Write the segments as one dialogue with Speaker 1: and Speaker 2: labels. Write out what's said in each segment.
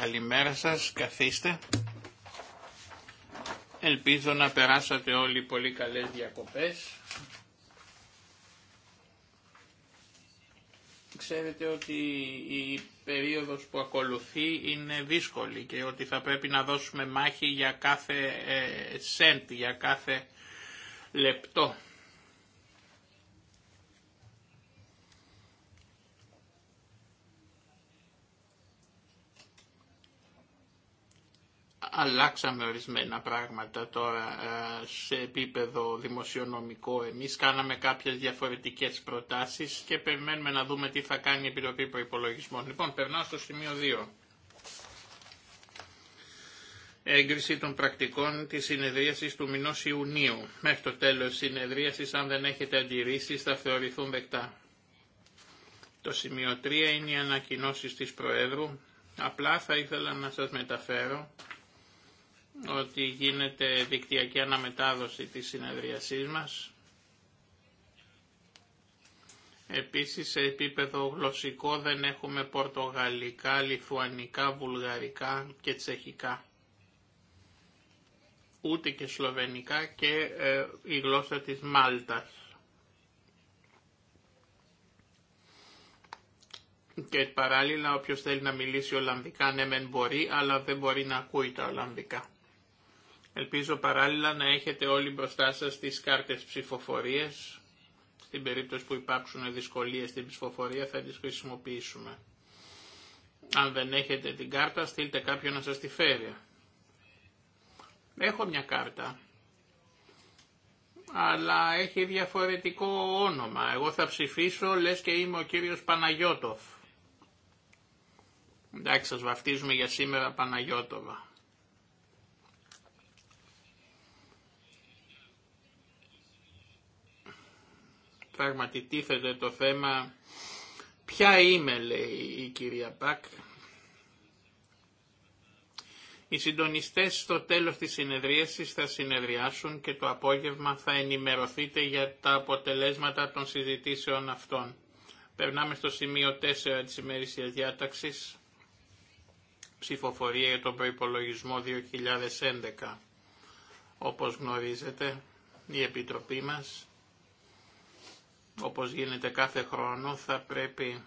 Speaker 1: Καλημέρα σας, καθίστε. Ελπίζω να περάσατε όλοι πολύ καλές διακοπές. Ξέρετε ότι η περίοδος που ακολουθεί είναι δύσκολη και ότι θα πρέπει να δώσουμε μάχη για κάθε σέντ, ε, για κάθε λεπτό. αλλάξαμε ορισμένα πράγματα τώρα ε, σε επίπεδο δημοσιονομικό. Εμείς κάναμε κάποιες διαφορετικές προτάσεις και περιμένουμε να δούμε τι θα κάνει η Επιτροπή Προϋπολογισμών. Λοιπόν, περνάω στο σημείο 2. Έγκριση των πρακτικών της συνεδρίασης του μηνός Ιουνίου. Μέχρι το τέλος συνεδρίασης, αν δεν έχετε αντιρρήσεις, θα θεωρηθούν δεκτά. Το σημείο 3 είναι οι ανακοινώσει της Προέδρου. Απλά θα ήθελα να σας μεταφέρω ότι γίνεται δικτυακή αναμετάδοση της συνεδρίασής μας. Επίσης σε επίπεδο γλωσσικό δεν έχουμε πορτογαλικά, λιθουανικά, βουλγαρικά και τσεχικά. Ούτε και σλοβενικά και ε, η γλώσσα της Μάλτας. Και παράλληλα όποιος θέλει να μιλήσει Ολλανδικά ναι μεν μπορεί αλλά δεν μπορεί να ακούει τα Ολλανδικά. Ελπίζω παράλληλα να έχετε όλοι μπροστά σας τις κάρτες ψηφοφορίες. Στην περίπτωση που υπάρξουν δυσκολίες στην ψηφοφορία θα τις χρησιμοποιήσουμε. Αν δεν έχετε την κάρτα στείλτε κάποιον να σας τη φέρει. Έχω μια κάρτα, αλλά έχει διαφορετικό όνομα. Εγώ θα ψηφίσω, λες και είμαι ο κύριος Παναγιώτοφ. Εντάξει, σας βαφτίζουμε για σήμερα Παναγιώτοβα. Πράγματι το θέμα ποια είμαι λέει η κυρία Πακ. Οι συντονιστές στο τέλος της συνεδρίασης θα συνεδριάσουν και το απόγευμα θα ενημερωθείτε για τα αποτελέσματα των συζητήσεων αυτών. Περνάμε στο σημείο 4 της ημερήσιας διάταξης, ψηφοφορία για τον προϋπολογισμό 2011. Όπως γνωρίζετε, η Επιτροπή μας όπως γίνεται κάθε χρόνο, θα πρέπει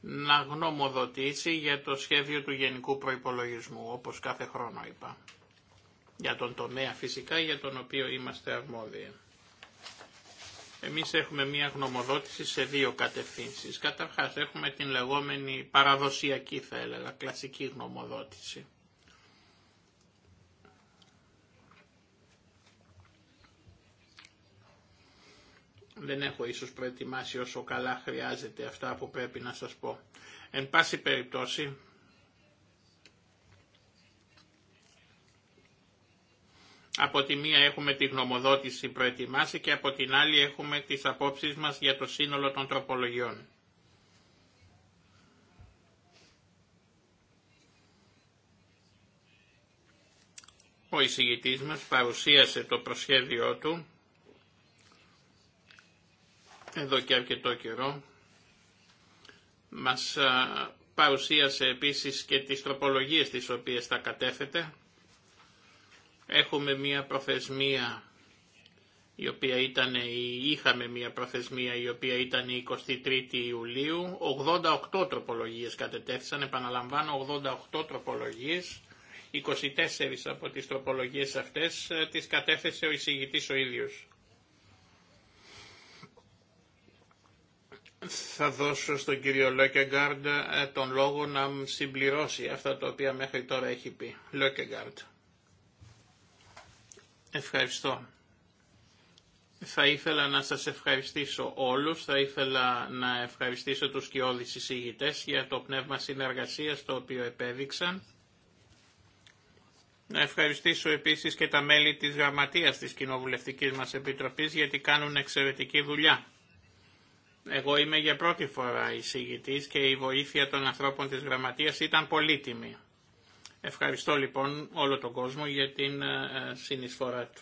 Speaker 1: να γνωμοδοτήσει για το σχέδιο του Γενικού Προϋπολογισμού, όπως κάθε χρόνο είπα. Για τον τομέα φυσικά για τον οποίο είμαστε αρμόδιοι. Εμείς έχουμε μία γνωμοδότηση σε δύο κατευθύνσεις. Καταρχάς έχουμε την λεγόμενη παραδοσιακή θα έλεγα, κλασική γνωμοδότηση. Δεν έχω ίσως προετοιμάσει όσο καλά χρειάζεται αυτά που πρέπει να σας πω. Εν πάση περιπτώσει, από τη μία έχουμε τη γνωμοδότηση προετοιμάσει και από την άλλη έχουμε τις απόψεις μας για το σύνολο των τροπολογιών. Ο εισηγητής μας παρουσίασε το προσχέδιό του εδώ και αρκετό καιρό. Μας παρουσίασε επίσης και τις τροπολογίες τις οποίες τα κατέθετε. Έχουμε μία προθεσμία η οποία ήταν, είχαμε μία προθεσμία η οποία ήταν η 23η Ιουλίου. 88 τροπολογίες κατετέθησαν, επαναλαμβάνω 88 τροπολογίες. 24 από τις τροπολογίες αυτές ε, τις κατέθεσε ο εισηγητής ο ίδιος. θα δώσω στον κύριο Λόκεγκάρντ ε, τον λόγο να συμπληρώσει αυτά τα οποία μέχρι τώρα έχει πει. Λόκεγκάρντ. Ευχαριστώ. Θα ήθελα να σας ευχαριστήσω όλους, θα ήθελα να ευχαριστήσω τους κοιόδης εισηγητές για το πνεύμα συνεργασίας το οποίο επέδειξαν. Να ευχαριστήσω επίσης και τα μέλη της γραμματείας της Κοινοβουλευτικής μας Επιτροπής γιατί κάνουν εξαιρετική δουλειά. Εγώ είμαι για πρώτη φορά εισηγητή και η βοήθεια των ανθρώπων της γραμματείας ήταν πολύτιμη. Ευχαριστώ λοιπόν όλο τον κόσμο για την ε, συνεισφορά του.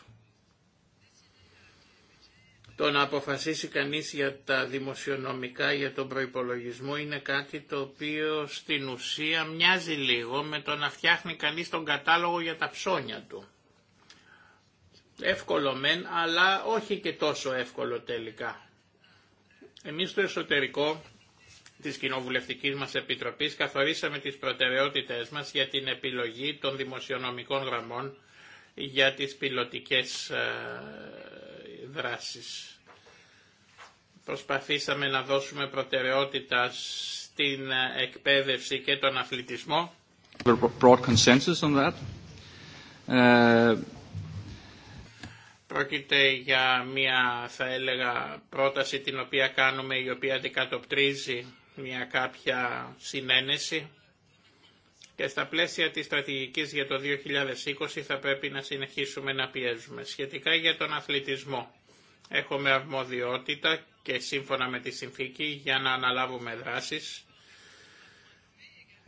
Speaker 1: Το να αποφασίσει κανείς για τα δημοσιονομικά, για τον προϋπολογισμό είναι κάτι το οποίο στην ουσία μοιάζει λίγο με το να φτιάχνει κανείς τον κατάλογο για τα ψώνια του. Εύκολο μεν, αλλά όχι και τόσο εύκολο τελικά. Εμείς στο εσωτερικό της Κοινοβουλευτικής μας Επιτροπής καθορίσαμε τις προτεραιότητες μας για την επιλογή των δημοσιονομικών γραμμών για τις πιλωτικές ε, δράσεις. Προσπαθήσαμε να δώσουμε προτεραιότητα στην εκπαίδευση και τον αθλητισμό. Πρόκειται για μια θα έλεγα πρόταση την οποία κάνουμε η οποία αντικατοπτρίζει μια κάποια συνένεση και στα πλαίσια της στρατηγικής για το 2020 θα πρέπει να συνεχίσουμε να πιέζουμε. Σχετικά για τον αθλητισμό, έχουμε αρμοδιότητα και σύμφωνα με τη συνθήκη για να αναλάβουμε δράσεις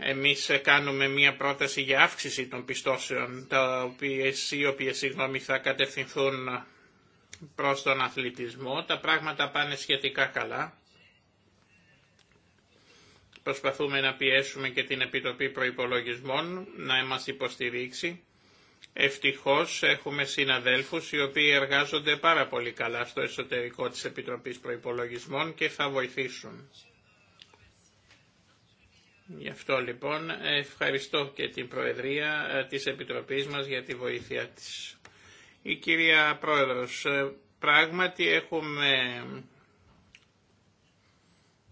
Speaker 1: εμείς ε, κάνουμε μία πρόταση για αύξηση των πιστώσεων, τα οποία, οι οποίες συγγνώμη, θα κατευθυνθούν προς τον αθλητισμό. Τα πράγματα πάνε σχετικά καλά. Προσπαθούμε να πιέσουμε και την Επιτροπή Προϋπολογισμών να μας υποστηρίξει. Ευτυχώς έχουμε συναδέλφους οι οποίοι εργάζονται πάρα πολύ καλά στο εσωτερικό της Επιτροπής Προϋπολογισμών και θα βοηθήσουν. Γι' αυτό λοιπόν ευχαριστώ και την Προεδρία ε, της Επιτροπής μας για τη βοήθεια της. Η κυρία Πρόεδρος, ε, πράγματι έχουμε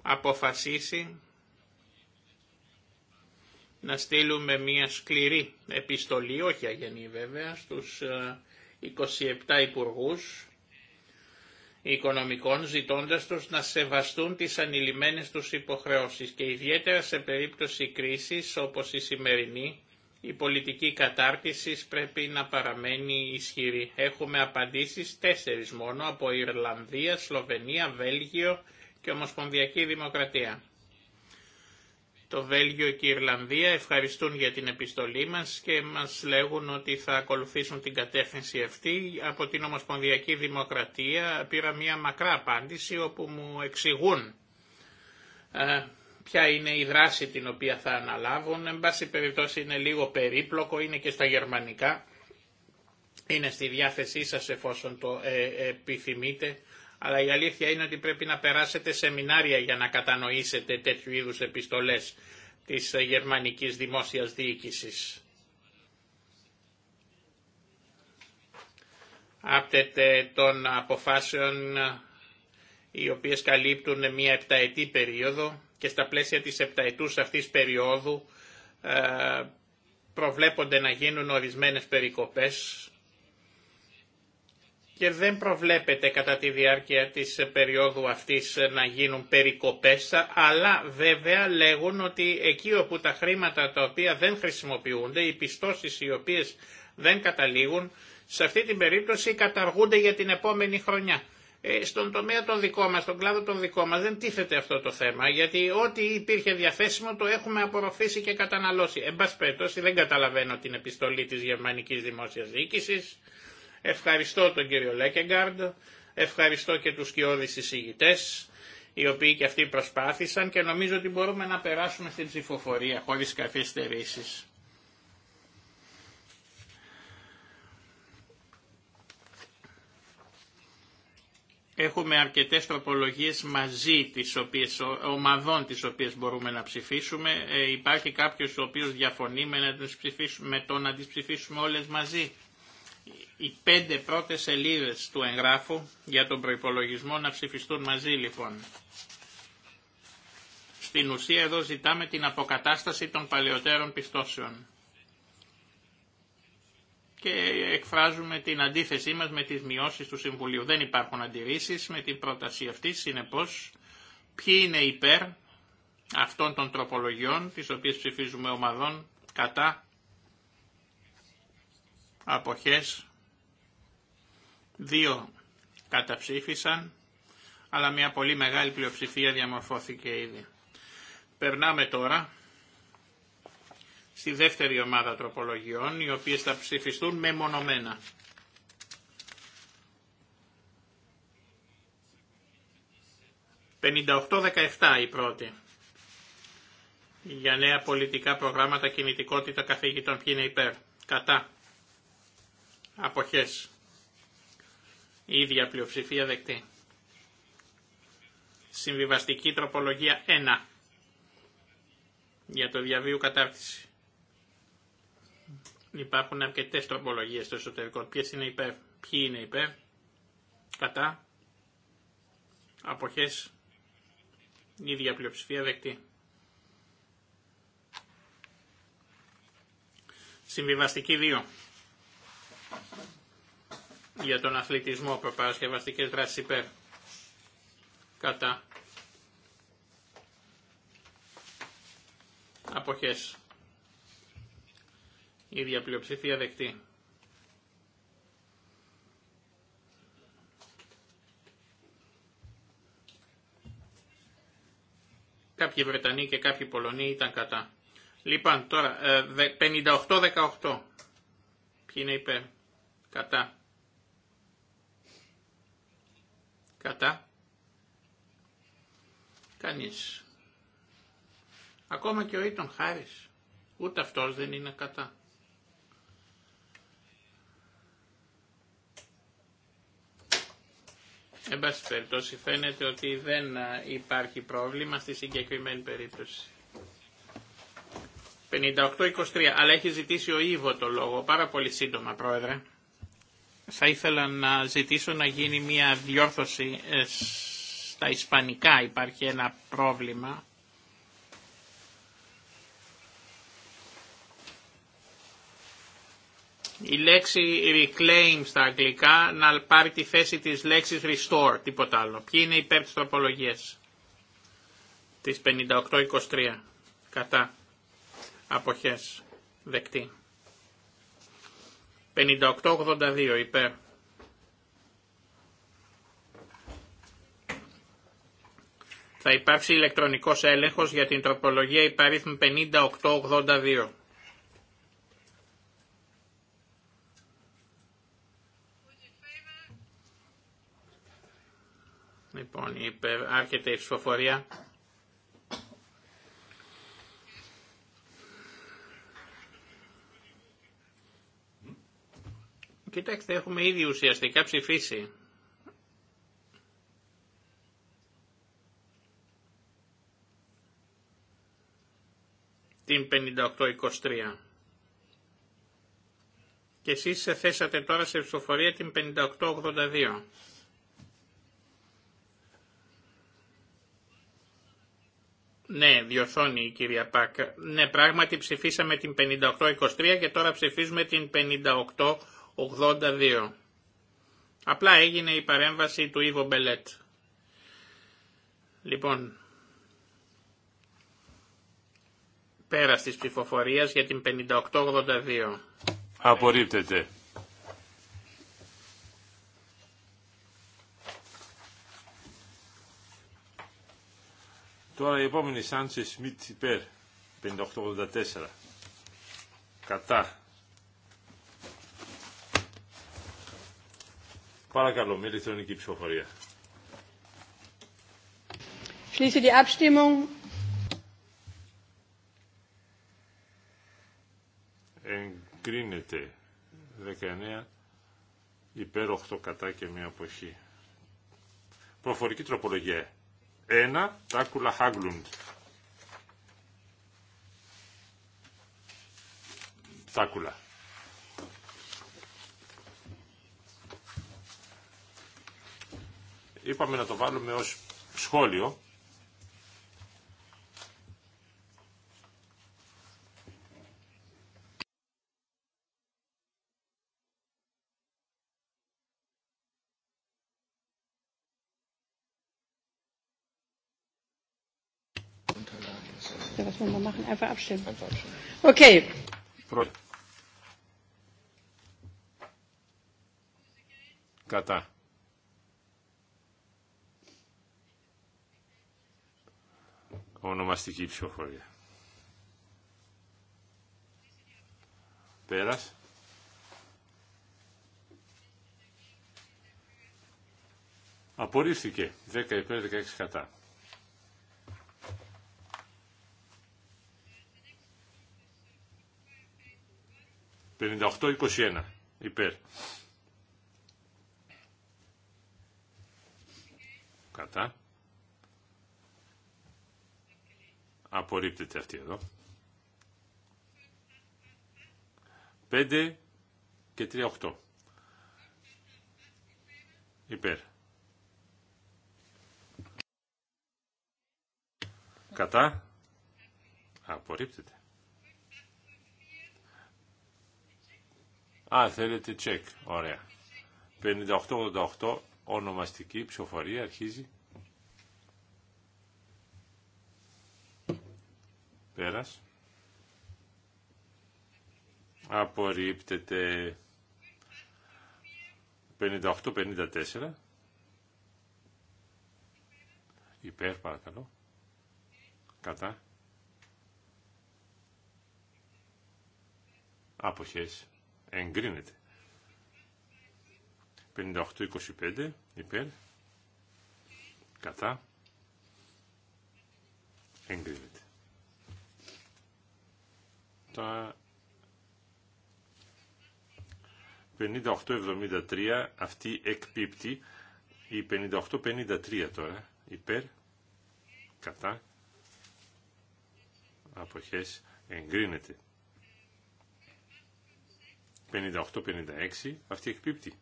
Speaker 1: αποφασίσει να στείλουμε μια σκληρή επιστολή, όχι αγενή βέβαια, στους 27 ε, υπουργούς οικονομικών ζητώντας τους να σεβαστούν τις ανηλυμένες τους υποχρεώσεις και ιδιαίτερα σε περίπτωση κρίσης όπως η σημερινή η πολιτική κατάρτιση πρέπει να παραμένει ισχυρή. Έχουμε απαντήσεις τέσσερις μόνο από Ιρλανδία, Σλοβενία, Βέλγιο και Ομοσπονδιακή Δημοκρατία. Το Βέλγιο και η Ιρλανδία ευχαριστούν για την επιστολή μας και μας λέγουν ότι θα ακολουθήσουν την κατεύθυνση αυτή. Από την Ομοσπονδιακή Δημοκρατία πήρα μια μακρά απάντηση όπου μου εξηγούν ε, ποια είναι η δράση την οποία θα αναλάβουν. Εν πάση περιπτώσει είναι λίγο περίπλοκο, είναι και στα γερμανικά. Είναι στη διάθεσή σας εφόσον το ε, επιθυμείτε αλλά η αλήθεια είναι ότι πρέπει να περάσετε σεμινάρια για να κατανοήσετε τέτοιου είδους επιστολές της γερμανικής δημόσιας διοίκησης. Άπτεται των αποφάσεων οι οποίες καλύπτουν μία επταετή περίοδο και στα πλαίσια της επταετούς αυτής περίοδου ε, προβλέπονται να γίνουν ορισμένες περικοπές και δεν προβλέπεται κατά τη διάρκεια της περίοδου αυτής να γίνουν περικοπές, αλλά βέβαια λέγουν ότι εκεί όπου τα χρήματα τα οποία δεν χρησιμοποιούνται, οι πιστώσεις οι οποίες δεν καταλήγουν, σε αυτή την περίπτωση καταργούνται για την επόμενη χρονιά. Ε, στον τομέα των δικό μας, στον κλάδο των δικό μας δεν τίθεται αυτό το θέμα, γιατί ό,τι υπήρχε διαθέσιμο το έχουμε απορροφήσει και καταναλώσει. Εν δεν καταλαβαίνω την επιστολή της Γερμανικής Δημόσιας Διοίκησης, Ευχαριστώ τον κύριο Λέκεγκαρντ, ευχαριστώ και τους κοιόδης εισηγητές, οι οποίοι και αυτοί προσπάθησαν και νομίζω ότι μπορούμε να περάσουμε στην ψηφοφορία χωρίς καθυστερήσεις. Έχουμε αρκετές τροπολογίες μαζί τις οποίες, ομαδών τις οποίες μπορούμε να ψηφίσουμε. Ε, υπάρχει κάποιος ο οποίος διαφωνεί με, να ψηφίσουμε, με το να τις ψηφίσουμε όλες μαζί οι πέντε πρώτες σελίδες του εγγράφου για τον προϋπολογισμό να ψηφιστούν μαζί λοιπόν. Στην ουσία εδώ ζητάμε την αποκατάσταση των παλαιότερων πιστώσεων και εκφράζουμε την αντίθεσή μας με τις μειώσεις του Συμβουλίου. Δεν υπάρχουν αντιρρήσεις με την πρόταση αυτή, συνεπώς ποιοι είναι υπέρ αυτών των τροπολογιών, τις οποίες ψηφίζουμε ομαδών, κατά αποχές Δύο καταψήφισαν, αλλά μια πολύ μεγάλη πλειοψηφία διαμορφώθηκε ήδη. Περνάμε τώρα στη δεύτερη ομάδα τροπολογιών, οι οποίες θα ψηφιστούν μεμονωμένα. «58-17» η πρώτη. Για νέα πολιτικά προγράμματα κινητικότητα καθηγητών. Ποιοι είναι υπέρ. Κατά. Αποχές. Η ίδια πλειοψηφία δεκτή. Συμβιβαστική τροπολογία 1 για το διαβίου κατάρτιση. Υπάρχουν αρκετές τροπολογίες στο εσωτερικό. Ποιες είναι υπέρ, ποιοι είναι υπέρ, κατά, αποχές, η ίδια πλειοψηφία δεκτή. Συμβιβαστική 2 για τον αθλητισμό προπαρασκευαστικές δράσει υπέρ κατά Αποχέ. η ίδια πλειοψηφία δεκτή. Κάποιοι Βρετανοί και κάποιοι Πολωνοί ήταν κατά. Λοιπόν, τώρα, 58-18. Ε, Ποιοι είναι υπέρ. Κατά. Κατά. Κανείς. Ακόμα και ο Ήτον Χάρης. Ούτε αυτός δεν είναι κατά. Εν πάση φαίνεται ότι δεν υπάρχει πρόβλημα στη συγκεκριμένη περίπτωση. 58-23. Αλλά έχει ζητήσει ο Ήβο το λόγο. Πάρα πολύ σύντομα, Πρόεδρε. Θα ήθελα να ζητήσω να γίνει μια διόρθωση ε, στα ισπανικά υπάρχει ένα πρόβλημα. Η λέξη reclaim στα αγγλικά να πάρει τη θέση της λέξης restore, τίποτα άλλο. Ποιοι είναι υπέρ της τροπολογίας της 5823 κατά αποχές δεκτή. 58-82 υπέρ. Θα υπάρξει ηλεκτρονικός έλεγχος για την τροπολογία υπαρίθμου 58-82. Λοιπόν, υπερ, άρχεται η ψηφοφορία. Κοιτάξτε, έχουμε ήδη ουσιαστικά ψηφίσει. Την 5823. Και εσείς θέσατε τώρα σε ψηφοφορία την 5882. Ναι, διορθώνει η κυρία Πάκ. Ναι, πράγματι ψηφίσαμε την 5823 και τώρα ψηφίζουμε την 58 82. Απλά έγινε η παρέμβαση του Ιβο Μπελέτ. Λοιπόν, πέρα της ψηφοφορίας για την 5882.
Speaker 2: Απορρίπτεται. Τώρα η επόμενη Σάντσε Σμιτ υπέρ 5884. Κατά. Παρακαλώ, με ηλεκτρονική ψηφοφορία.
Speaker 3: Schließe die Abstimmung.
Speaker 2: Εγκρίνεται 19 υπέρ 8 κατά και μία αποχή. Προφορική τροπολογία. 1. Τάκουλα Χάγκλουντ. Τάκουλα. είπαμε να το βάλουμε ως σχόλιο. Okay. Κατά. Ονομαστική ψηφοφορία. Πέρας. Απορρίφθηκε. 10 υπέρ 16 κατά. 58-21 υπέρ. Κατά. Απορρίπτεται αυτή εδώ. 5 και 3, 8. Υπέρ. Κατά. Απορρίπτεται. Α, θέλετε τσεκ. Ωραία. 58-88 ονομαστική ψηφοφορία αρχίζει. Πέρας. Απορρίπτεται 58-54. Υπέρ παρακαλώ. Κατά. Αποχές. Εγκρίνεται. 58-25. Υπέρ. Κατά. Εγκρίνεται. 5873 58 58-73 αυτή εκπίπτει η 58-53 τώρα υπέρ κατά αποχές εγκρίνεται 58-56 αυτή εκπίπτει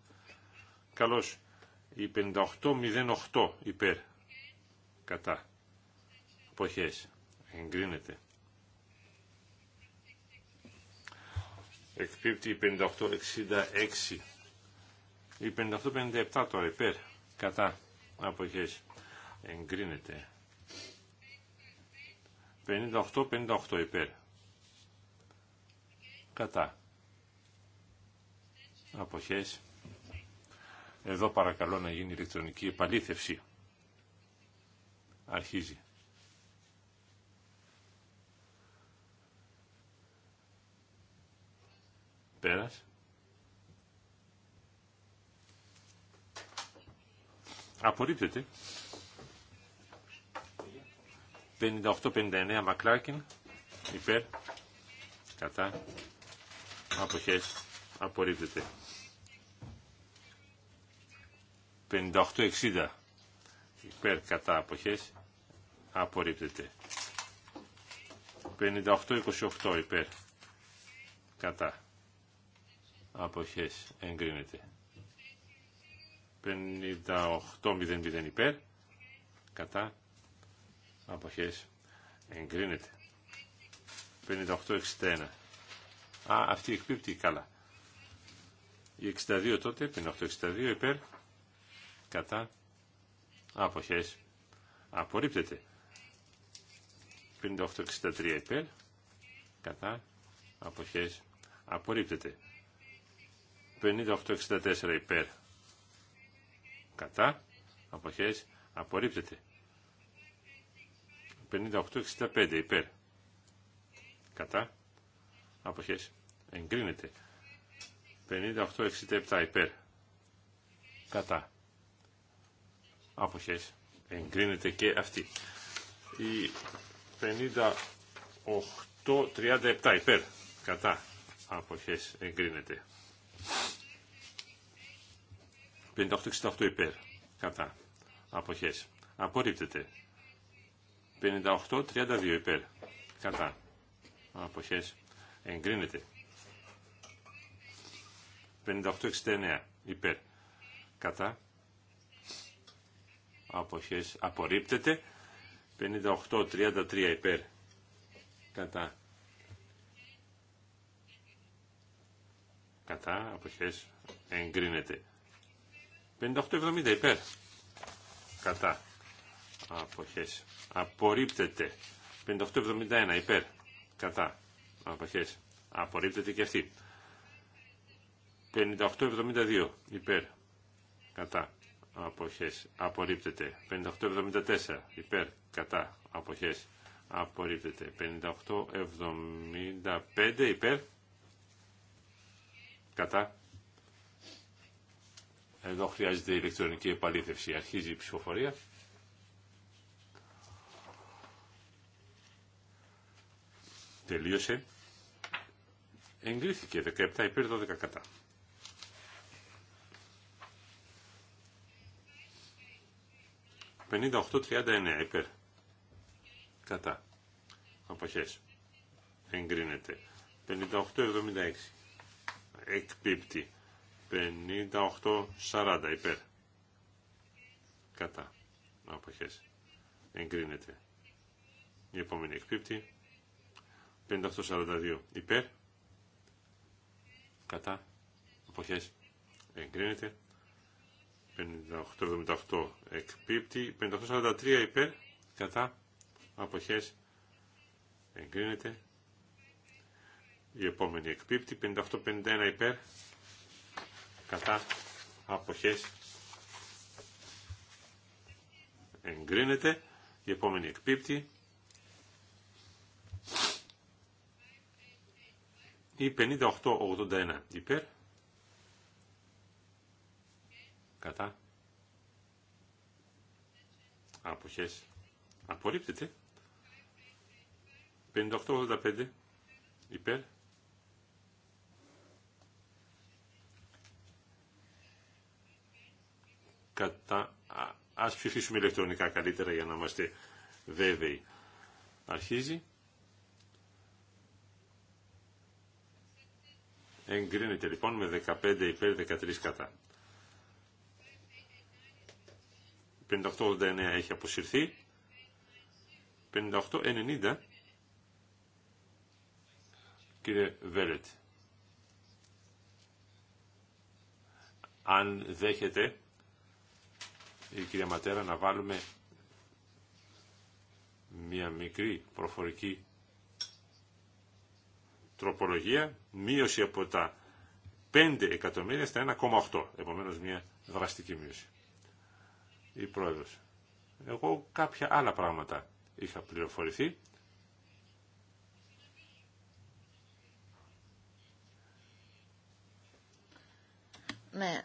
Speaker 2: καλώς η 58-08 υπέρ κατά αποχές εγκρίνεται Εκπίπτει η 5866, Η 58-57 τώρα υπέρ. Κατά. Αποχές. Εγκρίνεται. 5858 58 υπέρ. Κατά. Αποχές. Εδώ παρακαλώ να γίνει ηλεκτρονική επαλήθευση. Αρχίζει. Πέρας. Απορρίπτεται. 58-59 Μακλάκιν. Υπέρ. Κατά. Αποχές. Απορρίπτεται. 58-60 υπέρ κατά αποχές απορρίπτεται. 58-28 υπέρ κατά αποχές εγκρίνεται 58.00 υπέρ κατά αποχές εγκρίνεται 58.61 α αυτή εκπίπτει καλά η 62 τότε 58.62 υπέρ κατά αποχές απορρίπτεται 58.63 υπέρ κατά αποχές απορρίπτεται 58-64 υπέρ. Κατά. Αποχές. Απορρίπτεται. 58-65 υπέρ. Κατά. Αποχές. Εγκρίνεται. 58-67 υπέρ. Κατά. Αποχές. Εγκρίνεται και αυτή. Η 58-37 υπέρ. Κατά. Αποχές. Εγκρίνεται. 58-68 υπέρ. Κατά. Αποχές. Απορρίπτεται. 58-32 υπέρ. Κατά. Αποχές. Εγκρίνεται. 58-69 υπέρ. Κατά. Αποχές. Απορρίπτεται. 58-33 υπέρ. Κατά. Κατά. Αποχές. Εγκρίνεται. 5870 υπέρ. Κατά. Αποχές. Απορρίπτεται. 5871 υπέρ. Κατά. Αποχές. Απορρίπτεται και αυτή. 5872 υπέρ. Κατά. Αποχές. Απορρίπτεται. 5874 υπέρ. Κατά. Αποχές. Απορρίπτεται. 5875 υπέρ. Κατά. Εδώ χρειάζεται ηλεκτρονική επαλήθευση. Αρχίζει η ψηφοφορία. Τελείωσε. Εγκρίθηκε 17 υπέρ 12 κατά. «58-39 υπέρ». Κατά. Αποχές. Εγκρίνεται. 58-76. Εκπίπτει. 58-40 υπέρ. Κατά. Αποχές. Εγκρίνεται. Η επομενη εκπιπτη εκπίπτει. 58-42 υπέρ. Κατά. Αποχές. Εγκρίνεται. 58-78 εκπίπτη 58-43 υπέρ. Κατά. Αποχές. Εγκρίνεται. Η επομενη εκπιπτη εκπίπτει. 58-51 υπέρ κατά αποχές εγκρίνεται η επομενη εκπίπτη εκπίπτει ή 58-81 υπέρ κατά αποχές απορρίπτεται 58-85 υπέρ κατά... Ας ψηφίσουμε ηλεκτρονικά καλύτερα για να είμαστε βέβαιοι. Αρχίζει. Εγκρίνεται λοιπόν με 15 υπέρ 13 κατά. 58-89 έχει αποσυρθεί. 58-90 κύριε Βέλετ. Αν δέχεται η ε, κυρία Ματέρα να βάλουμε μια μικρή προφορική τροπολογία, μείωση από τα 5 εκατομμύρια στα 1,8. Επομένως μια δραστική μείωση. Η πρόεδρος. Εγώ κάποια άλλα πράγματα είχα πληροφορηθεί.
Speaker 4: Ναι,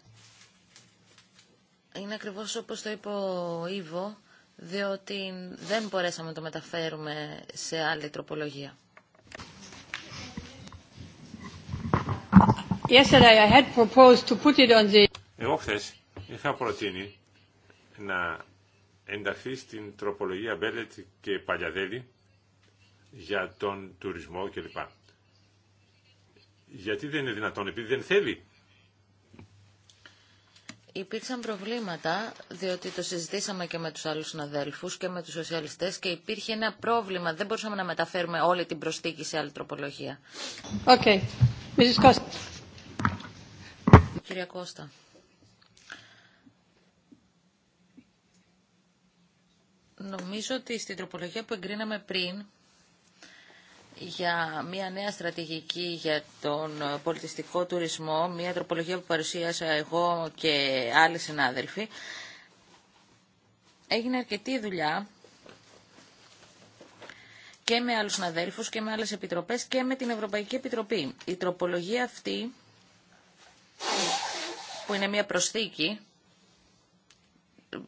Speaker 4: είναι ακριβώς όπω το είπε ο Ήβο, διότι δεν μπορέσαμε να το μεταφέρουμε σε άλλη τροπολογία.
Speaker 2: Εγώ χθε είχα προτείνει να ενταχθεί στην τροπολογία Μπέλετ και Παλιαδέλη για τον τουρισμό κλπ. Γιατί δεν είναι δυνατόν, επειδή δεν θέλει
Speaker 4: υπήρξαν προβλήματα, διότι το συζητήσαμε και με τους άλλους συναδέλφους και με τους σοσιαλιστές και υπήρχε ένα πρόβλημα. Δεν μπορούσαμε να μεταφέρουμε όλη την προστίκη σε άλλη τροπολογία. Okay. Κώστα. Κυρία Κώστα. Νομίζω ότι στην τροπολογία που εγκρίναμε πριν, για μια νέα στρατηγική για τον πολιτιστικό τουρισμό, μια τροπολογία που παρουσίασα εγώ και άλλοι συνάδελφοι. Έγινε αρκετή δουλειά και με άλλους συναδέλφους και με άλλες επιτροπές και με την Ευρωπαϊκή Επιτροπή. Η τροπολογία αυτή, που είναι μια προσθήκη,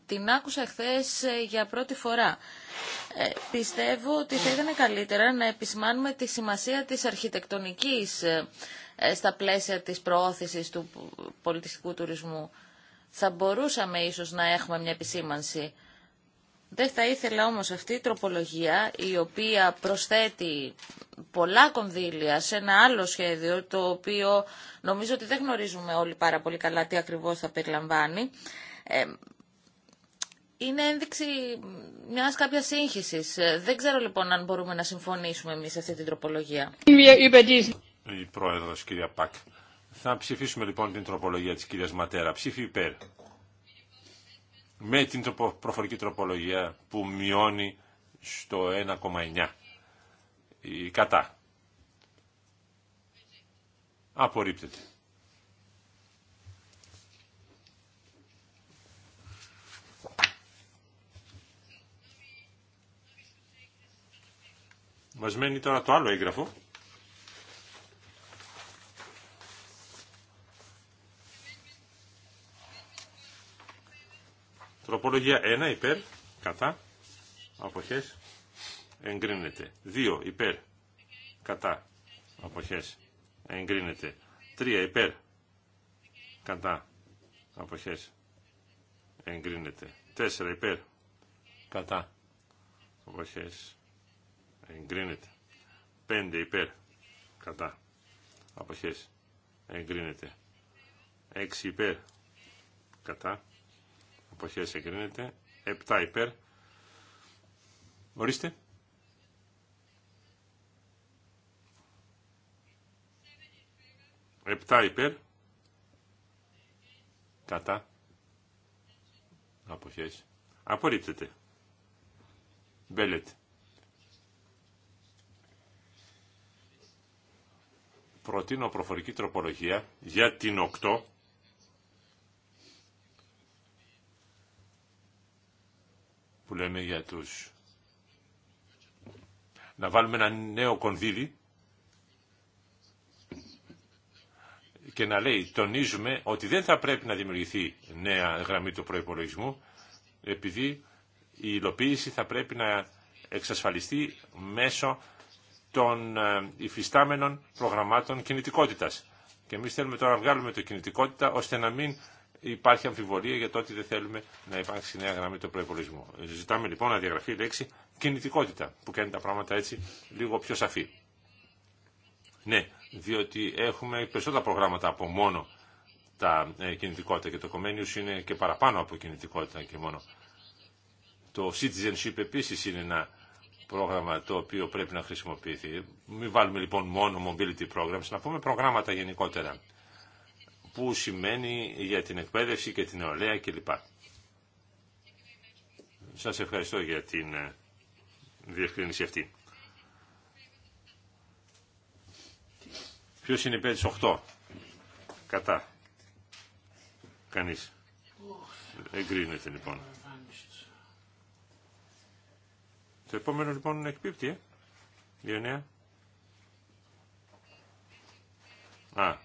Speaker 4: την άκουσα χθε για πρώτη φορά. Ε, πιστεύω ότι θα ήταν καλύτερα να επισημάνουμε τη σημασία της αρχιτεκτονικής ε, ε, στα πλαίσια της προώθησης του πολιτιστικού τουρισμού. Θα μπορούσαμε ίσως να έχουμε μια επισήμανση. Δεν θα ήθελα όμως αυτή η τροπολογία η οποία προσθέτει πολλά κονδύλια σε ένα άλλο σχέδιο το οποίο νομίζω ότι δεν γνωρίζουμε όλοι πάρα πολύ καλά τι ακριβώς θα περιλαμβάνει είναι ένδειξη μιας κάποια σύγχυση. Δεν ξέρω λοιπόν αν μπορούμε να συμφωνήσουμε εμεί σε αυτή την τροπολογία.
Speaker 2: Η πρόεδρο, κυρία Πακ. Θα ψηφίσουμε λοιπόν την τροπολογία της κυρίας Ματέρα. Ψήφι υπέρ. Με την προφορική τροπολογία που μειώνει στο 1,9. Η κατά. Απορρίπτεται. Μας μένει τώρα το άλλο έγγραφο. Τροπολογία 1 υπέρ, κατά, αποχές, εγκρίνεται. 2 υπέρ, κατά, αποχές, εγκρίνεται. 3 υπέρ, κατά, αποχές, εγκρίνεται. 4 υπέρ, κατά, αποχές, εγκρίνεται. 5 υπέρ, κατά, αποχές, εγκρίνεται. 6 υπέρ, κατά, αποχές, εγκρίνεται. 7 υπέρ, ορίστε. 7 υπέρ, κατά, αποχές, απορρίπτεται. Μπέλετ. προτείνω προφορική τροπολογία για την 8 που λέμε για τους να βάλουμε ένα νέο κονδύλι και να λέει τονίζουμε ότι δεν θα πρέπει να δημιουργηθεί νέα γραμμή του προϋπολογισμού επειδή η υλοποίηση θα πρέπει να εξασφαλιστεί μέσω των ε, υφιστάμενων προγραμμάτων κινητικότητας. Και εμείς θέλουμε τώρα να βγάλουμε το κινητικότητα ώστε να μην υπάρχει αμφιβολία για το ότι δεν θέλουμε να υπάρξει νέα γραμμή του προπολογισμού. Ζητάμε λοιπόν να διαγραφεί η λέξη κινητικότητα που κάνει τα πράγματα έτσι λίγο πιο σαφή. Ναι, διότι έχουμε περισσότερα προγράμματα από μόνο τα ε, κινητικότητα και το Comenius είναι και παραπάνω από κινητικότητα και μόνο. Το citizenship επίση είναι ένα πρόγραμμα το οποίο πρέπει να χρησιμοποιηθεί. Μην βάλουμε λοιπόν μόνο mobility programs, να πούμε προγράμματα γενικότερα που σημαίνει για την εκπαίδευση και την νεολαία κλπ. Σας ευχαριστώ για την ε, διευκρίνηση αυτή. Ποιος είναι υπέρ της 8. Κατά. Κανείς. Εγκρίνεται λοιπόν. Το επόμενο λοιπόν εκπίπτει, ε. νέα. Α,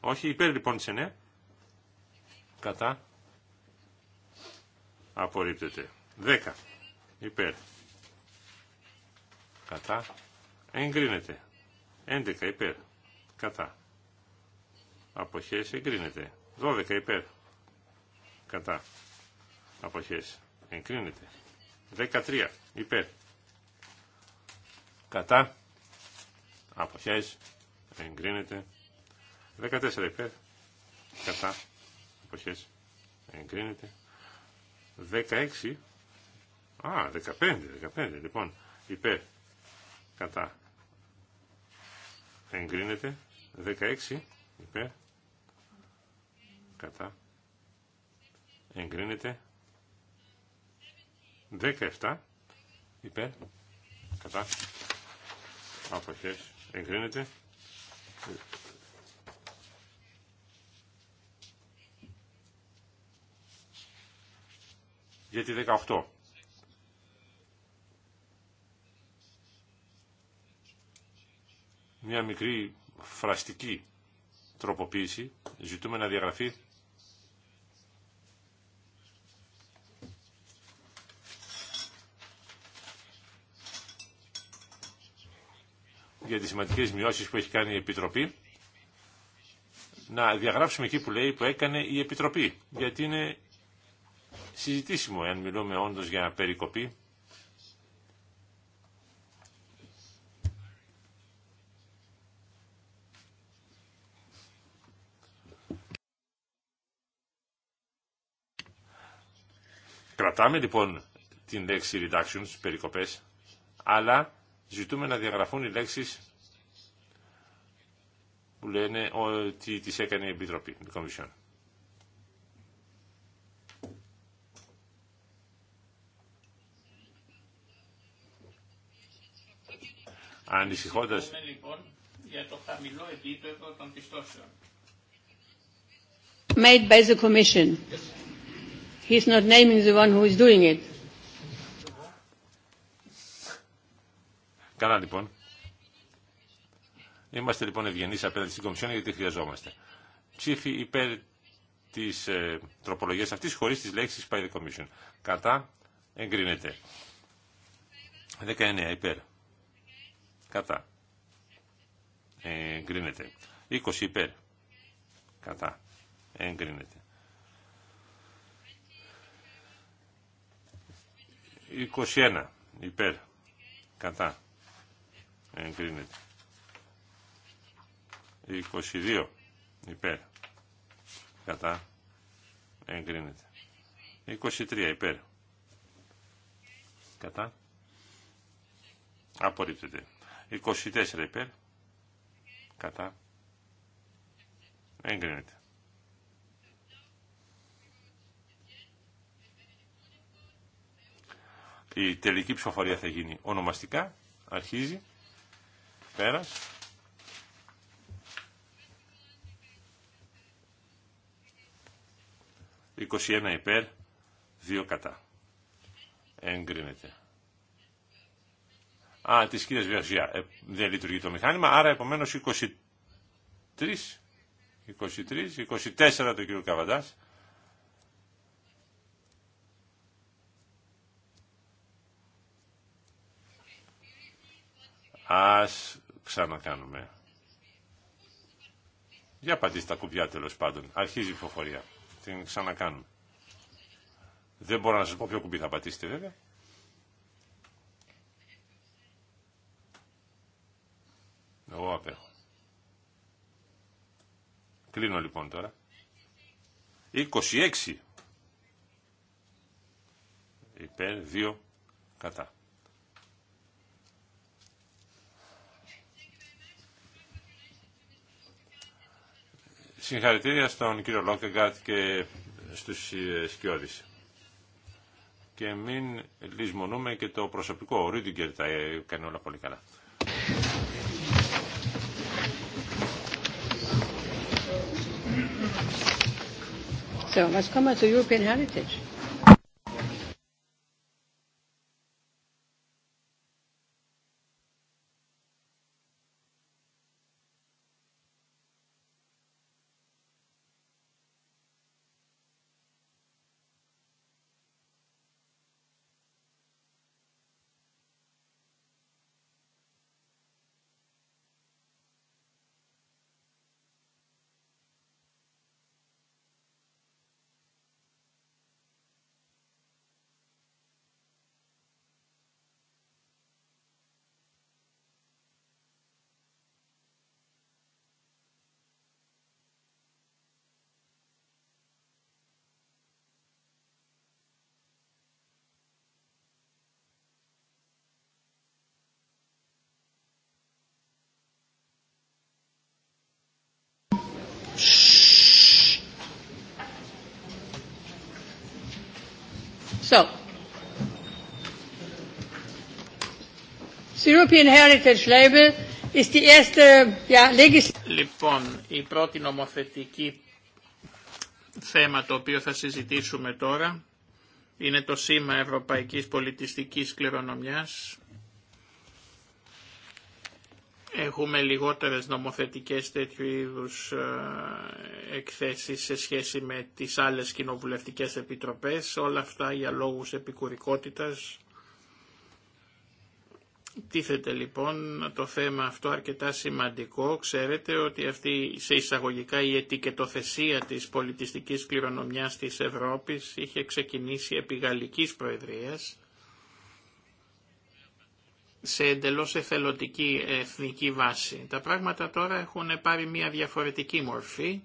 Speaker 2: όχι, υπέρ λοιπόν της 9. Κατά. Απορρίπτεται. 10. Υπέρ. Κατά. Εγκρίνεται. 11 υπέρ. Κατά. Αποχές εγκρίνεται. 12 υπέρ. Κατά. Αποχές. Εγκρίνεται. 13 υπέρ κατά αποχές εγκρίνεται 14 υπέρ κατά αποχές εγκρίνεται 16 α 15 15 λοιπόν υπέρ κατά εγκρίνεται 16 υπέρ κατά εγκρίνεται 17 υπέρ κατά αποχές εγκρίνεται. για τη 18. Μια μικρή φραστική τροποποίηση. Ζητούμε να διαγραφεί για τις σημαντικές μειώσεις που έχει κάνει η Επιτροπή να διαγράψουμε εκεί που λέει που έκανε η Επιτροπή γιατί είναι συζητήσιμο εάν μιλούμε όντως για περικοπή Κρατάμε λοιπόν την λέξη reductions, περικοπές, αλλά ζητούμε να διαγραφούν οι λέξεις που λένε ότι τις έκανε η Επιτροπή, η Κομισιόν. Ανησυχώντας...
Speaker 1: Λοιπόν
Speaker 3: Made by the Commission. He's not naming the one who is doing it.
Speaker 2: Καλά λοιπόν. Είμαστε λοιπόν ευγενεί απέναντι στην Κομισιόν γιατί χρειαζόμαστε. Ψήφι υπέρ τη ε, τροπολογία αυτή χωρί τι λέξει by the Commission. Κατά εγκρίνεται. 19 υπέρ. Κατά. Εγκρίνεται. 20 υπέρ. Κατά. Εγκρίνεται. 21 υπέρ. Κατά εγκρίνεται. 22 υπέρ κατά εγκρίνεται. 23 υπέρ κατά απορρίπτεται. 24 υπέρ κατά εγκρίνεται. Η τελική ψηφοφορία θα γίνει ονομαστικά, αρχίζει. «21 υπέρ, 2 κατά». Εγκρίνεται. Α, τη κυρία Βερζιά. Ε, δεν λειτουργεί το μηχάνημα, άρα επομένω 23, 23, 24 το κύριο Καβαντάς. Ας ξανακάνουμε. Για πατήστε τα κουμπιά τέλο πάντων. Αρχίζει η ψηφοφορία. Την ξανακάνουμε. Δεν μπορώ να σας πω ποιο κουμπί θα πατήσετε βέβαια. Εγώ απέχω. Κλείνω λοιπόν τώρα. 26 υπέρ 2 κατά. Συγχαρητήρια στον κύριο Λόκεγκάτ και στους ε, Σκιώδης. Και μην λησμονούμε και το προσωπικό. Ο Ρίτιγκερ τα έκανε ε, όλα πολύ καλά.
Speaker 3: So let's come to European heritage.
Speaker 1: Λοιπόν, η πρώτη νομοθετική θέμα το οποίο θα συζητήσουμε τώρα είναι το σήμα Ευρωπαϊκής Πολιτιστικής Κληρονομιάς. Έχουμε λιγότερες νομοθετικές τέτοιου είδους ε, εκθέσεις σε σχέση με τις άλλες κοινοβουλευτικές επιτροπές. Όλα αυτά για λόγους επικουρικότητας Τίθεται λοιπόν το θέμα αυτό αρκετά σημαντικό. Ξέρετε ότι αυτή σε εισαγωγικά η ετικετοθεσία της πολιτιστικής κληρονομιάς της Ευρώπης είχε ξεκινήσει επί Γαλλικής Προεδρίας σε εντελώς εθελοντική εθνική βάση. Τα πράγματα τώρα έχουν πάρει μια διαφορετική μορφή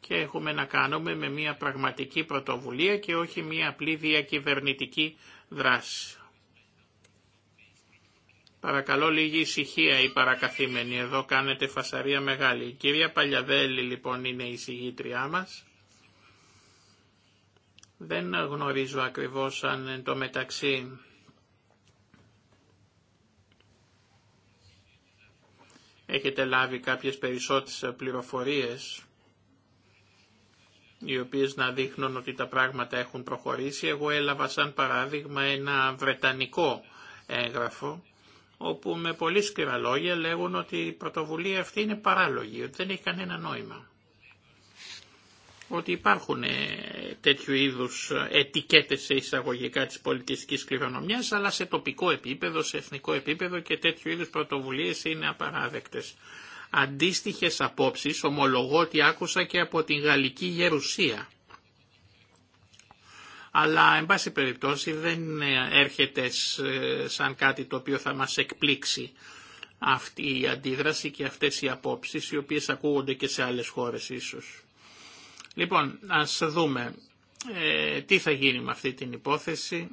Speaker 1: και έχουμε να κάνουμε με μια πραγματική πρωτοβουλία και όχι μια απλή διακυβερνητική δράση. Παρακαλώ λίγη ησυχία η παρακαθήμενη, εδώ κάνετε φασαρία μεγάλη. Η κυρία Παλιαδέλη λοιπόν είναι η συγγήτριά μας. Δεν γνωρίζω ακριβώς αν εν το μεταξύ έχετε λάβει κάποιες περισσότερες πληροφορίες οι οποίες να δείχνουν ότι τα πράγματα έχουν προχωρήσει. Εγώ έλαβα σαν παράδειγμα ένα βρετανικό έγγραφο όπου με πολύ σκληρά λόγια λέγουν ότι η πρωτοβουλία αυτή είναι παράλογη, ότι δεν έχει κανένα νόημα. Ότι υπάρχουν ε, τέτοιου είδους ετικέτες σε εισαγωγικά της πολιτιστικής κληρονομιάς, αλλά σε τοπικό επίπεδο, σε εθνικό επίπεδο και τέτοιου είδους πρωτοβουλίες είναι απαράδεκτες. Αντίστοιχες απόψεις ομολογώ ότι άκουσα και από την γαλλική γερουσία αλλά εν πάση περιπτώσει δεν ε, έρχεται ε, σαν κάτι το οποίο θα μας εκπλήξει αυτή η αντίδραση και αυτές οι απόψεις οι οποίες ακούγονται και σε άλλες χώρες ίσως. Λοιπόν, ας δούμε ε, τι θα γίνει με αυτή την υπόθεση.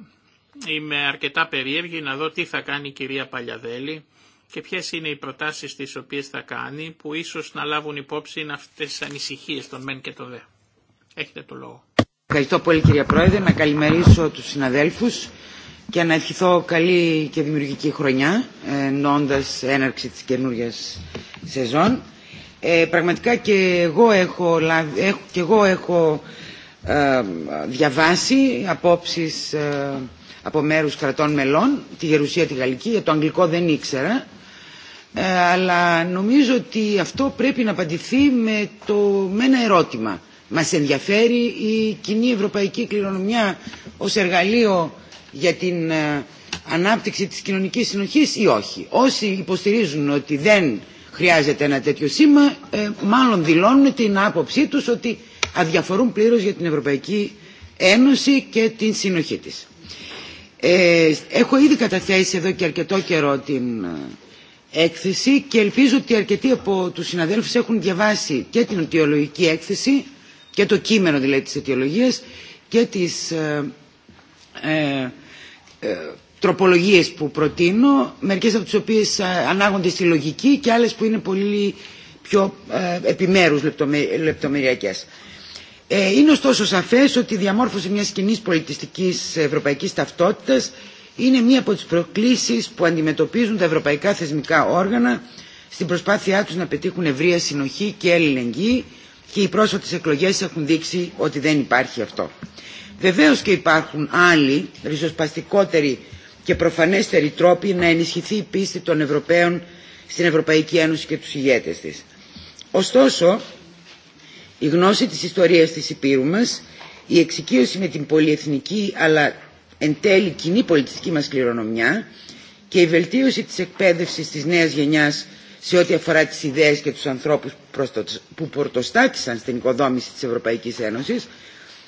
Speaker 1: Είμαι αρκετά περίεργη να δω τι θα κάνει η κυρία Παλιαδέλη και ποιες είναι οι προτάσεις τις οποίες θα κάνει που ίσως να λάβουν υπόψη αυτές τις ανησυχίες των μεν και των δε. Έχετε το λόγο.
Speaker 5: Ευχαριστώ πολύ κυρία Πρόεδρε. Να καλημερίσω τους συναδέλφους και να ευχηθώ καλή και δημιουργική χρονιά εννοώντας έναρξη της καινούργια σεζόν. Ε, πραγματικά και εγώ έχω, και εγώ έχω ε, διαβάσει απόψεις ε, από μέρους κρατών μελών, τη Γερουσία, τη Γαλλική, για το Αγγλικό δεν ήξερα, ε, αλλά νομίζω ότι αυτό πρέπει να απαντηθεί με, το, με ένα ερώτημα – μας ενδιαφέρει η κοινή ευρωπαϊκή κληρονομιά ως εργαλείο για την ε, ανάπτυξη της κοινωνικής συνοχής ή όχι. Όσοι υποστηρίζουν ότι δεν χρειάζεται ένα τέτοιο σήμα, ε, μάλλον δηλώνουν την άποψή τους ότι αδιαφορούν πλήρως για την Ευρωπαϊκή Ένωση και την συνοχή της. Ε, έχω ήδη καταθέσει εδώ και αρκετό καιρό την έκθεση και ελπίζω ότι αρκετοί από τους συναδέλφους έχουν διαβάσει και την οτιολογική έκθεση και το κείμενο δηλαδή της αιτιολογίας και τις ε, ε, ε τροπολογίες που προτείνω, μερικές από τις οποίες ε, ανάγονται στη λογική και άλλες που είναι πολύ πιο επιμέρους λεπτομεριακές. Είναι ωστόσο σαφές ότι η διαμόρφωση μιας κοινή πολιτιστικής ευρωπαϊκής ταυτότητας είναι μία από τις προκλήσεις που αντιμετωπίζουν τα ευρωπαϊκά θεσμικά όργανα στην προσπάθειά τους να πετύχουν ευρεία συνοχή και ελληνική και οι πρόσφατες εκλογές έχουν δείξει ότι δεν υπάρχει αυτό. Βεβαίως και υπάρχουν άλλοι ριζοσπαστικότεροι και προφανέστεροι τρόποι να ενισχυθεί η πίστη των Ευρωπαίων στην Ευρωπαϊκή Ένωση και τους ηγέτες της. Ωστόσο, η γνώση της ιστορίας της Υπήρου μας, η εξοικείωση με την πολυεθνική αλλά εν τέλει κοινή πολιτιστική μας κληρονομιά και η βελτίωση της εκπαίδευσης της νέας γενιάς σε ό,τι αφορά τις ιδέες και τους ανθρώπους που πορτοστάτησαν στην οικοδόμηση της Ευρωπαϊκής Ένωσης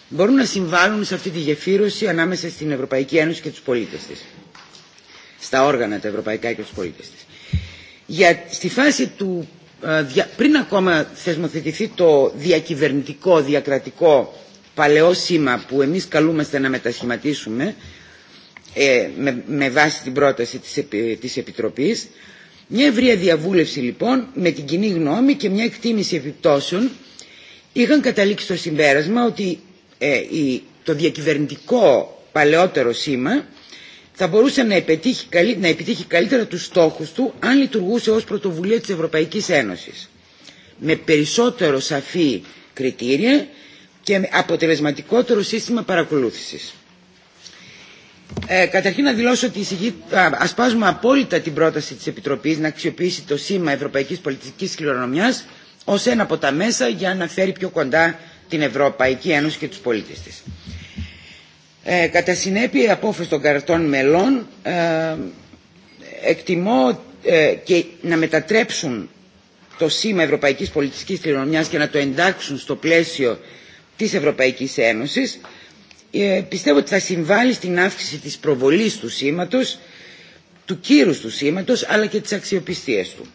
Speaker 5: μπορούν να συμβάλλουν σε αυτή τη γεφύρωση ανάμεσα στην Ευρωπαϊκή Ένωση και τους πολίτες της. Στα όργανα τα ευρωπαϊκά και τους πολίτες της. Για, στη φάση του, ε, πριν ακόμα θεσμοθετηθεί το διακυβερνητικό, διακρατικό παλαιό σήμα που εμείς καλούμαστε να μετασχηματίσουμε ε, με, με βάση την πρόταση της, της Επιτροπής μια ευρεία διαβούλευση λοιπόν με την κοινή γνώμη και μια εκτίμηση επιπτώσεων είχαν καταλήξει στο συμπέρασμα ότι ε, το διακυβερνητικό παλαιότερο σήμα θα μπορούσε να επιτύχει, καλύτερα τους στόχους του αν λειτουργούσε ως πρωτοβουλία της Ευρωπαϊκής Ένωσης με περισσότερο σαφή κριτήρια και αποτελεσματικότερο σύστημα παρακολούθησης. Ε, καταρχήν να δηλώσω ότι ασπάζουμε απόλυτα την πρόταση της Επιτροπής να αξιοποιήσει το σήμα Ευρωπαϊκής Πολιτικής Κληρονομιάς ως ένα από τα μέσα για να φέρει πιο κοντά την Ευρωπαϊκή Ένωση και τους πολίτες της. Ε, κατά συνέπεια η απόφαση των καρτών μελών ε, εκτιμώ ε, και να μετατρέψουν το σήμα Ευρωπαϊκής Πολιτικής Κληρονομιάς και να το εντάξουν στο πλαίσιο της Ευρωπαϊκής Ένωσης ε, πιστεύω ότι θα συμβάλλει στην αύξηση της προβολής του σήματος, του κύρους του σήματος, αλλά και της αξιοπιστίας του,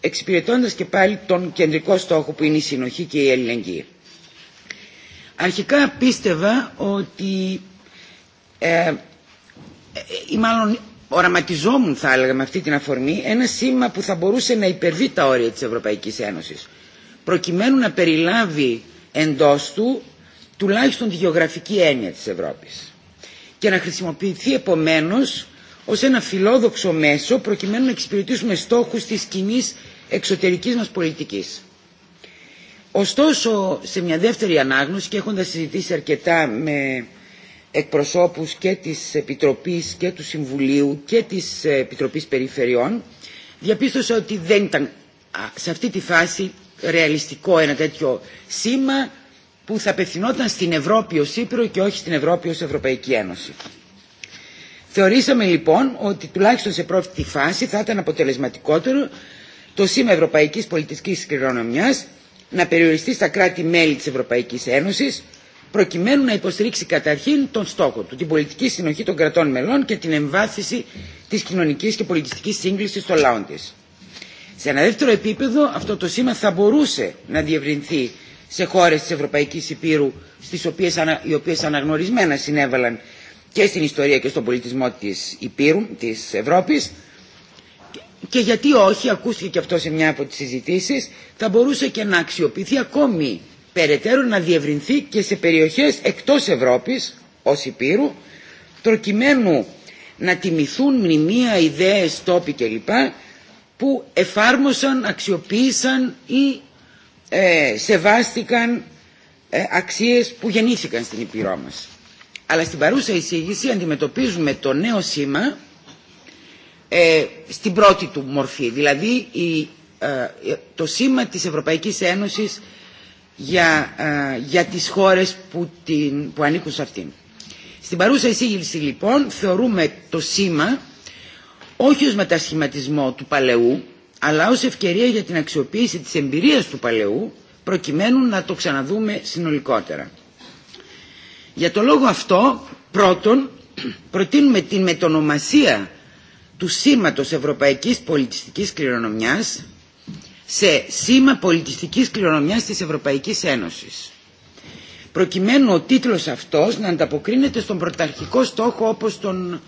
Speaker 5: εξυπηρετώντας και πάλι τον κεντρικό στόχο που είναι η συνοχή και η ελληνική. Αρχικά πίστευα ότι, ε, ε, ή μάλλον οραματιζόμουν θα έλεγα με αυτή την αφορμή, ένα σήμα που θα μπορούσε να υπερβεί τα όρια της Ευρωπαϊκής Ένωσης, προκειμένου να περιλάβει εντός του τουλάχιστον τη γεωγραφική έννοια της Ευρώπης και να χρησιμοποιηθεί επομένως ως ένα φιλόδοξο μέσο προκειμένου να εξυπηρετήσουμε στόχους της κοινή εξωτερικής μας πολιτικής. Ωστόσο, σε μια δεύτερη ανάγνωση και έχοντας συζητήσει αρκετά με εκπροσώπους και της Επιτροπής και του Συμβουλίου και της Επιτροπής Περιφερειών διαπίστωσα ότι δεν ήταν σε αυτή τη φάση ρεαλιστικό ένα τέτοιο σήμα που θα απευθυνόταν στην Ευρώπη ως Ήπειρο και όχι στην Ευρώπη ως Ευρωπαϊκή Ένωση. Θεωρήσαμε λοιπόν ότι τουλάχιστον σε πρώτη φάση θα ήταν αποτελεσματικότερο το σήμα Ευρωπαϊκής Πολιτιστικής Κληρονομιάς να περιοριστεί στα κράτη-μέλη της Ευρωπαϊκής Ένωσης προκειμένου να υποστηρίξει καταρχήν τον στόχο του, την πολιτική συνοχή των κρατών μελών και την εμβάθυνση της κοινωνικής και πολιτιστικής σύγκλησης των λαών της. Σε ένα δεύτερο επίπεδο αυτό το σήμα θα μπορούσε να διευρυνθεί σε χώρες της Ευρωπαϊκής Υπήρου στις οποίες, οι οποίες αναγνωρισμένα συνέβαλαν και στην ιστορία και στον πολιτισμό της Υπήρου, της Ευρώπης και γιατί όχι, ακούστηκε και αυτό σε μια από τις συζητήσεις, θα μπορούσε και να αξιοποιηθεί ακόμη περαιτέρω να διευρυνθεί και σε περιοχές εκτός Ευρώπης ως Υπήρου προκειμένου να τιμηθούν μνημεία, ιδέες, τόποι κλπ που εφάρμοσαν, αξιοποίησαν ή ε, σεβάστηκαν ε, αξίες που γεννήθηκαν στην υπηρό μας. Αλλά στην παρούσα εισήγηση αντιμετωπίζουμε το νέο σήμα ε, στην πρώτη του μορφή. Δηλαδή το σήμα της Ευρωπαϊκής Ένωσης για, για τις χώρες που, την, που ανήκουν σε αυτήν. Στην παρούσα εισήγηση λοιπόν θεωρούμε το σήμα όχι ως μετασχηματισμό του παλαιού αλλά ως ευκαιρία για την αξιοποίηση της εμπειρίας του παλαιού προκειμένου να το ξαναδούμε συνολικότερα. Για το λόγο αυτό, πρώτον, προτείνουμε την μετονομασία του σήματος Ευρωπαϊκής Πολιτιστικής Κληρονομιάς σε σήμα πολιτιστικής κληρονομιάς της Ευρωπαϊκής Ένωσης προκειμένου ο τίτλος αυτός να ανταποκρίνεται στον πρωταρχικό στόχο όπως τον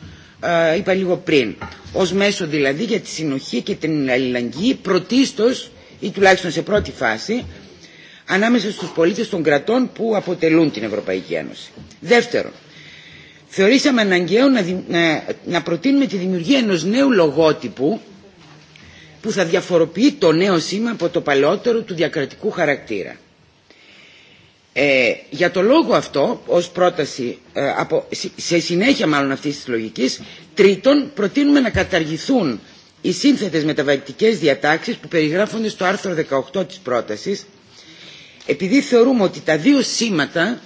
Speaker 5: ε, είπα λίγο πριν, ως μέσο δηλαδή για τη συνοχή και την αλληλεγγύη πρωτίστως ή τουλάχιστον σε πρώτη φάση ανάμεσα στους πολίτες των κρατών που αποτελούν την Ευρωπαϊκή Ένωση. Δεύτερον, θεωρήσαμε αναγκαίο να, να, να προτείνουμε τη δημιουργία ενός νέου λογότυπου που θα διαφοροποιεί το νέο σήμα από το παλαιότερο του διακρατικού χαρακτήρα. Ε, για το λόγο αυτό, ως πρόταση, ε, από, σε συνέχεια μάλλον αυτής της λογικής, τρίτον προτείνουμε να καταργηθούν οι σύνθετες μεταβατικές διατάξεις που περιγράφονται στο άρθρο 18 της πρότασης, επειδή θεωρούμε ότι τα δύο σήματα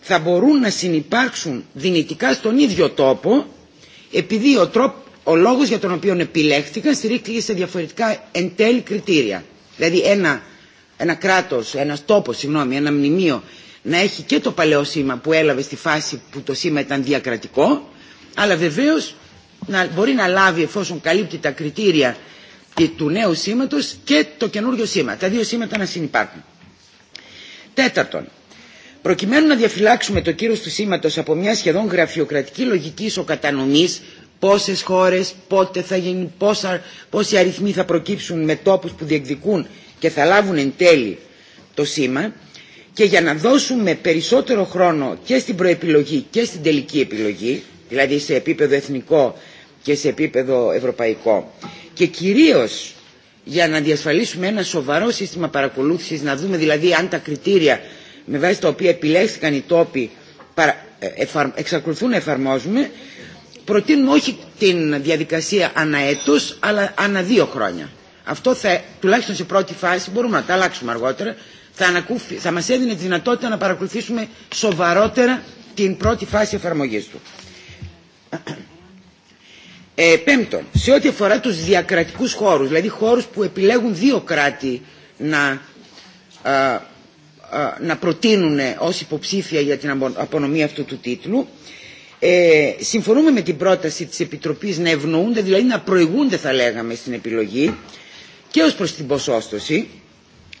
Speaker 5: θα μπορούν να συνεπάρξουν δυνητικά στον ίδιο τόπο, επειδή ο, ο λόγος για τον οποίο επιλέχθηκαν στηρίχθηκε σε διαφορετικά εν τέλει κριτήρια. Δηλαδή ένα ένα κράτος, ένας τόπος, συγγνώμη, ένα μνημείο να έχει και το παλαιό σήμα που έλαβε στη φάση που το σήμα ήταν διακρατικό αλλά βεβαίως να, μπορεί να λάβει εφόσον καλύπτει τα κριτήρια του νέου σήματος και το καινούριο σήμα. Τα δύο σήματα να συνεπάρχουν. Τέταρτον, προκειμένου να διαφυλάξουμε το κύρος του σήματος από μια σχεδόν γραφειοκρατική λογική ισοκατανομής πόσες χώρες, πότε θα γίνουν, πόσα, πόσοι αριθμοί θα προκύψουν με τόπους που διεκδικούν και θα λάβουν εν τέλει το σήμα και για να δώσουμε περισσότερο χρόνο και στην προεπιλογή και στην τελική επιλογή δηλαδή σε επίπεδο εθνικό και σε επίπεδο ευρωπαϊκό και κυρίως για να διασφαλίσουμε ένα σοβαρό σύστημα παρακολούθησης να δούμε δηλαδή αν τα κριτήρια με βάση τα οποία επιλέχθηκαν οι τόποι ε, εξακολουθούν να εφαρμόζουμε προτείνουμε όχι την διαδικασία αναέτος αλλά ανά δύο χρόνια αυτό θα, τουλάχιστον σε πρώτη φάση, μπορούμε να τα αλλάξουμε αργότερα, θα, ανακούφι, θα μας έδινε τη δυνατότητα να παρακολουθήσουμε σοβαρότερα την πρώτη φάση εφαρμογής του. Ε, πέμπτον, σε ό,τι αφορά τους διακρατικούς χώρους, δηλαδή χώρους που επιλέγουν δύο κράτη να, α, ε, ε, να προτείνουν ως υποψήφια για την απονομή αυτού του τίτλου, ε, συμφωνούμε με την πρόταση της Επιτροπής να ευνοούνται, δηλαδή να προηγούνται θα λέγαμε στην επιλογή, και ως προς την ποσόστοση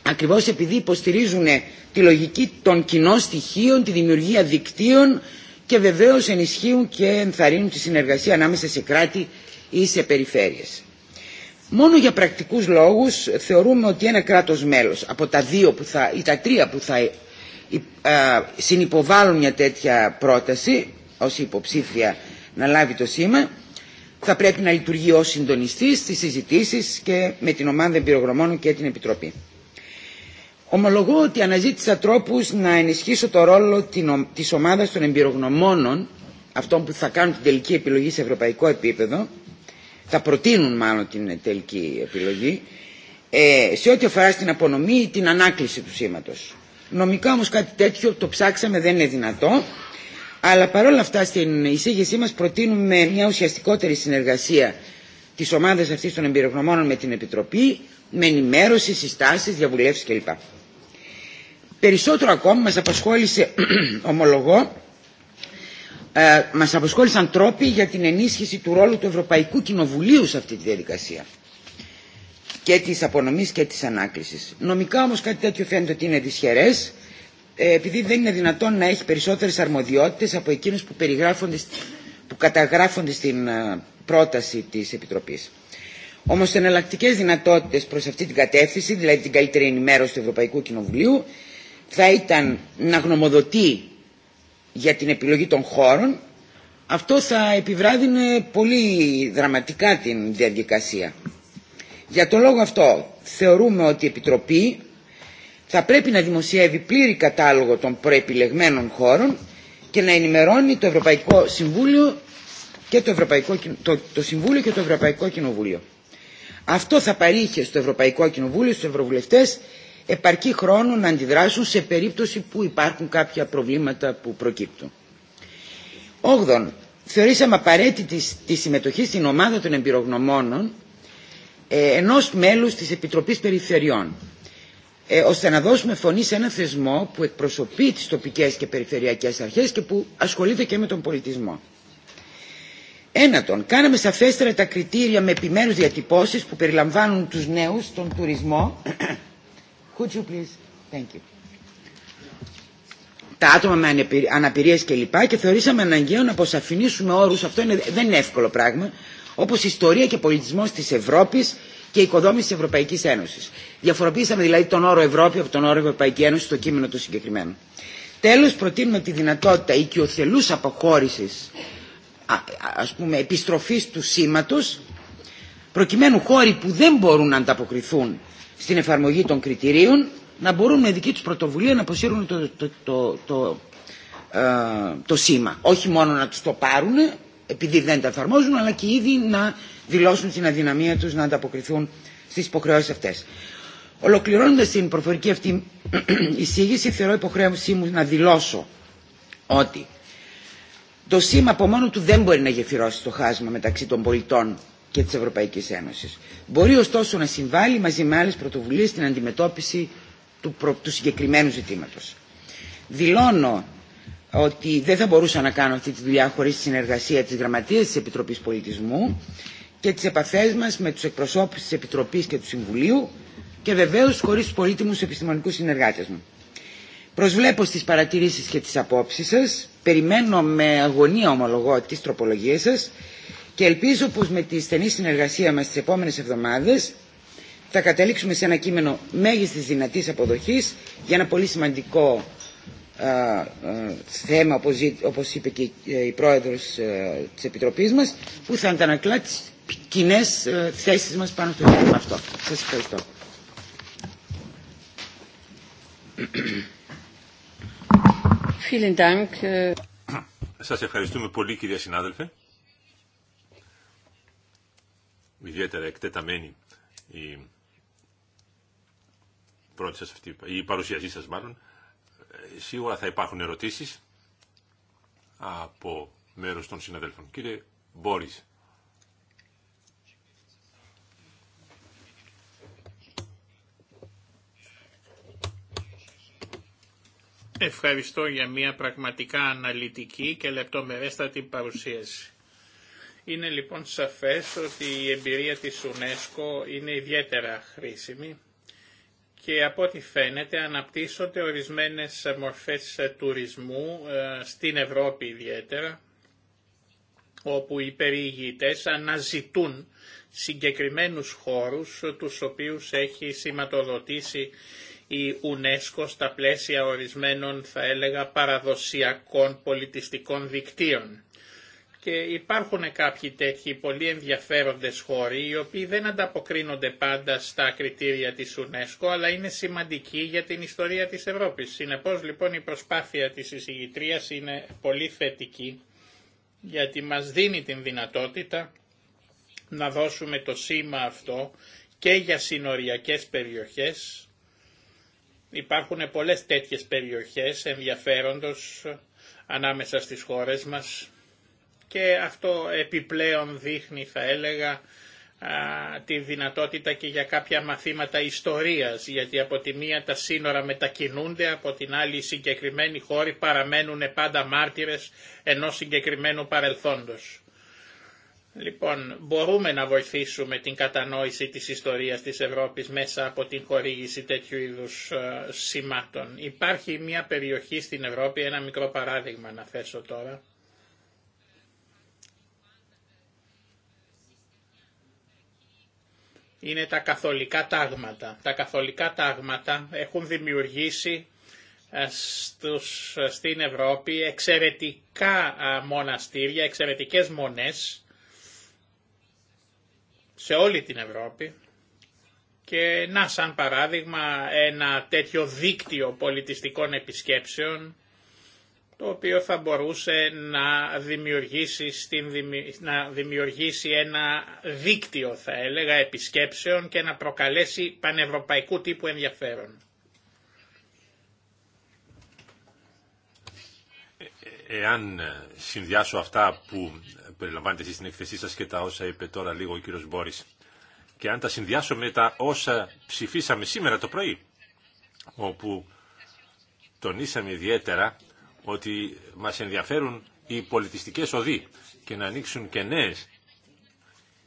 Speaker 5: ακριβώς επειδή υποστηρίζουν τη λογική των κοινών στοιχείων, τη δημιουργία δικτύων και βεβαίως ενισχύουν και ενθαρρύνουν τη συνεργασία ανάμεσα σε κράτη ή σε περιφέρειες. Μόνο για πρακτικούς λόγους θεωρούμε ότι ένα κράτος μέλος από τα δύο που θα, ή τα τρία που θα ε, συνυποβάλλουν μια τέτοια πρόταση ως υποψήφια να λάβει το σήμα θα πρέπει να λειτουργεί ως συντονιστής στις συζητήσεις και με την ομάδα εμπειρογνωμόνων και την Επιτροπή. Ομολογώ ότι αναζήτησα τρόπους να ενισχύσω το ρόλο της ομάδας των εμπειρογνωμόνων αυτών που θα κάνουν την τελική επιλογή σε ευρωπαϊκό επίπεδο θα προτείνουν μάλλον την τελική επιλογή ε, σε ό,τι αφορά στην απονομή ή την ανάκληση του σήματος. Νομικά όμως κάτι τέτοιο το ψάξαμε δεν είναι δυνατό αλλά παρόλα αυτά στην εισήγησή μας προτείνουμε μια ουσιαστικότερη συνεργασία της ομάδας αυτής των εμπειρογνωμόνων με την Επιτροπή, με ενημέρωση, συστάσεις, διαβουλεύσεις κλπ. Περισσότερο ακόμη μας απασχόλησε, ομολογώ, ε, μας απασχόλησαν τρόποι για την ενίσχυση του ρόλου του Ευρωπαϊκού Κοινοβουλίου σε αυτή τη διαδικασία και της απονομής και της ανάκλησης. Νομικά όμως κάτι τέτοιο φαίνεται ότι είναι δυσχερές ε, επειδή δεν είναι δυνατόν να έχει περισσότερες αρμοδιότητες από εκείνους που, περιγράφονται, καταγράφονται στην ε, πρόταση της Επιτροπής. Όμως εναλλακτικέ δυνατότητες προς αυτή την κατεύθυνση, δηλαδή την καλύτερη ενημέρωση του Ευρωπαϊκού Κοινοβουλίου, θα ήταν να γνωμοδοτεί για την επιλογή των χώρων, αυτό θα επιβράδυνε πολύ δραματικά την διαδικασία. Για τον λόγο αυτό θεωρούμε ότι η Επιτροπή θα πρέπει να δημοσιεύει πλήρη κατάλογο των προεπιλεγμένων χώρων και να ενημερώνει το Συμβούλιο και το, Ευρωπαϊκό, το, και Κοινοβούλιο. Αυτό θα παρήχε στο Ευρωπαϊκό Κοινοβούλιο, στους Ευρωβουλευτές, επαρκή χρόνο να αντιδράσουν σε περίπτωση που υπάρχουν κάποια προβλήματα που προκύπτουν. Όγδον, Θεωρήσαμε απαραίτητη τη συμμετοχή στην ομάδα των εμπειρογνωμόνων ε, ενός μέλους της Επιτροπής Περιφερειών ε, ώστε να δώσουμε φωνή σε ένα θεσμό που εκπροσωπεί τις τοπικές και περιφερειακές αρχές και που ασχολείται και με τον πολιτισμό. Ένατον, κάναμε σαφέστερα τα κριτήρια με επιμέρους διατυπώσεις που περιλαμβάνουν τους νέους, τον τουρισμό. Could you Thank you. Τα άτομα με αναπηρίες κλπ. Και, και θεωρήσαμε αναγκαίο να αποσαφηνίσουμε όρους. Αυτό είναι, δεν είναι εύκολο πράγμα. Όπως ιστορία και πολιτισμός της Ευρώπης, και οικοδόμηση τη Ευρωπαϊκή Ένωση. Διαφοροποίησαμε δηλαδή τον όρο Ευρώπη από τον όρο Ευρωπαϊκή Ένωση στο κείμενο το συγκεκριμένου. Τέλο, προτείνουμε τη δυνατότητα οικειοθελού αποχώρηση, α πούμε, επιστροφή του σήματο, προκειμένου χώροι που δεν μπορούν να ανταποκριθούν στην εφαρμογή των κριτηρίων να μπορούν με δική του πρωτοβουλία να αποσύρουν το, το, το, το ε, σήμα. Όχι μόνο να του το πάρουν, επειδή δεν τα εφαρμόζουν, αλλά και ήδη να δηλώσουν την αδυναμία τους να ανταποκριθούν στις υποχρεώσεις αυτές. Ολοκληρώνοντας την προφορική αυτή εισήγηση, θεωρώ υποχρέωσή μου να δηλώσω ότι το σήμα από μόνο του δεν μπορεί να γεφυρώσει το χάσμα μεταξύ των πολιτών και της Ευρωπαϊκής Ένωσης. Μπορεί ωστόσο να συμβάλλει μαζί με άλλες πρωτοβουλίες στην αντιμετώπιση του, του συγκεκριμένου ζητήματος. Δηλώνω ότι δεν θα μπορούσα να κάνω αυτή τη δουλειά χωρίς τη συνεργασία της Γραμματείας της Επιτροπής Πολιτισμού και τις επαφές μας με τους εκπροσώπους της Επιτροπής και του Συμβουλίου και βεβαίως χωρίς τους πολύτιμους επιστημονικούς συνεργάτες μου. Προσβλέπω στις παρατηρήσεις και τις απόψεις σας, περιμένω με αγωνία ομολογώ τις τροπολογίες σας και ελπίζω πως με τη στενή συνεργασία μας τις επόμενες εβδομάδες θα καταλήξουμε σε ένα κείμενο μέγιστη δυνατής αποδοχής για ένα πολύ σημαντικό θέμα όπως είπε και ε, η πρόεδρος ε, της Επιτροπής μας που θα αντανακλά τις κοινέ ε, θέσεις μας πάνω στο θέμα αυτό. Σας ευχαριστώ.
Speaker 2: Σας ευχαριστούμε πολύ κυρία συνάδελφε. Ιδιαίτερα εκτεταμένη η πρώτη αυτή, η παρουσίασή σας μάλλον σίγουρα θα υπάρχουν ερωτήσεις από μέρος των συναδέλφων. Κύριε Μπόρις.
Speaker 1: Ευχαριστώ για μια πραγματικά αναλυτική και λεπτομερέστατη παρουσίαση. Είναι λοιπόν σαφές ότι η εμπειρία της UNESCO είναι ιδιαίτερα χρήσιμη και από ό,τι φαίνεται αναπτύσσονται ορισμένες μορφές τουρισμού ε, στην Ευρώπη ιδιαίτερα όπου οι περιηγητές αναζητούν συγκεκριμένους χώρους τους οποίους έχει σηματοδοτήσει η UNESCO στα πλαίσια ορισμένων θα έλεγα παραδοσιακών πολιτιστικών δικτύων και υπάρχουν κάποιοι τέτοιοι πολύ ενδιαφέροντες χώροι οι οποίοι δεν ανταποκρίνονται πάντα στα κριτήρια της UNESCO αλλά είναι σημαντικοί για την ιστορία της Ευρώπης. Συνεπώς λοιπόν η προσπάθεια της εισηγητρίας είναι πολύ θετική γιατί μας δίνει την δυνατότητα να δώσουμε το σήμα αυτό και για συνοριακές περιοχές. Υπάρχουν πολλές τέτοιες περιοχές ενδιαφέροντος ανάμεσα στις χώρες μας και αυτό επιπλέον δείχνει θα έλεγα τη δυνατότητα και για κάποια μαθήματα ιστορίας, γιατί από τη μία τα σύνορα μετακινούνται, από την άλλη οι συγκεκριμένοι χώροι παραμένουν πάντα μάρτυρες ενός συγκεκριμένου παρελθόντος. Λοιπόν, μπορούμε να βοηθήσουμε την κατανόηση της ιστορίας της Ευρώπης μέσα από την χορήγηση τέτοιου είδους σημάτων. Υπάρχει μια περιοχή στην Ευρώπη, ένα μικρό παράδειγμα να θέσω τώρα, είναι τα καθολικά τάγματα. Τα καθολικά τάγματα έχουν δημιουργήσει ε, στους, ε, στην Ευρώπη εξαιρετικά ε, μοναστήρια, εξαιρετικές μονές σε όλη την Ευρώπη. Και να σαν παράδειγμα ένα τέτοιο δίκτυο πολιτιστικών επισκέψεων το οποίο θα μπορούσε να δημιουργήσει, στην, να δημιουργήσει ένα δίκτυο, θα έλεγα, επισκέψεων και να προκαλέσει πανευρωπαϊκού τύπου ενδιαφέρον.
Speaker 2: Ε, εάν συνδυάσω αυτά που περιλαμβάνετε εσείς στην εκθεσή σας και τα όσα είπε τώρα λίγο ο κύριος Μπόρης, και αν τα συνδυάσω με τα όσα ψηφίσαμε σήμερα το πρωί, όπου τονίσαμε ιδιαίτερα ότι μας ενδιαφέρουν οι πολιτιστικές οδοί και να ανοίξουν και νέε,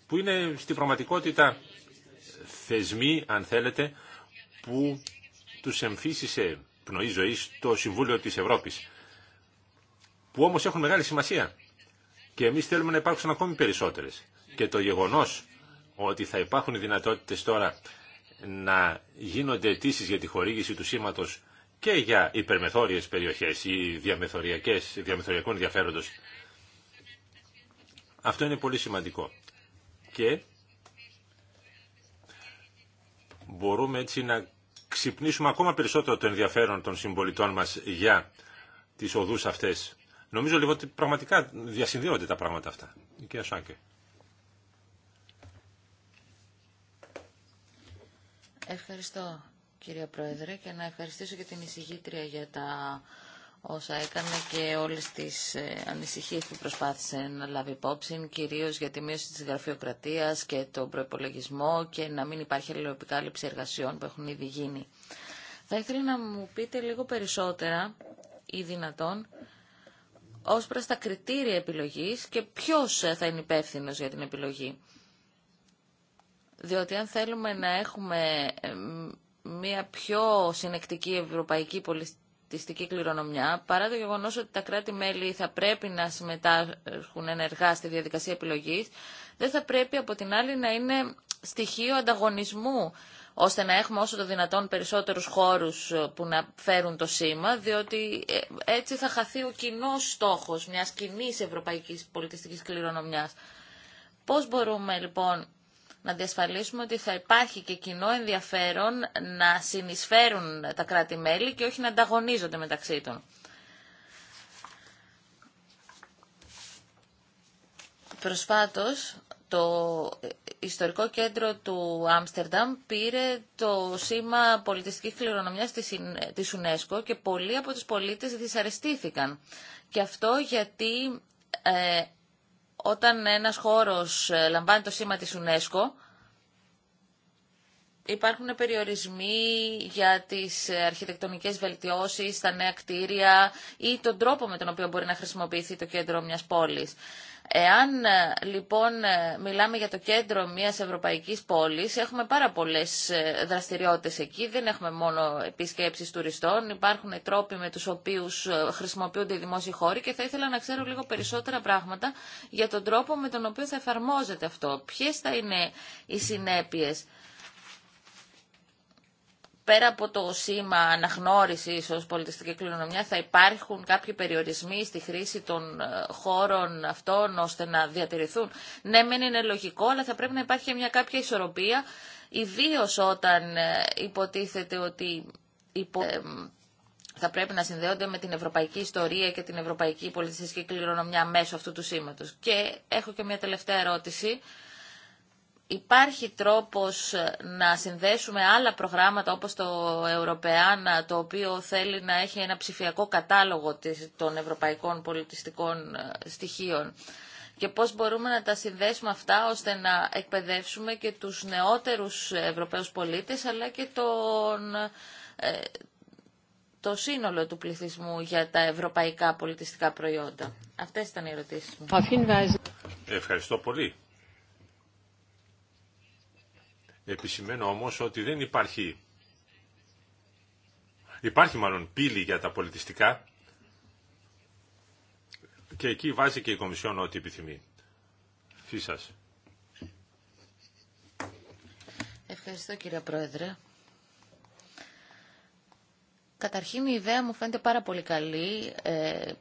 Speaker 2: που είναι στην πραγματικότητα θεσμοί, αν θέλετε, που τους εμφύσισε πνοή ζωή το Συμβούλιο της Ευρώπης, που όμως έχουν μεγάλη σημασία. Και εμείς θέλουμε να υπάρξουν ακόμη περισσότερες. Και το γεγονός ότι θα υπάρχουν οι δυνατότητες τώρα να γίνονται αιτήσει για τη χορήγηση του σήματος και για υπερμεθόριες περιοχές ή διαμεθοριακές, διαμεθοριακών ενδιαφέροντος. Αυτό είναι πολύ σημαντικό. Και μπορούμε έτσι να ξυπνήσουμε ακόμα περισσότερο το ενδιαφέρον των συμπολιτών μας για τις οδούς αυτές. Νομίζω λοιπόν ότι πραγματικά διασυνδέονται τα πράγματα αυτά.
Speaker 4: Ευχαριστώ κύριε Πρόεδρε, και να ευχαριστήσω και την εισηγήτρια για τα όσα έκανε και όλες τις ε, ανησυχίες που προσπάθησε να λάβει υπόψη, κυρίως για τη μείωση της γραφειοκρατίας και τον προπολογισμό και να μην υπάρχει αλληλοεπικάλυψη εργασιών που έχουν ήδη γίνει. Θα ήθελα να μου πείτε λίγο περισσότερα ή δυνατόν ως προς τα κριτήρια επιλογής και ποιος ε, θα είναι υπεύθυνο για την επιλογή. Διότι αν θέλουμε να έχουμε ε, μια πιο συνεκτική ευρωπαϊκή πολιτιστική κληρονομιά, παρά το γεγονός ότι τα κράτη-μέλη θα πρέπει να συμμετάσχουν ενεργά στη διαδικασία επιλογής, δεν θα πρέπει από την άλλη να είναι στοιχείο ανταγωνισμού ώστε να έχουμε όσο το δυνατόν περισσότερους χώρους που να φέρουν το σήμα, διότι ε, έτσι θα χαθεί ο κοινό στόχος μιας κοινή ευρωπαϊκής πολιτιστικής κληρονομιάς. Πώς μπορούμε λοιπόν να διασφαλίσουμε ότι θα υπάρχει και κοινό ενδιαφέρον να συνεισφέρουν τα κράτη-μέλη και όχι να ανταγωνίζονται μεταξύ των. Προσφάτως, το ιστορικό κέντρο του Άμστερνταμ πήρε το σήμα πολιτιστικής κληρονομιάς της UNESCO και πολλοί από τους πολίτες δυσαρεστήθηκαν. Και αυτό γιατί ε, όταν ένας χώρος ε, λαμβάνει το σήμα της UNESCO, υπάρχουν περιορισμοί για τις ε, αρχιτεκτονικές βελτιώσεις, τα νέα κτίρια ή τον τρόπο με τον οποίο μπορεί να χρησιμοποιηθεί το κέντρο μιας πόλης. Εάν ε, λοιπόν ε, μιλάμε για το κέντρο μιας ευρωπαϊκής πόλης, έχουμε πάρα πολλές ε, δραστηριότητες εκεί, δεν έχουμε μόνο επισκέψεις τουριστών, υπάρχουν τρόποι με τους οποίους χρησιμοποιούνται οι δημόσιοι χώροι και θα ήθελα να ξέρω λίγο περισσότερα πράγματα για τον τρόπο με τον οποίο θα εφαρμόζεται αυτό. Ποιες θα είναι οι συνέπειες πέρα από το σήμα αναγνώριση ω πολιτιστική κληρονομιά θα υπάρχουν κάποιοι περιορισμοί στη χρήση των ε, χώρων αυτών ώστε να διατηρηθούν. Ναι, μεν είναι λογικό, αλλά θα πρέπει να υπάρχει μια κάποια ισορροπία, ιδίω όταν ε, υποτίθεται ότι ε, θα πρέπει να συνδέονται με την ευρωπαϊκή ιστορία και την ευρωπαϊκή πολιτιστική κληρονομιά μέσω αυτού του σήματο. Και έχω και μια τελευταία ερώτηση Υπάρχει τρόπος ε, να συνδέσουμε άλλα προγράμματα όπως το Ευρωπαϊάννα, το οποίο θέλει να έχει ένα ψηφιακό κατάλογο των ευρωπαϊκών πολιτιστικών ε, στοιχείων και πώς μπορούμε να τα συνδέσουμε αυτά ώστε να εκπαιδεύσουμε και τους νεότερους Ευρωπαίους πολίτες αλλά και τον, ε, το σύνολο του πληθυσμού για τα ευρωπαϊκά πολιτιστικά προϊόντα. Αυτές ήταν οι ερωτήσεις μου.
Speaker 2: Ευχαριστώ πολύ. Επισημαίνω όμως ότι δεν υπάρχει, υπάρχει μάλλον πύλη για τα πολιτιστικά και εκεί βάζει και η Κομισιόν ό,τι επιθυμεί. Φύσας.
Speaker 4: Ευχαριστώ κύριε Πρόεδρε. Καταρχήν η ιδέα μου φαίνεται πάρα πολύ καλή. Ε,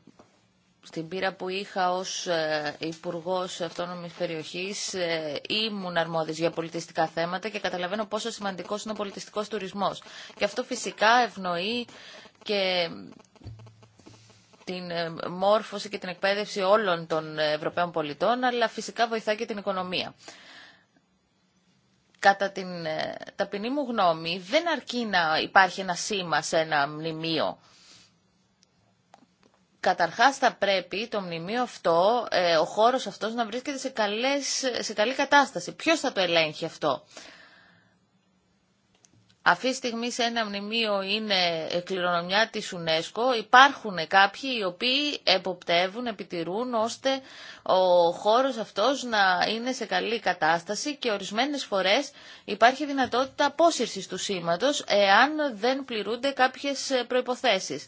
Speaker 4: στην πείρα που είχα ως ε, Υπουργός Αυτόνομης Περιοχής ε, ήμουν αρμόδης για πολιτιστικά θέματα και καταλαβαίνω πόσο σημαντικός είναι ο πολιτιστικός τουρισμός. Και αυτό φυσικά ευνοεί και την ε, μόρφωση και την εκπαίδευση όλων των Ευρωπαίων πολιτών, αλλά φυσικά βοηθά και την οικονομία. Κατά την ταπεινή μου γνώμη, δεν αρκεί να υπάρχει ένα σήμα σε ένα μνημείο. Καταρχάς θα πρέπει το μνημείο αυτό, ε, ο χώρος αυτός να βρίσκεται σε, καλές, σε καλή κατάσταση. Ποιος θα το ελέγχει αυτό. Αυτή τη στιγμή σε ένα μνημείο είναι κληρονομιά της UNESCO. Υπάρχουν κάποιοι οι οποίοι εποπτεύουν, επιτηρούν ώστε ο χώρος αυτός να είναι σε καλή κατάσταση και ορισμένες φορές υπάρχει δυνατότητα απόσυρσης του σήματος εάν δεν πληρούνται κάποιες προϋποθέσεις.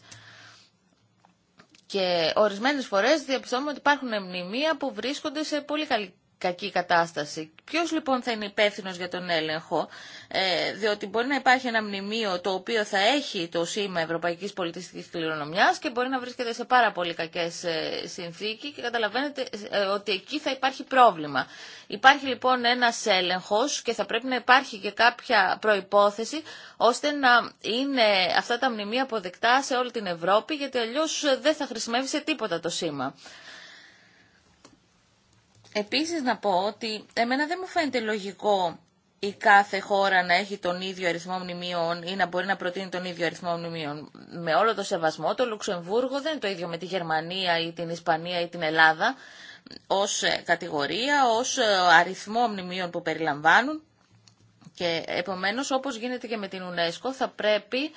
Speaker 4: Και ορισμένες φορές διαπιστώνουμε ότι υπάρχουν μνημεία που βρίσκονται σε πολύ καλή κακή κατάσταση. Ποιος λοιπόν θα είναι υπεύθυνο για τον έλεγχο, ε, διότι μπορεί να υπάρχει ένα μνημείο το οποίο θα έχει το σήμα Ευρωπαϊκής Πολιτιστικής Κληρονομιάς και μπορεί να βρίσκεται σε πάρα πολύ κακές ε, συνθήκες και καταλαβαίνετε ε, ότι εκεί θα υπάρχει πρόβλημα. Υπάρχει λοιπόν ένας έλεγχος και θα πρέπει να υπάρχει και κάποια προϋπόθεση ώστε να είναι αυτά τα μνημεία αποδεκτά σε όλη την Ευρώπη γιατί αλλιώς δεν θα χρησιμεύει σε τίποτα το σήμα. Επίσης να πω ότι εμένα δεν μου φαίνεται λογικό η κάθε χώρα να έχει τον ίδιο αριθμό μνημείων ή να μπορεί να προτείνει τον ίδιο αριθμό μνημείων. Με όλο το σεβασμό το Λουξεμβούργο δεν είναι το ίδιο με τη Γερμανία ή την Ισπανία ή την Ελλάδα ως ε, κατηγορία, ως ε, αριθμό μνημείων που περιλαμβάνουν και επομένως όπως γίνεται και με την UNESCO θα πρέπει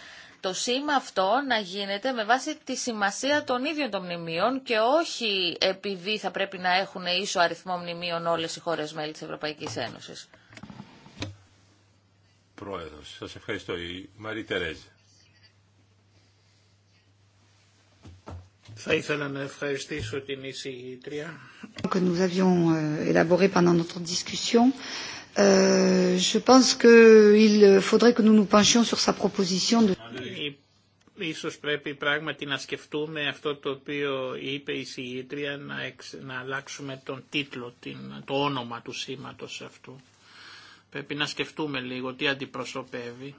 Speaker 4: το σήμα αυτό να γίνεται με βάση τη σημασία των ίδιων των μνημείων και όχι επειδή θα πρέπει να έχουν ίσο αριθμό μνημείων όλες οι χώρες μέλη της Ευρωπαϊκής Ένωσης.
Speaker 2: Πρόεδρος, σας ευχαριστώ. Η
Speaker 1: Μαρή Τερέζη. Θα ήθελα να ευχαριστήσω την εισηγήτρια.
Speaker 3: Que nous avions euh, élaboré Euh, je pense faudrait que nous nous penchions sur sa proposition de
Speaker 1: ίσως πρέπει πράγματι να σκεφτούμε αυτό το οποίο είπε η συγγήτρια να, εξ, να αλλάξουμε τον τίτλο, την, το όνομα του σήματος αυτού. Πρέπει να σκεφτούμε λίγο τι αντιπροσωπεύει.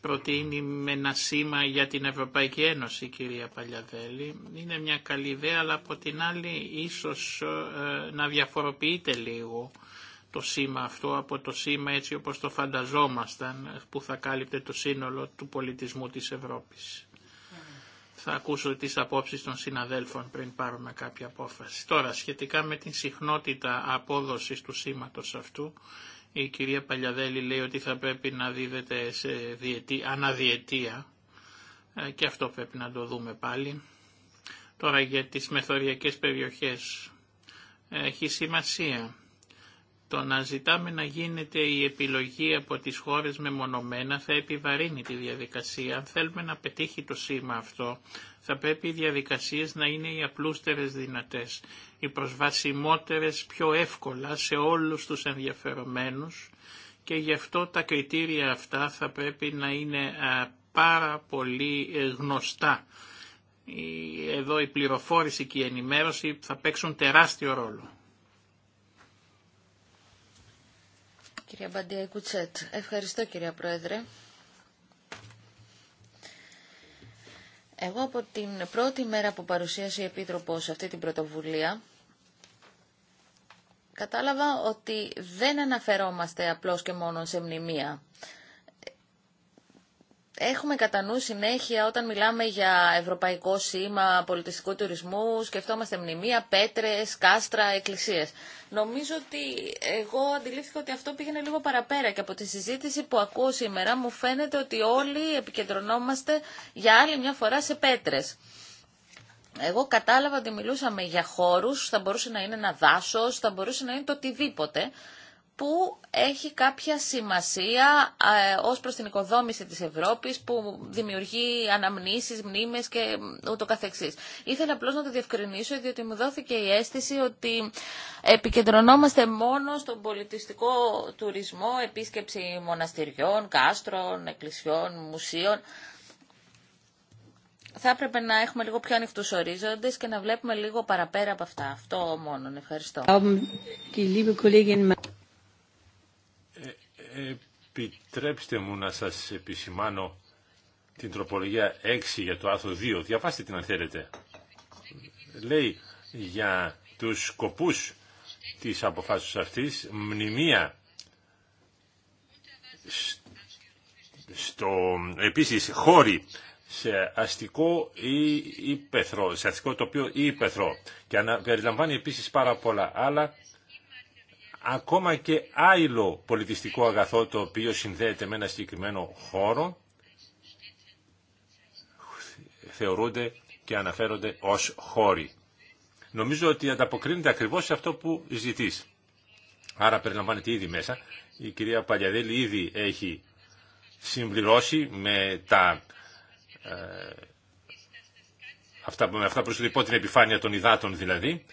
Speaker 1: Προτείνει με ένα σήμα για την Ευρωπαϊκή Ένωση, κυρία Παλιαδέλη. Είναι μια καλή ιδέα, αλλά από την άλλη ίσως ε, να διαφοροποιείται λίγο το σήμα αυτό από το σήμα έτσι όπως το φανταζόμασταν που θα κάλυπτε το σύνολο του πολιτισμού της Ευρώπης. Θα ακούσω τις απόψεις των συναδέλφων πριν πάρουμε κάποια απόφαση. Τώρα, σχετικά με την συχνότητα απόδοσης του σήματος αυτού, η κυρία Παλιαδέλη λέει ότι θα πρέπει να δίδεται σε διετή, αναδιετία ε, και αυτό πρέπει να το δούμε πάλι. Τώρα για τις μεθοριακές περιοχές έχει σημασία το να ζητάμε να γίνεται η επιλογή από τις χώρες μεμονωμένα θα επιβαρύνει τη διαδικασία. Αν θέλουμε να πετύχει το σήμα αυτό, θα πρέπει οι διαδικασίες να είναι οι απλούστερες δυνατές, οι προσβασιμότερες πιο εύκολα σε όλους τους ενδιαφερομένους και γι' αυτό τα κριτήρια αυτά θα πρέπει να είναι πάρα πολύ ε, γνωστά. Εδώ η πληροφόρηση και η ενημέρωση θα παίξουν τεράστιο ρόλο.
Speaker 4: Κυρία Μπαντία ευχαριστώ κυρία Πρόεδρε. Εγώ από την πρώτη μέρα που παρουσίασε η Επίτροπος αυτή την πρωτοβουλία, κατάλαβα ότι δεν αναφερόμαστε απλώς και μόνο σε μνημεία έχουμε κατά νου συνέχεια όταν μιλάμε για ευρωπαϊκό σήμα πολιτιστικού τουρισμού, σκεφτόμαστε μνημεία, πέτρες, κάστρα, εκκλησίες. Νομίζω ότι εγώ αντιλήφθηκα ότι αυτό πήγαινε λίγο παραπέρα και από τη συζήτηση που ακούω σήμερα μου φαίνεται ότι όλοι επικεντρωνόμαστε για άλλη μια φορά σε πέτρες. Εγώ κατάλαβα ότι μιλούσαμε για χώρους, θα μπορούσε να είναι ένα δάσος, θα μπορούσε να είναι το οτιδήποτε, που έχει κάποια σημασία ε, ως προς την οικοδόμηση της Ευρώπης που δημιουργεί αναμνήσεις, μνήμες και ούτω καθεξής. Ήθελα απλώς να το διευκρινίσω διότι μου δόθηκε η αίσθηση ότι επικεντρωνόμαστε μόνο στον πολιτιστικό τουρισμό, επίσκεψη μοναστηριών, κάστρων, εκκλησιών, μουσείων. Θα έπρεπε να έχουμε λίγο πιο ανοιχτού ορίζοντες και να βλέπουμε λίγο παραπέρα από αυτά. Αυτό μόνο. Ευχαριστώ. Um,
Speaker 2: Επιτρέψτε μου να σας επισημάνω την τροπολογία 6 για το άρθρο 2. Διαβάστε την αν θέλετε. Λέει για τους σκοπούς της αποφάσεως αυτής μνημεία στο, επίσης χώροι σε αστικό ή υπεθρό, σε αστικό τοπίο ή υπεθρό και περιλαμβάνει επίσης πάρα πολλά άλλα ακόμα και άειλο πολιτιστικό αγαθό το οποίο συνδέεται με ένα συγκεκριμένο χώρο θεωρούνται και αναφέρονται ως χώροι. Νομίζω ότι ανταποκρίνεται ακριβώς σε αυτό που ζητείς. Άρα περιλαμβάνεται ήδη μέσα. Η κυρία Παλιαδέλη ήδη έχει συμπληρώσει με τα ε, αυτά, με αυτά την επιφάνεια των υδάτων δηλαδή.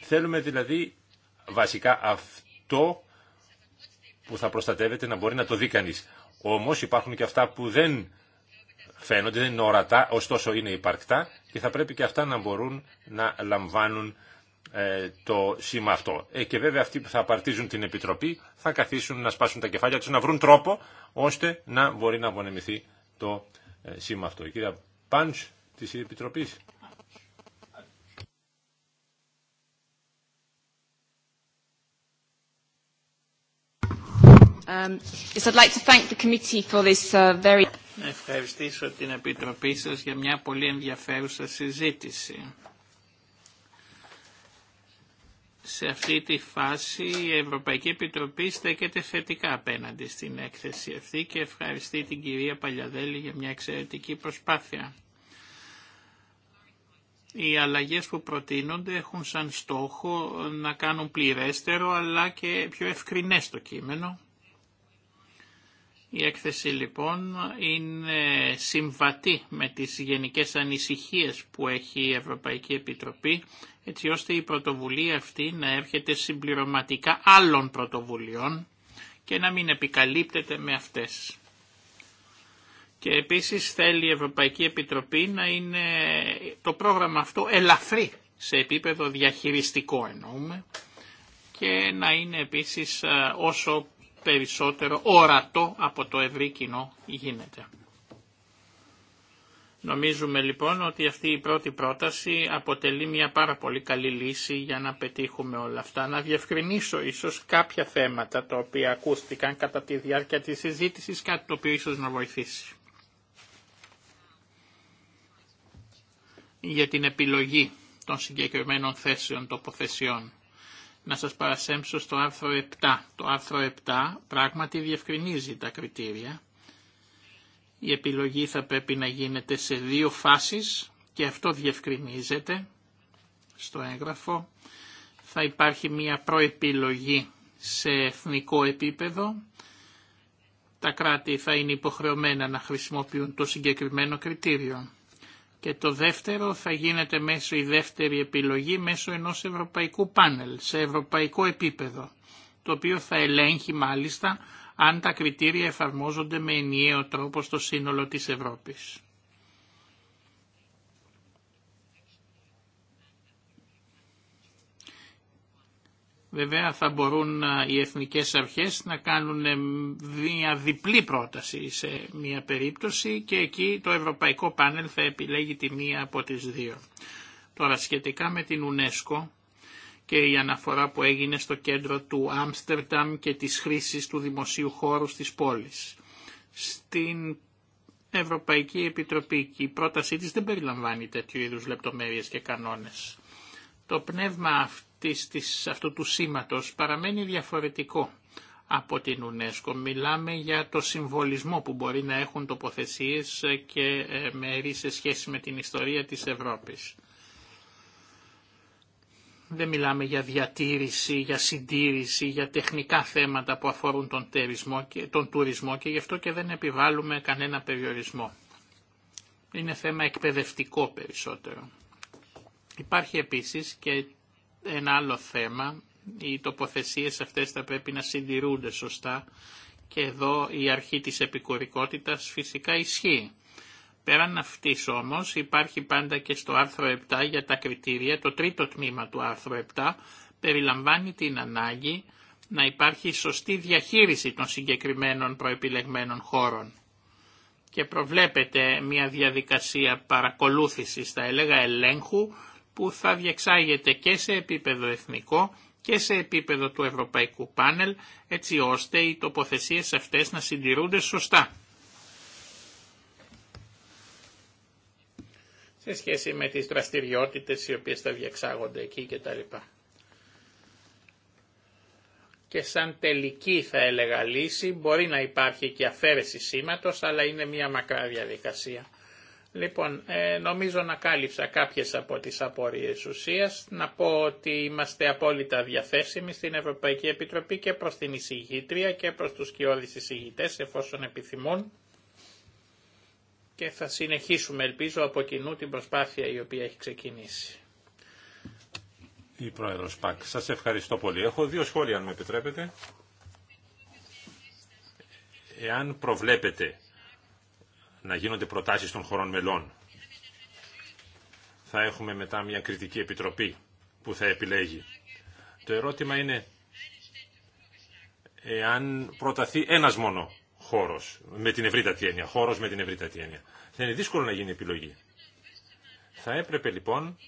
Speaker 2: Θέλουμε δηλαδή βασικά αυτό που θα προστατεύεται να μπορεί να το δει κανεί. Όμω υπάρχουν και αυτά που δεν φαίνονται, δεν είναι ορατά, ωστόσο είναι υπαρκτά και θα πρέπει και αυτά να μπορούν να λαμβάνουν ε, το σήμα αυτό. Ε, και βέβαια αυτοί που θα απαρτίζουν την Επιτροπή θα καθίσουν να σπάσουν τα κεφάλια τους, να βρουν τρόπο ώστε να μπορεί να απονεμηθεί το ε, σήμα αυτό. Η κυρία Πάντς της Επιτροπής.
Speaker 1: Να ευχαριστήσω την Επιτροπή σας για μια πολύ ενδιαφέρουσα συζήτηση. Σε αυτή τη φάση η Ευρωπαϊκή Επιτροπή στέκεται θετικά απέναντι στην έκθεση αυτή και ευχαριστεί την κυρία Παλιαδέλη για μια εξαιρετική προσπάθεια. Οι αλλαγές που προτείνονται έχουν σαν στόχο να κάνουν πληρέστερο αλλά και πιο ευκρινές το κείμενο η έκθεση λοιπόν είναι συμβατή με τις γενικές ανησυχίες που έχει η Ευρωπαϊκή Επιτροπή έτσι ώστε η πρωτοβουλία αυτή να έρχεται συμπληρωματικά άλλων πρωτοβουλειών και να μην επικαλύπτεται με αυτές. Και επίσης θέλει η Ευρωπαϊκή Επιτροπή να είναι το πρόγραμμα αυτό ελαφρύ σε επίπεδο διαχειριστικό εννοούμε και να είναι επίσης ε, όσο περισσότερο ορατό από το ευρύ κοινό γίνεται. Νομίζουμε λοιπόν ότι αυτή η πρώτη πρόταση αποτελεί μια πάρα πολύ καλή λύση για να πετύχουμε όλα αυτά. Να διευκρινίσω ίσως κάποια θέματα τα οποία ακούστηκαν κατά τη διάρκεια της συζήτησης, κάτι το οποίο ίσως να βοηθήσει. Για την επιλογή των συγκεκριμένων θέσεων τοποθεσιών να σας παρασέμψω στο άρθρο 7. Το άρθρο 7 πράγματι διευκρινίζει τα κριτήρια. Η επιλογή θα πρέπει να γίνεται σε δύο φάσεις και αυτό διευκρινίζεται στο έγγραφο. Θα υπάρχει μία προεπιλογή σε εθνικό επίπεδο. Τα κράτη θα είναι υποχρεωμένα να χρησιμοποιούν το συγκεκριμένο κριτήριο και το δεύτερο θα γίνεται μέσω η δεύτερη επιλογή μέσω ενός ευρωπαϊκού πάνελ σε ευρωπαϊκό επίπεδο το οποίο θα ελέγχει μάλιστα αν τα κριτήρια εφαρμόζονται με ενιαίο τρόπο στο σύνολο της Ευρώπης. Βέβαια θα μπορούν οι εθνικές αρχές να κάνουν μια διπλή πρόταση σε μια περίπτωση και εκεί το Ευρωπαϊκό Πάνελ θα επιλέγει τη μία από τις δύο. Τώρα σχετικά με την UNESCO και η αναφορά που έγινε στο κέντρο του Άμστερνταμ και της χρήσης του δημοσίου χώρου στις πόλεις. Στην Ευρωπαϊκή Επιτροπή και η πρότασή της δεν περιλαμβάνει τέτοιου είδους λεπτομέρειες και κανόνες. Το πνεύμα αυτό της, της, αυτού του σήματος παραμένει διαφορετικό από την UNESCO. Μιλάμε για το συμβολισμό που μπορεί να έχουν τοποθεσίες και ε, μέρη σε σχέση με την ιστορία της Ευρώπης. Δεν μιλάμε για διατήρηση, για συντήρηση, για τεχνικά θέματα που αφορούν τον, τουρισμό και, τον τουρισμό και γι' αυτό και δεν επιβάλλουμε κανένα περιορισμό. Είναι θέμα εκπαιδευτικό περισσότερο. Υπάρχει επίσης και ένα άλλο θέμα, οι τοποθεσίες αυτές θα πρέπει να συντηρούνται σωστά και εδώ η αρχή της επικουρικότητας φυσικά ισχύει. Πέραν αυτής όμως υπάρχει πάντα και στο άρθρο 7 για τα κριτήρια, το τρίτο τμήμα του άρθρου 7 περιλαμβάνει την ανάγκη να υπάρχει σωστή διαχείριση των συγκεκριμένων προεπιλεγμένων χώρων και προβλέπεται μια διαδικασία παρακολούθησης, θα έλεγα ελέγχου, που θα διεξάγεται και σε επίπεδο εθνικό και σε επίπεδο του Ευρωπαϊκού Πάνελ, έτσι ώστε οι τοποθεσίες αυτές να συντηρούνται σωστά. Σε σχέση με τις δραστηριότητες οι οποίες θα διεξάγονται εκεί κτλ. Και σαν τελική θα έλεγα λύση μπορεί να υπάρχει και αφαίρεση σήματος, αλλά είναι μια μακρά διαδικασία. Λοιπόν, ε, νομίζω να κάλυψα κάποιες από τις απορίες ουσίας. Να πω ότι είμαστε απόλυτα διαθέσιμοι στην Ευρωπαϊκή Επιτροπή και προς την εισηγήτρια και προς τους κοιόδης εισηγητές εφόσον επιθυμούν. Και θα συνεχίσουμε, ελπίζω, από κοινού την προσπάθεια η οποία έχει ξεκινήσει.
Speaker 2: Η Πρόεδρος Πακ, σας ευχαριστώ πολύ. Έχω δύο σχόλια, αν με επιτρέπετε. Εάν προβλέπετε να γίνονται προτάσεις των χωρών μελών. Θα έχουμε μετά μια κριτική επιτροπή που θα επιλέγει. Το ερώτημα είναι εάν προταθεί ένας μόνο χώρος με την ευρύτατη έννοια. Χώρος με την ευρύτατη έννοια. Θα είναι δύσκολο να γίνει επιλογή. Θα έπρεπε λοιπόν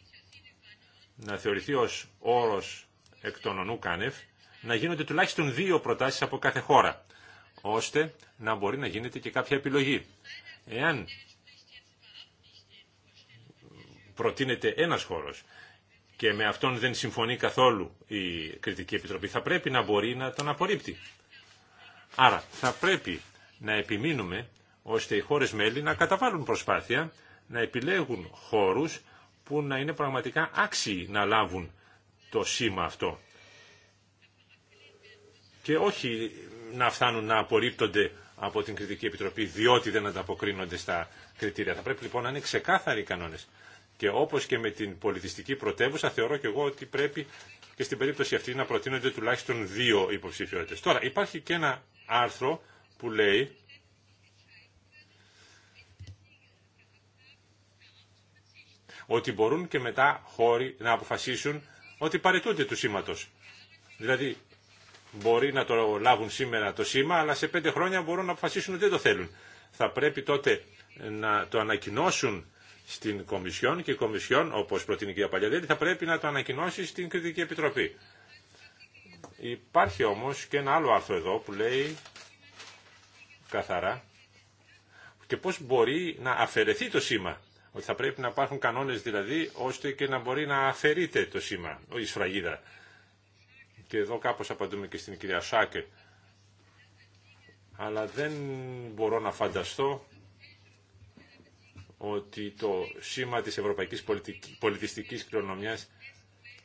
Speaker 2: να θεωρηθεί ως όρος εκ των ονού κάνευ να γίνονται τουλάχιστον δύο προτάσεις από κάθε χώρα ώστε να μπορεί να γίνεται και κάποια επιλογή. Εάν προτείνεται ένας χώρος και με αυτόν δεν συμφωνεί καθόλου η Κριτική Επιτροπή, θα πρέπει να μπορεί να τον απορρίπτει. Άρα θα πρέπει να επιμείνουμε ώστε οι χώρες μέλη να καταβάλουν προσπάθεια να επιλέγουν χώρους που να είναι πραγματικά άξιοι να λάβουν το σήμα αυτό. Και όχι να φτάνουν να απορρίπτονται από την Κριτική Επιτροπή διότι δεν ανταποκρίνονται στα κριτήρια. Θα πρέπει λοιπόν να είναι ξεκάθαροι οι κανόνες. Και όπως και με την πολιτιστική πρωτεύουσα θεωρώ και εγώ ότι πρέπει και στην περίπτωση αυτή να προτείνονται τουλάχιστον δύο υποψηφιότητε. Τώρα υπάρχει και ένα άρθρο που λέει ότι μπορούν και μετά χώροι να αποφασίσουν ότι παρετούνται του σήματος. Δηλαδή μπορεί να το λάβουν σήμερα το σήμα, αλλά σε πέντε χρόνια μπορούν να αποφασίσουν ότι δεν το θέλουν. Θα πρέπει τότε να το ανακοινώσουν στην Κομισιόν και η Κομισιόν, όπω προτείνει η κυρία Παλιαδέλη, θα πρέπει να το ανακοινώσει στην Κριτική Επιτροπή. Υπάρχει όμω και ένα άλλο άρθρο εδώ που λέει καθαρά και πώ μπορεί να αφαιρεθεί το σήμα. Ότι θα πρέπει να υπάρχουν κανόνε δηλαδή ώστε και να μπορεί να αφαιρείται το σήμα, η σφραγίδα και εδώ κάπως απαντούμε και στην κυρία Σάκε, αλλά δεν μπορώ να φανταστώ ότι το σήμα της ευρωπαϊκής πολιτιστικής κληρονομιάς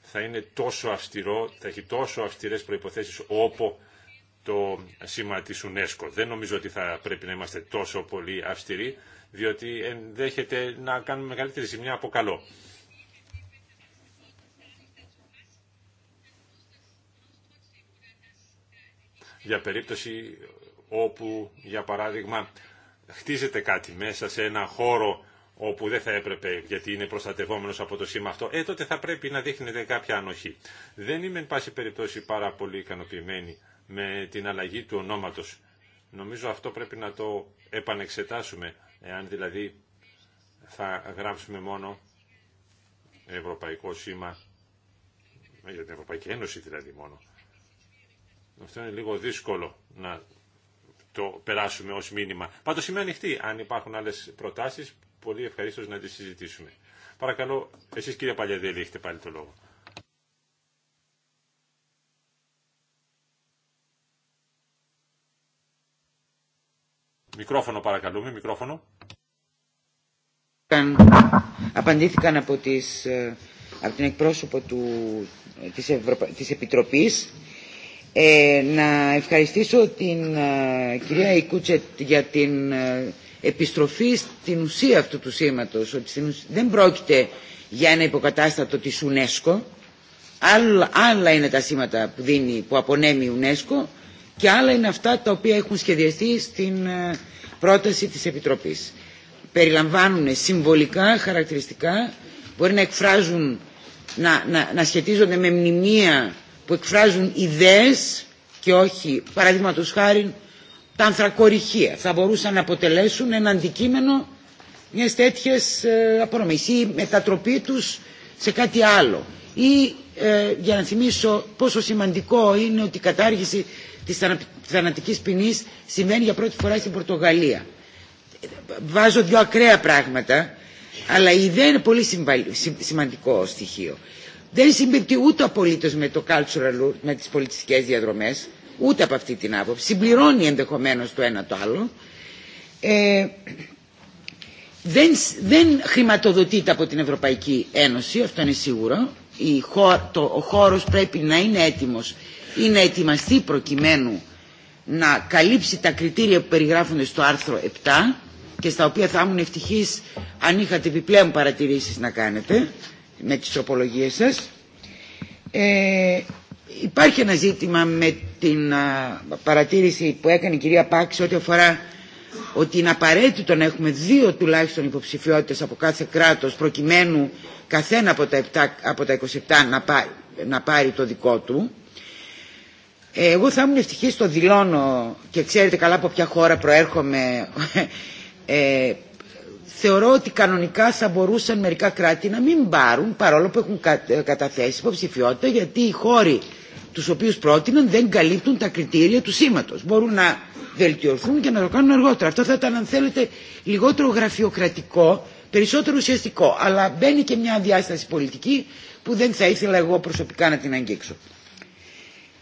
Speaker 2: θα είναι τόσο αυστηρό, θα έχει τόσο αυστηρές προϋποθέσεις όπου το σήμα της UNESCO. Δεν νομίζω ότι θα πρέπει να είμαστε τόσο πολύ αυστηροί, διότι ενδέχεται να κάνουμε μεγαλύτερη ζημιά από καλό. για περίπτωση όπου, για παράδειγμα, χτίζεται κάτι μέσα σε ένα χώρο όπου δεν θα έπρεπε γιατί είναι προστατευόμενος από το σήμα αυτό, ε, τότε θα πρέπει να δείχνεται κάποια ανοχή. Δεν είμαι, εν πάση περιπτώσει, πάρα πολύ ικανοποιημένη με την αλλαγή του ονόματος. Νομίζω αυτό πρέπει να το επανεξετάσουμε, εάν δηλαδή θα γράψουμε μόνο Ευρωπαϊκό σήμα, για την Ευρωπαϊκή Ένωση δηλαδή μόνο, αυτό είναι λίγο δύσκολο να το περάσουμε ως μήνυμα. Πάντως είμαι ανοιχτή. Αν υπάρχουν άλλες προτάσεις, πολύ ευχαρίστω να τις συζητήσουμε. Παρακαλώ, εσείς κύριε Παλιαδέλη έχετε πάλι το λόγο. Μικρόφωνο
Speaker 5: παρακαλούμε, μικρόφωνο. Απαντήθηκαν από, τις, ε, από την εκπρόσωπο του, ε, της, της Επιτροπής ε, να ευχαριστήσω την ε, κυρία Ικούτσετ για την ε, επιστροφή στην ουσία αυτού του σήματος ότι στην, δεν πρόκειται για ένα υποκατάστατο της UNESCO άλλα, άλλα είναι τα σήματα που, δίνει, που απονέμει η UNESCO και άλλα είναι αυτά τα οποία έχουν σχεδιαστεί στην πρόταση της Επιτροπής περιλαμβάνουν συμβολικά χαρακτηριστικά μπορεί να εκφράζουν να, να σχετίζονται με μνημεία που εκφράζουν ιδέες και όχι, παραδείγματο χάρη, τα ανθρακοριχεία. Θα μπορούσαν να αποτελέσουν ένα αντικείμενο μια τέτοια ε, απονομής ή μετατροπή τους σε κάτι άλλο. Ή, ε, για να θυμίσω πόσο σημαντικό είναι ότι η κατάργηση της θανατικής ποινή σημαίνει για πρώτη φορά στην Πορτογαλία. Βάζω δύο ακραία πράγματα, αλλά η ιδέα είναι πολύ σημαντικό στοιχείο δεν συμπίπτει ούτε απολύτω με το cultural με τις πολιτιστικές διαδρομές, ούτε από αυτή την άποψη. Συμπληρώνει ενδεχομένως το ένα το άλλο. Ε, δεν, δεν χρηματοδοτείται από την Ευρωπαϊκή Ένωση, αυτό είναι σίγουρο. Η, το, ο χώρος πρέπει να είναι έτοιμος ή να ετοιμαστεί προκειμένου να καλύψει τα κριτήρια που περιγράφονται στο άρθρο 7 και στα οποία θα ήμουν ευτυχής αν είχατε επιπλέον παρατηρήσεις να κάνετε με τις τροπολογίες σας. Ε, υπάρχει ένα ζήτημα με την παρατήρηση που έκανε η κυρία Πάξη ό,τι αφορά ότι είναι απαραίτητο να έχουμε δύο τουλάχιστον υποψηφιότητες από κάθε κράτος προκειμένου καθένα από τα, από τα 27 να, να πάρει το δικό του. Ε, εγώ θα ήμουν ευτυχής στο δηλώνω και ξέρετε καλά από ποια χώρα προέρχομαι ε, θεωρώ ότι κανονικά θα μπορούσαν μερικά κράτη να μην πάρουν παρόλο που έχουν ε, καταθέσει υποψηφιότητα γιατί οι χώροι τους οποίους πρότειναν δεν καλύπτουν τα κριτήρια του σήματος. Μπορούν να βελτιωθούν και να το κάνουν αργότερα. Αυτό θα ήταν αν θέλετε λιγότερο γραφειοκρατικό, περισσότερο ουσιαστικό. Αλλά μπαίνει και μια διάσταση πολιτική που δεν θα ήθελα εγώ προσωπικά να την αγγίξω.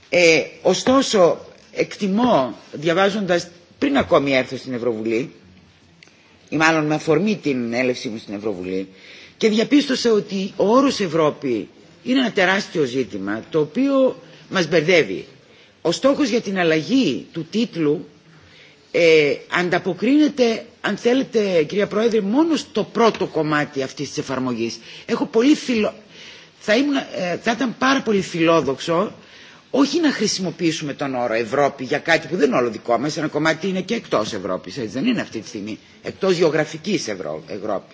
Speaker 5: Ε, ωστόσο, εκτιμώ, διαβάζοντας πριν ακόμη έρθω στην Ευρωβουλή, ή μάλλον με αφορμή την έλευσή μου στην Ευρωβουλή και διαπίστωσα ότι ο όρος Ευρώπη είναι ένα τεράστιο ζήτημα το οποίο μας μπερδεύει. Ο στόχος για την αλλαγή του τίτλου ε, ανταποκρίνεται, αν θέλετε κυρία Πρόεδρε, μόνο στο πρώτο κομμάτι αυτής της εφαρμογής. Έχω πολύ φιλο... θα, ήμουν, ε, θα ήταν πάρα πολύ φιλόδοξο όχι να χρησιμοποιήσουμε τον όρο Ευρώπη για κάτι που δεν είναι όλο δικό μας, ένα κομμάτι είναι και εκτός Ευρώπης, έτσι δεν είναι αυτή τη στιγμή, εκτός γεωγραφική Ευρώ,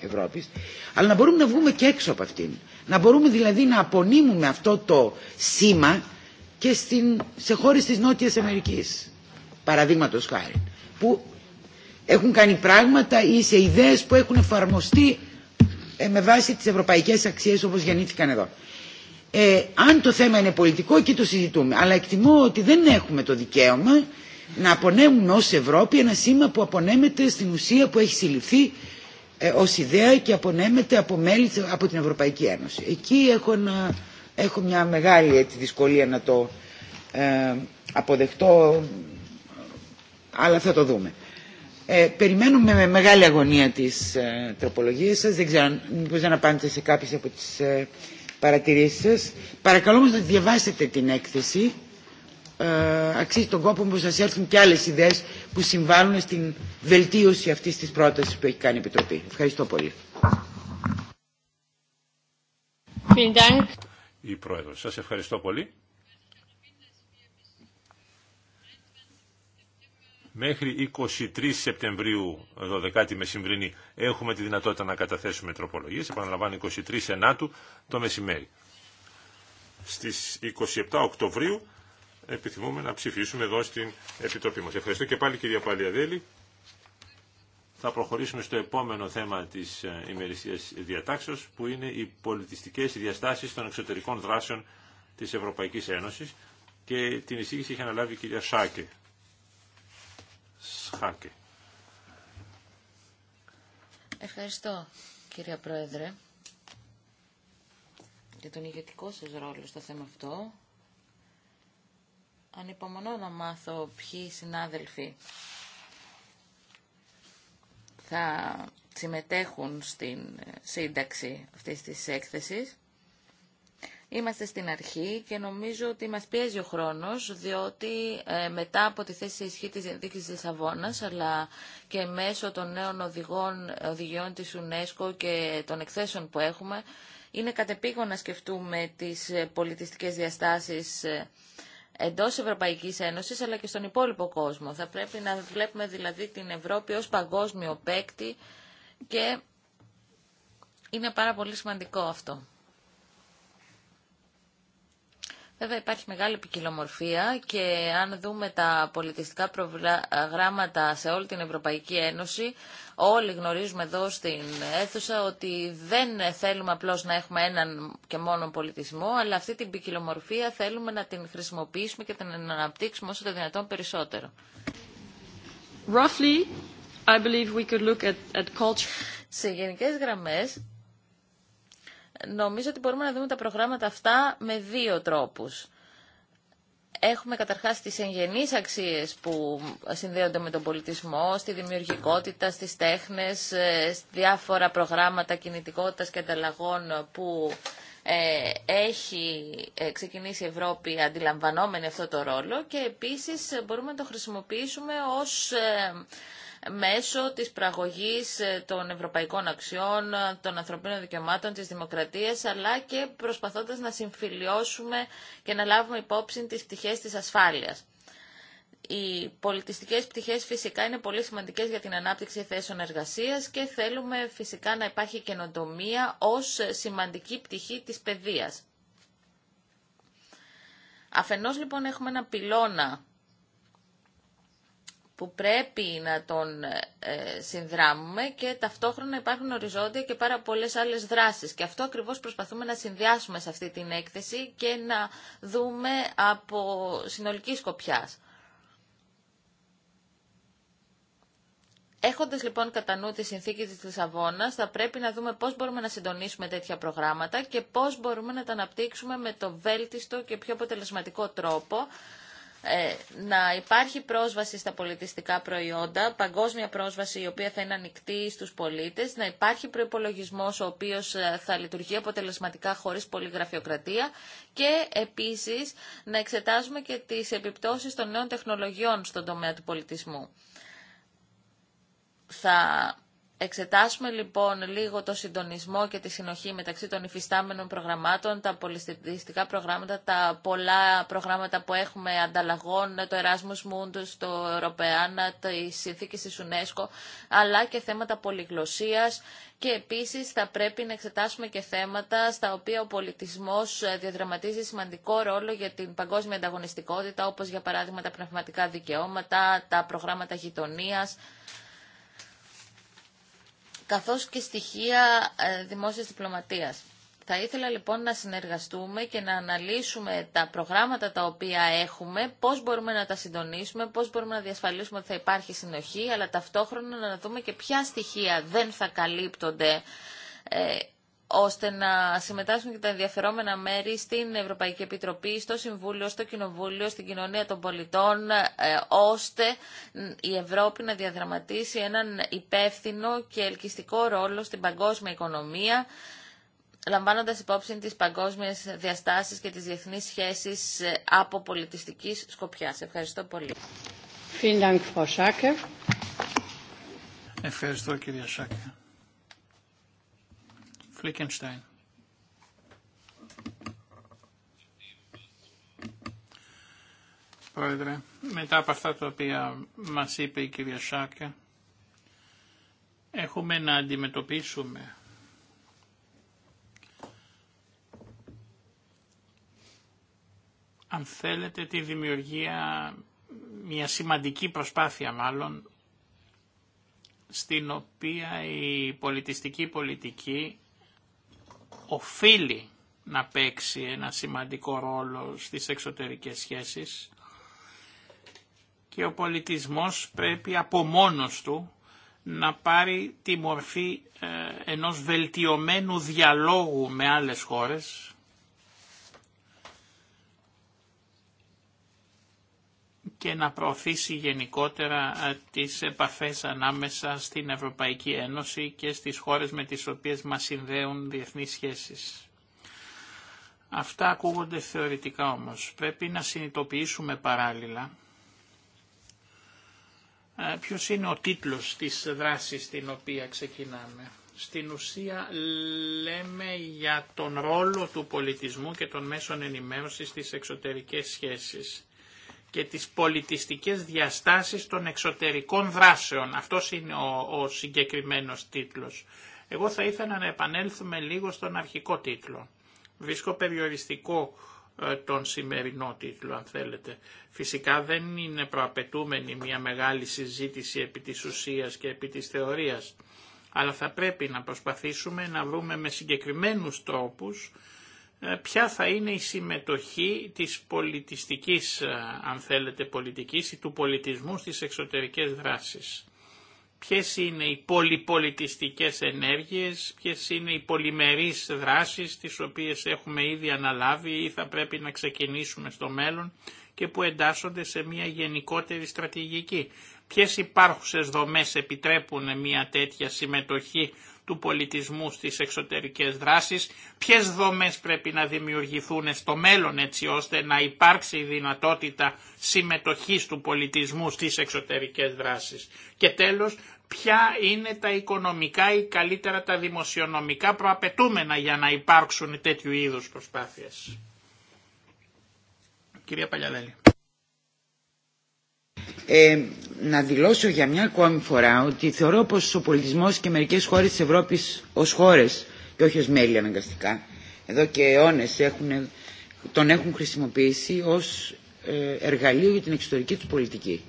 Speaker 5: Ευρώπης, αλλά να μπορούμε να βγούμε και έξω από αυτήν. Να μπορούμε δηλαδή να απονείμουμε αυτό το σήμα και στην, σε χώρε τη νότια Αμερικής, παραδείγματο χάρη, που έχουν κάνει πράγματα ή σε ιδέε που έχουν εφαρμοστεί ε, με βάση τι ευρωπαϊκέ αξίε, όπω γεννήθηκαν εδώ. Ε, αν το θέμα είναι πολιτικό εκεί το συζητούμε αλλά εκτιμώ ότι δεν έχουμε το δικαίωμα να απονέμουμε ως Ευρώπη ένα σήμα που απονέμεται στην ουσία που έχει συλληφθεί ε, ως ιδέα και απονέμεται από μέλη από την Ευρωπαϊκή Ένωση. Εκεί έχω, έχω μια μεγάλη έτσι, δυσκολία να το ε, αποδεχτώ αλλά θα το δούμε. Ε, περιμένουμε με μεγάλη αγωνία τις ε, τροπολογίες σας. Δεν ξέρω μήπως δεν απάντησα σε κάποιες από τις ε, παρατηρήσεις σας. Παρακαλώ όμως να διαβάσετε την έκθεση. Ε, αξίζει τον κόπο που σας έρθουν και άλλες ιδέες που συμβάλλουν στην βελτίωση αυτής της πρότασης που έχει κάνει η Επιτροπή. Ευχαριστώ πολύ.
Speaker 2: Η Πρόεδρος, σας ευχαριστώ πολύ. Μέχρι 23 Σεπτεμβρίου, 12η μεσημβρινή, έχουμε τη δυνατότητα να καταθέσουμε τροπολογίες. Επαναλαμβάνω 23 Ενάτου το μεσημέρι. Στις 27 Οκτωβρίου επιθυμούμε να ψηφίσουμε εδώ στην Επιτροπή μας. Ευχαριστώ και πάλι κυρία Παλιαδέλη. Θα προχωρήσουμε στο επόμενο θέμα της ε, ημερησίας διατάξεως που είναι οι πολιτιστικές διαστάσεις των εξωτερικών δράσεων της Ευρωπαϊκής Ένωσης και την εισήγηση είχε αναλάβει η κυρία Σάκε.
Speaker 4: Ευχαριστώ κύριε Πρόεδρε για τον ηγετικό σας ρόλο στο θέμα αυτό. Ανυπομονώ να μάθω ποιοι συνάδελφοι θα συμμετέχουν στην σύνταξη αυτής της έκθεσης. Είμαστε στην αρχή και νομίζω ότι μας πιέζει ο χρόνος, διότι ε, μετά από τη θέση ισχύ της ενδείξης της Αβώνας, αλλά και μέσω των νέων οδηγών, οδηγιών της UNESCO και των εκθέσεων που έχουμε, είναι κατεπήγον να σκεφτούμε τις ε, πολιτιστικές διαστάσεις ε, εντός Ευρωπαϊκής Ένωσης, αλλά και στον υπόλοιπο κόσμο. Θα πρέπει να βλέπουμε δηλαδή την Ευρώπη ως παγκόσμιο παίκτη και είναι πάρα πολύ σημαντικό αυτό. Βέβαια υπάρχει μεγάλη ποικιλομορφία και αν δούμε τα πολιτιστικά προγράμματα σε όλη την Ευρωπαϊκή Ένωση, όλοι γνωρίζουμε εδώ στην αίθουσα ότι δεν θέλουμε απλώς να έχουμε έναν και μόνο πολιτισμό, αλλά αυτή την ποικιλομορφία θέλουμε να την χρησιμοποιήσουμε και να την αναπτύξουμε όσο το δυνατόν περισσότερο. Roughly, I believe we could look at, at culture. Σε γενικές γραμμές, νομίζω ότι μπορούμε να δούμε τα προγράμματα αυτά με δύο τρόπους. Έχουμε καταρχάς τις εγγενείς αξίες που συνδέονται με τον πολιτισμό, στη δημιουργικότητα, στις τέχνες, ε, διάφορα προγράμματα κινητικότητας και ανταλλαγών που ε, έχει ε, ξεκινήσει η Ευρώπη αντιλαμβανόμενη αυτό το ρόλο και επίσης μπορούμε να το χρησιμοποιήσουμε ως μέσω της πραγωγής ε, των ευρωπαϊκών αξιών, ε, των ανθρωπίνων δικαιωμάτων, της δημοκρατίας, αλλά και προσπαθώντας να συμφιλιώσουμε και να λάβουμε υπόψη τις πτυχές της ασφάλειας. Οι πολιτιστικές πτυχές φυσικά είναι πολύ σημαντικές για την ανάπτυξη θέσεων εργασίας και θέλουμε φυσικά να υπάρχει καινοτομία ως σημαντική πτυχή της παιδείας. Αφενός λοιπόν έχουμε ένα πυλώνα που πρέπει να τον ε, ε, συνδράμουμε και ταυτόχρονα υπάρχουν οριζόντια και πάρα πολλές άλλες δράσεις. Και αυτό ακριβώς προσπαθούμε να συνδυάσουμε σε αυτή την έκθεση και να δούμε από συνολική σκοπιάς. Έχοντας λοιπόν κατά νου τη συνθήκη της Λισαβόνα, θα πρέπει να δούμε πώς μπορούμε να συντονίσουμε τέτοια προγράμματα και πώς μπορούμε να τα αναπτύξουμε με το βέλτιστο και πιο αποτελεσματικό τρόπο, ε, να υπάρχει πρόσβαση στα πολιτιστικά προϊόντα, παγκόσμια πρόσβαση η οποία θα είναι ανοιχτή στους πολίτες, να υπάρχει προϋπολογισμός ο οποίος ε, θα λειτουργεί αποτελεσματικά χωρίς πολλή γραφειοκρατία και επίσης να εξετάζουμε και τις επιπτώσεις των νέων τεχνολογιών στον τομέα του πολιτισμού. Θα εξετάσουμε λοιπόν λίγο το συντονισμό και τη συνοχή μεταξύ των υφιστάμενων προγραμμάτων, τα πολυστηριστικά προγράμματα, τα πολλά προγράμματα που έχουμε ανταλλαγών, το Erasmus Mundus, το Ευρωπαϊκά, τη συνθήκη της UNESCO, αλλά και θέματα πολυγλωσσίας και επίσης θα πρέπει να εξετάσουμε και θέματα στα οποία ο πολιτισμός ε, διαδραματίζει σημαντικό ρόλο για την παγκόσμια ανταγωνιστικότητα, όπως για παράδειγμα τα πνευματικά δικαιώματα, τα προγράμματα γειτονίας, καθώς και στοιχεία ε, δημόσιας διπλωματίας. Θα ήθελα λοιπόν να συνεργαστούμε και να αναλύσουμε τα προγράμματα τα οποία έχουμε, πώς μπορούμε να τα συντονίσουμε, πώς μπορούμε να διασφαλίσουμε ότι θα υπάρχει συνοχή, αλλά ταυτόχρονα να δούμε και ποια στοιχεία δεν θα καλύπτονται ε, ώστε να συμμετάσχουν και τα ενδιαφερόμενα μέρη στην Ευρωπαϊκή Επιτροπή, στο Συμβούλιο, στο Κοινοβούλιο, στην κοινωνία των πολιτών, ε, ώστε η Ευρώπη να διαδραματίσει έναν υπεύθυνο και ελκυστικό ρόλο στην παγκόσμια οικονομία, λαμβάνοντας υπόψη τις παγκόσμιες διαστάσεις και τις διεθνείς σχέσεις ε, από πολιτιστικής σκοπιάς. Ευχαριστώ πολύ.
Speaker 1: Ευχαριστώ κυρία Φλικενστάιν. Πρόεδρε, μετά από αυτά τα οποία μας είπε η κυρία Σάκε, έχουμε να αντιμετωπίσουμε αν θέλετε τη δημιουργία, μια σημαντική προσπάθεια μάλλον, στην οποία η πολιτιστική πολιτική οφείλει να παίξει ένα σημαντικό ρόλο στις εξωτερικές σχέσεις και ο πολιτισμός πρέπει από μόνος του να πάρει τη μορφή ε, ενός βελτιωμένου διαλόγου με άλλες χώρες και να προωθήσει γενικότερα τις επαφές ανάμεσα στην Ευρωπαϊκή Ένωση και στις χώρες με τις οποίες μας συνδέουν διεθνείς σχέσεις. Αυτά ακούγονται θεωρητικά όμως. Πρέπει να συνειδητοποιήσουμε παράλληλα ποιος είναι ο τίτλος της δράσης την οποία ξεκινάμε. Στην ουσία λέμε για τον ρόλο του πολιτισμού και των μέσων ενημέρωσης στις εξωτερικές σχέσεις και τις πολιτιστικές διαστάσεις των εξωτερικών δράσεων. Αυτός είναι ο, συγκεκριμένος τίτλος. Εγώ θα ήθελα να επανέλθουμε λίγο στον αρχικό τίτλο. Βρίσκω περιοριστικό ε, τον σημερινό τίτλο αν θέλετε. Φυσικά δεν είναι προαπαιτούμενη μια μεγάλη συζήτηση επί της ουσίας και επί της θεωρίας, αλλά θα πρέπει να προσπαθήσουμε να βρούμε με συγκεκριμένους τρόπους ε, ποια θα είναι η συμμετοχή της πολιτιστικής, ε, αν θέλετε, πολιτικής ή του πολιτισμού στις εξωτερικές δράσεις. Ποιες είναι οι πολυπολιτιστικές ενέργειες, ποιες είναι οι πολυμερείς δράσεις τις οποίες έχουμε ήδη αναλάβει ή θα πρέπει να ξεκινήσουμε στο μέλλον και που εντάσσονται σε μια γενικότερη στρατηγική. Ποιες υπάρχουσες δομές επιτρέπουν μια τέτοια συμμετοχή του πολιτισμού στις εξωτερικές δράσεις, ποιες δομές πρέπει να δημιουργηθούν στο μέλλον έτσι ώστε να υπάρξει η δυνατότητα συμμετοχής του πολιτισμού στις εξωτερικές δράσεις. Και τέλος, ποια είναι τα οικονομικά ή καλύτερα τα δημοσιονομικά προαπαιτούμενα για να υπάρξουν τέτοιου είδους προσπάθειες. Κυρία Παλιαδέλη
Speaker 5: ε, να δηλώσω για μια ακόμη φορά ότι θεωρώ πως ο πολιτισμός και μερικές χώρες της Ευρώπης ως χώρες και όχι ως μέλη αναγκαστικά εδώ και αιώνες έχουν, τον έχουν χρησιμοποιήσει ως ε, εργαλείο για την εξωτερική του πολιτική.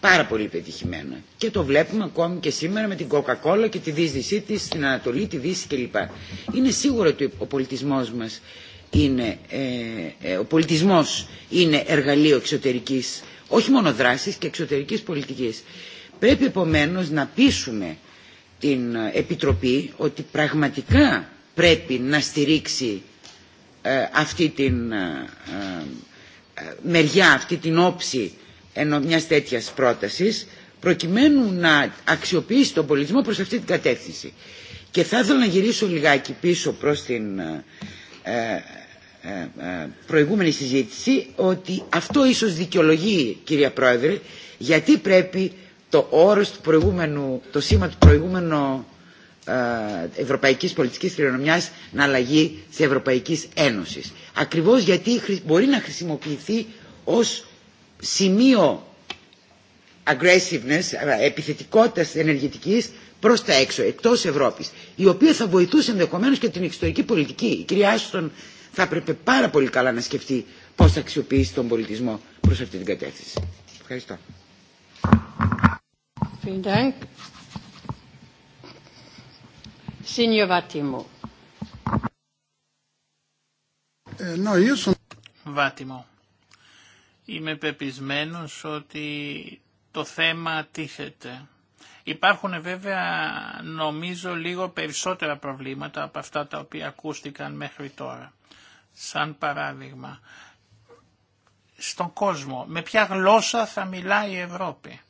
Speaker 5: Πάρα πολύ πετυχημένο. Και το βλέπουμε ακόμη και σήμερα με την Coca-Cola και τη δίσδυσή τη στην Ανατολή, τη Δύση κλπ. Είναι σίγουρο ότι ο πολιτισμός μας είναι, ε, ε ο πολιτισμός είναι εργαλείο εξωτερικής όχι μόνο δράσης και εξωτερικής πολιτικής. Πρέπει επομένως να πείσουμε την Επιτροπή ότι πραγματικά πρέπει να στηρίξει ε, αυτή την ε, ε, μεριά, αυτή την όψη ενώ μιας τέτοιας πρότασης προκειμένου να αξιοποιήσει τον πολιτισμό προς αυτή την κατεύθυνση. Και θα ήθελα να γυρίσω λιγάκι πίσω προς την ε, ε, προηγούμενη συζήτηση ότι αυτό ίσως δικαιολογεί κυρία Πρόεδρε γιατί πρέπει το όρος του προηγούμενου, το σήμα του προηγούμενου ε, Ευρωπαϊκής Πολιτικής Κληρονομιάς να αλλαγεί σε Ευρωπαϊκής Ένωσης. Ακριβώς γιατί μπορεί να χρησιμοποιηθεί ως σημείο aggressiveness, επιθετικότητας ενεργητικής προς τα έξω, εκτός Ευρώπης, η οποία θα βοηθούσε ενδεχομένω και την εξωτερική πολιτική. Η κυρία Άστον θα έπρεπε πάρα πολύ καλά να σκεφτεί πώς θα αξιοποιήσει τον πολιτισμό προς αυτή την κατεύθυνση. Ευχαριστώ.
Speaker 1: Βάτιμο. Ε, είμαι πεπισμένος ότι το θέμα τίθεται Υπάρχουν βέβαια νομίζω λίγο περισσότερα προβλήματα από αυτά τα οποία ακούστηκαν μέχρι τώρα. Σαν παράδειγμα, στον κόσμο, με ποια γλώσσα θα μιλάει η Ευρώπη.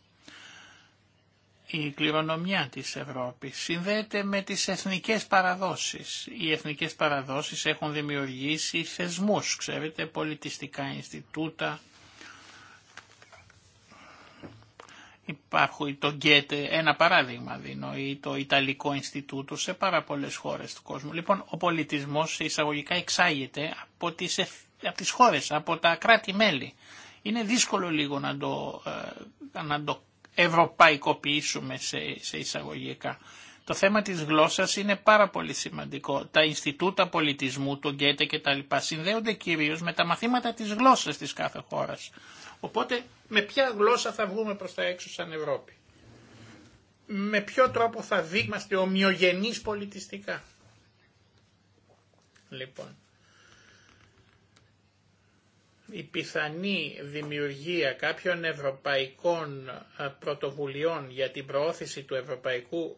Speaker 1: Η κληρονομιά της Ευρώπης συνδέεται με τις εθνικές παραδόσεις. Οι εθνικές παραδόσεις έχουν δημιουργήσει θεσμούς, ξέρετε, πολιτιστικά Ινστιτούτα, Υπάρχουν το Γκέτε, ένα παράδειγμα δίνω, ή το Ιταλικό Ινστιτούτο σε πάρα πολλέ χώρες του κόσμου. Λοιπόν, ο πολιτισμός εισαγωγικά εξάγεται από τις, από τις χώρες, από τα κράτη-μέλη. Είναι δύσκολο λίγο να το, ε, να το ευρωπαϊκοποιήσουμε σε, σε εισαγωγικά. Το θέμα της γλώσσας είναι πάρα πολύ σημαντικό. Τα Ινστιτούτα Πολιτισμού, το Γκέτε και τα λοιπά συνδέονται κυρίως με τα μαθήματα της γλώσσας της κάθε χώρας. Οπότε με ποια γλώσσα θα βγούμε προς τα έξω σαν Ευρώπη. Με ποιο τρόπο θα δείγμαστε ομοιογενείς πολιτιστικά. Λοιπόν, η πιθανή δημιουργία κάποιων ευρωπαϊκών ε, πρωτοβουλειών για την προώθηση του ευρωπαϊκού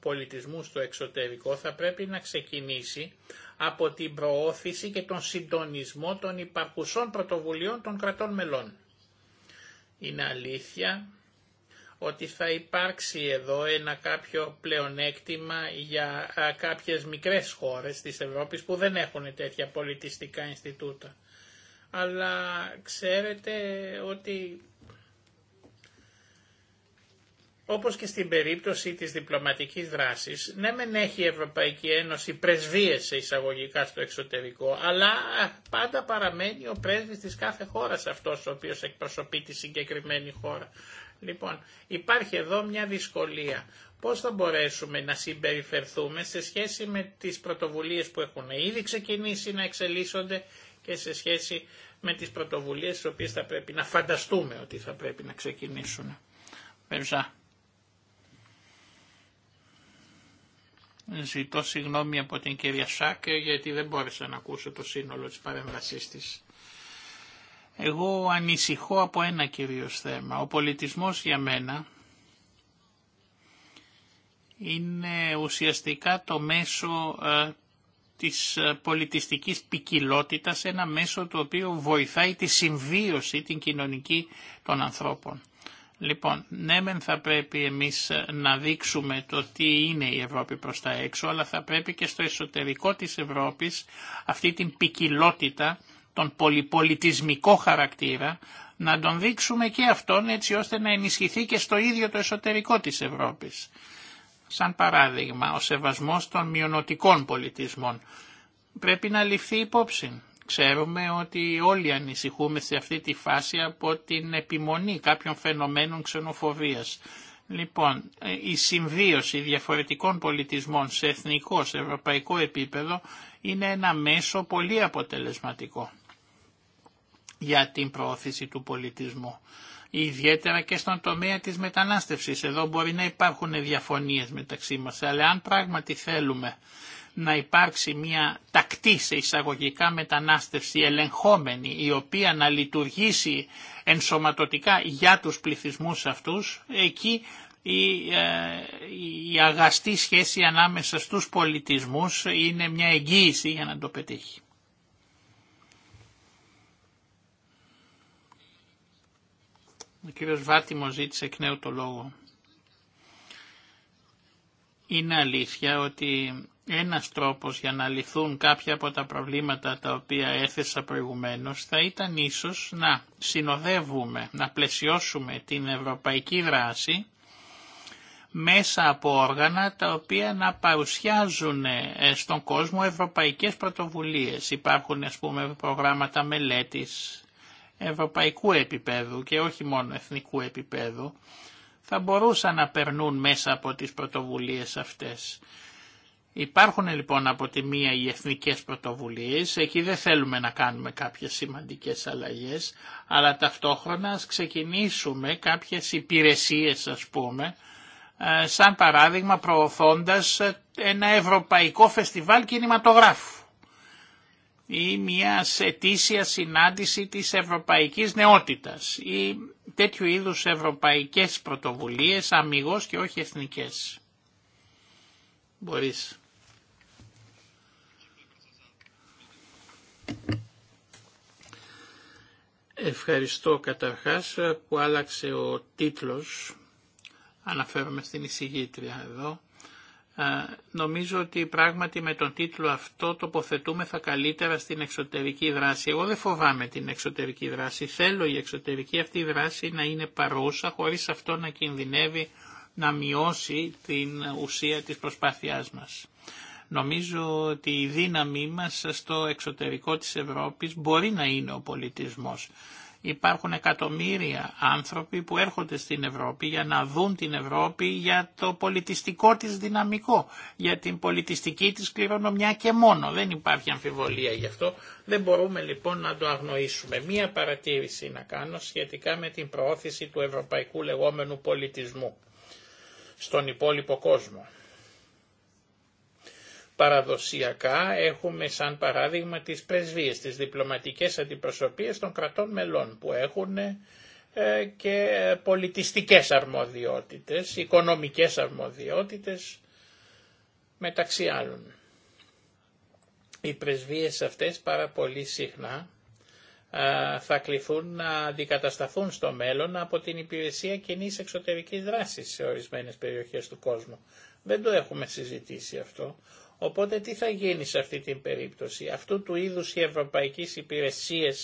Speaker 1: πολιτισμού στο εξωτερικό θα πρέπει να ξεκινήσει από την προώθηση και τον συντονισμό των υπαρχουσών πρωτοβουλειών των κρατών μελών. Είναι αλήθεια ότι θα υπάρξει εδώ ένα κάποιο πλεονέκτημα για κάποιες μικρές χώρες της Ευρώπης που δεν έχουν τέτοια πολιτιστικά Ινστιτούτα. Αλλά ξέρετε ότι όπως και στην περίπτωση της διπλωματικής δράσης, ναι μεν έχει η Ευρωπαϊκή Ένωση πρεσβείες σε εισαγωγικά στο εξωτερικό, αλλά πάντα παραμένει ο πρέσβης της κάθε χώρας αυτός ο οποίος εκπροσωπεί τη συγκεκριμένη χώρα. Λοιπόν, υπάρχει εδώ μια δυσκολία. Πώς θα μπορέσουμε να συμπεριφερθούμε σε σχέση με τις πρωτοβουλίες που έχουν ήδη ξεκινήσει να εξελίσσονται και σε σχέση με τις πρωτοβουλίες τις οποίες θα πρέπει να φανταστούμε ότι θα πρέπει να ξεκινήσουν. Ζητώ συγγνώμη από την κυρία Σάκε γιατί δεν μπόρεσα να ακούσω το σύνολο της παρέμβασής της. Εγώ ανησυχώ από ένα κυρίως θέμα. Ο πολιτισμός για μένα είναι ουσιαστικά το μέσο ε, της ε, πολιτιστικής ποικιλότητα, ένα μέσο το οποίο βοηθάει τη συμβίωση την κοινωνική των ανθρώπων. Λοιπόν, ναι μεν θα πρέπει εμείς ε, να δείξουμε το τι είναι η Ευρώπη προς τα έξω, αλλά θα πρέπει και στο εσωτερικό της Ευρώπης αυτή την ποικιλότητα, τον πολυπολιτισμικό χαρακτήρα, να τον δείξουμε και αυτόν έτσι ώστε να ενισχυθεί και στο ίδιο το εσωτερικό της Ευρώπης. Σαν παράδειγμα, ο σεβασμός των μειωνοτικών πολιτισμών πρέπει να ληφθεί υπόψη. Ξέρουμε ότι όλοι ανησυχούμε σε αυτή τη φάση από την επιμονή κάποιων φαινομένων ξενοφοβίας. Λοιπόν, ε, η συμβίωση διαφορετικών πολιτισμών σε εθνικό, σε ευρωπαϊκό επίπεδο είναι ένα μέσο πολύ αποτελεσματικό για την προώθηση του πολιτισμού. Ιδιαίτερα και στον τομέα της μετανάστευσης. Εδώ μπορεί να υπάρχουν διαφωνίες μεταξύ μας, αλλά αν πράγματι θέλουμε να υπάρξει μια τακτή σε εισαγωγικά μετανάστευση ελεγχόμενη η οποία να λειτουργήσει ενσωματωτικά για τους πληθυσμούς αυτούς, εκεί η, ε, η αγαστή σχέση ανάμεσα στους πολιτισμούς είναι μια εγγύηση για να το πετύχει. Ο κύριος Βάτιμο ζήτησε εκ νέου το λόγο. Είναι αλήθεια ότι ένας τρόπος για να λυθούν κάποια από τα προβλήματα τα οποία έθεσα προηγουμένως θα ήταν ίσως να συνοδεύουμε, να πλαισιώσουμε την ευρωπαϊκή δράση μέσα από όργανα τα οποία να παρουσιάζουν ε, στον κόσμο ευρωπαϊκές πρωτοβουλίες. Υπάρχουν ας πούμε προγράμματα μελέτης ευρωπαϊκού επίπεδου και όχι μόνο εθνικού επίπεδου θα μπορούσαν να περνούν μέσα από τις πρωτοβουλίες αυτές. Υπάρχουν λοιπόν από τη μία οι εθνικές πρωτοβουλίες, εκεί δεν θέλουμε να κάνουμε κάποιες σημαντικές αλλαγές, αλλά ταυτόχρονα ας ξεκινήσουμε κάποιες υπηρεσίες ας πούμε, ε, σαν παράδειγμα προωθώντας ένα ευρωπαϊκό φεστιβάλ κινηματογράφου ή μια οι εθνικες πρωτοβουλιες εκει δεν θελουμε να κανουμε καποιες σημαντικες αλλαγες αλλα ταυτοχρονα ξεκινησουμε συνάντηση της ευρωπαϊκής νεότητας ή τέτοιου είδους ευρωπαϊκές πρωτοβουλίες αμυγός και όχι εθνικές. Μπορείς. Ευχαριστώ καταρχάς που άλλαξε ο τίτλος, αναφέρομαι στην εισηγήτρια εδώ. Ε, νομίζω ότι πράγματι με τον τίτλο αυτό τοποθετούμε θα καλύτερα στην εξωτερική δράση. Εγώ δεν φοβάμαι την εξωτερική δράση. Θέλω η εξωτερική αυτή δράση να είναι παρούσα χωρίς αυτό να κινδυνεύει να μειώσει την ουσία της προσπάθειάς μας. Νομίζω ότι η δύναμή μας στο εξωτερικό της Ευρώπης μπορεί να είναι ο πολιτισμός. Υπάρχουν εκατομμύρια άνθρωποι που έρχονται στην Ευρώπη για να δουν την Ευρώπη για το πολιτιστικό της δυναμικό, για την πολιτιστική της κληρονομιά και μόνο. Δεν υπάρχει αμφιβολία γι' αυτό. Δεν μπορούμε λοιπόν να το αγνοήσουμε. Μία παρατήρηση να κάνω σχετικά με την προώθηση του ευρωπαϊκού λεγόμενου πολιτισμού στον υπόλοιπο κόσμο. Παραδοσιακά έχουμε σαν παράδειγμα τις πρεσβείες, τις διπλωματικές αντιπροσωπείες των κρατών μελών που έχουν ε, και πολιτιστικές αρμοδιότητες, οικονομικές αρμοδιότητες μεταξύ άλλων. Οι πρεσβείες αυτές πάρα πολύ συχνά ε, θα κληθούν να αντικατασταθούν στο μέλλον από την υπηρεσία κοινή εξωτερικής δράσης σε ορισμένες περιοχές του κόσμου. Δεν το έχουμε συζητήσει αυτό. Οπότε τι θα γίνει σε αυτή την περίπτωση. Αυτού του είδους οι ευρωπαϊκές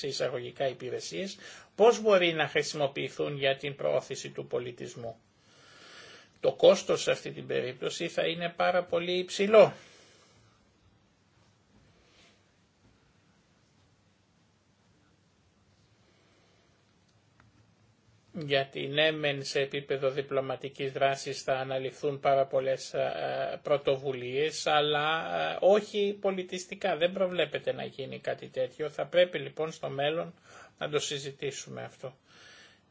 Speaker 1: εισαγωγικά υπηρεσίες, πώς μπορεί να χρησιμοποιηθούν για την προώθηση του πολιτισμού. Το κόστος σε αυτή την περίπτωση θα είναι πάρα πολύ υψηλό γιατί ναι μεν σε επίπεδο διπλωματικής δράσης θα αναλυθούν πάρα πολλές ε, πρωτοβουλίες, αλλά ε, όχι πολιτιστικά, δεν προβλέπεται να γίνει κάτι τέτοιο. Θα πρέπει λοιπόν στο μέλλον να το συζητήσουμε αυτό.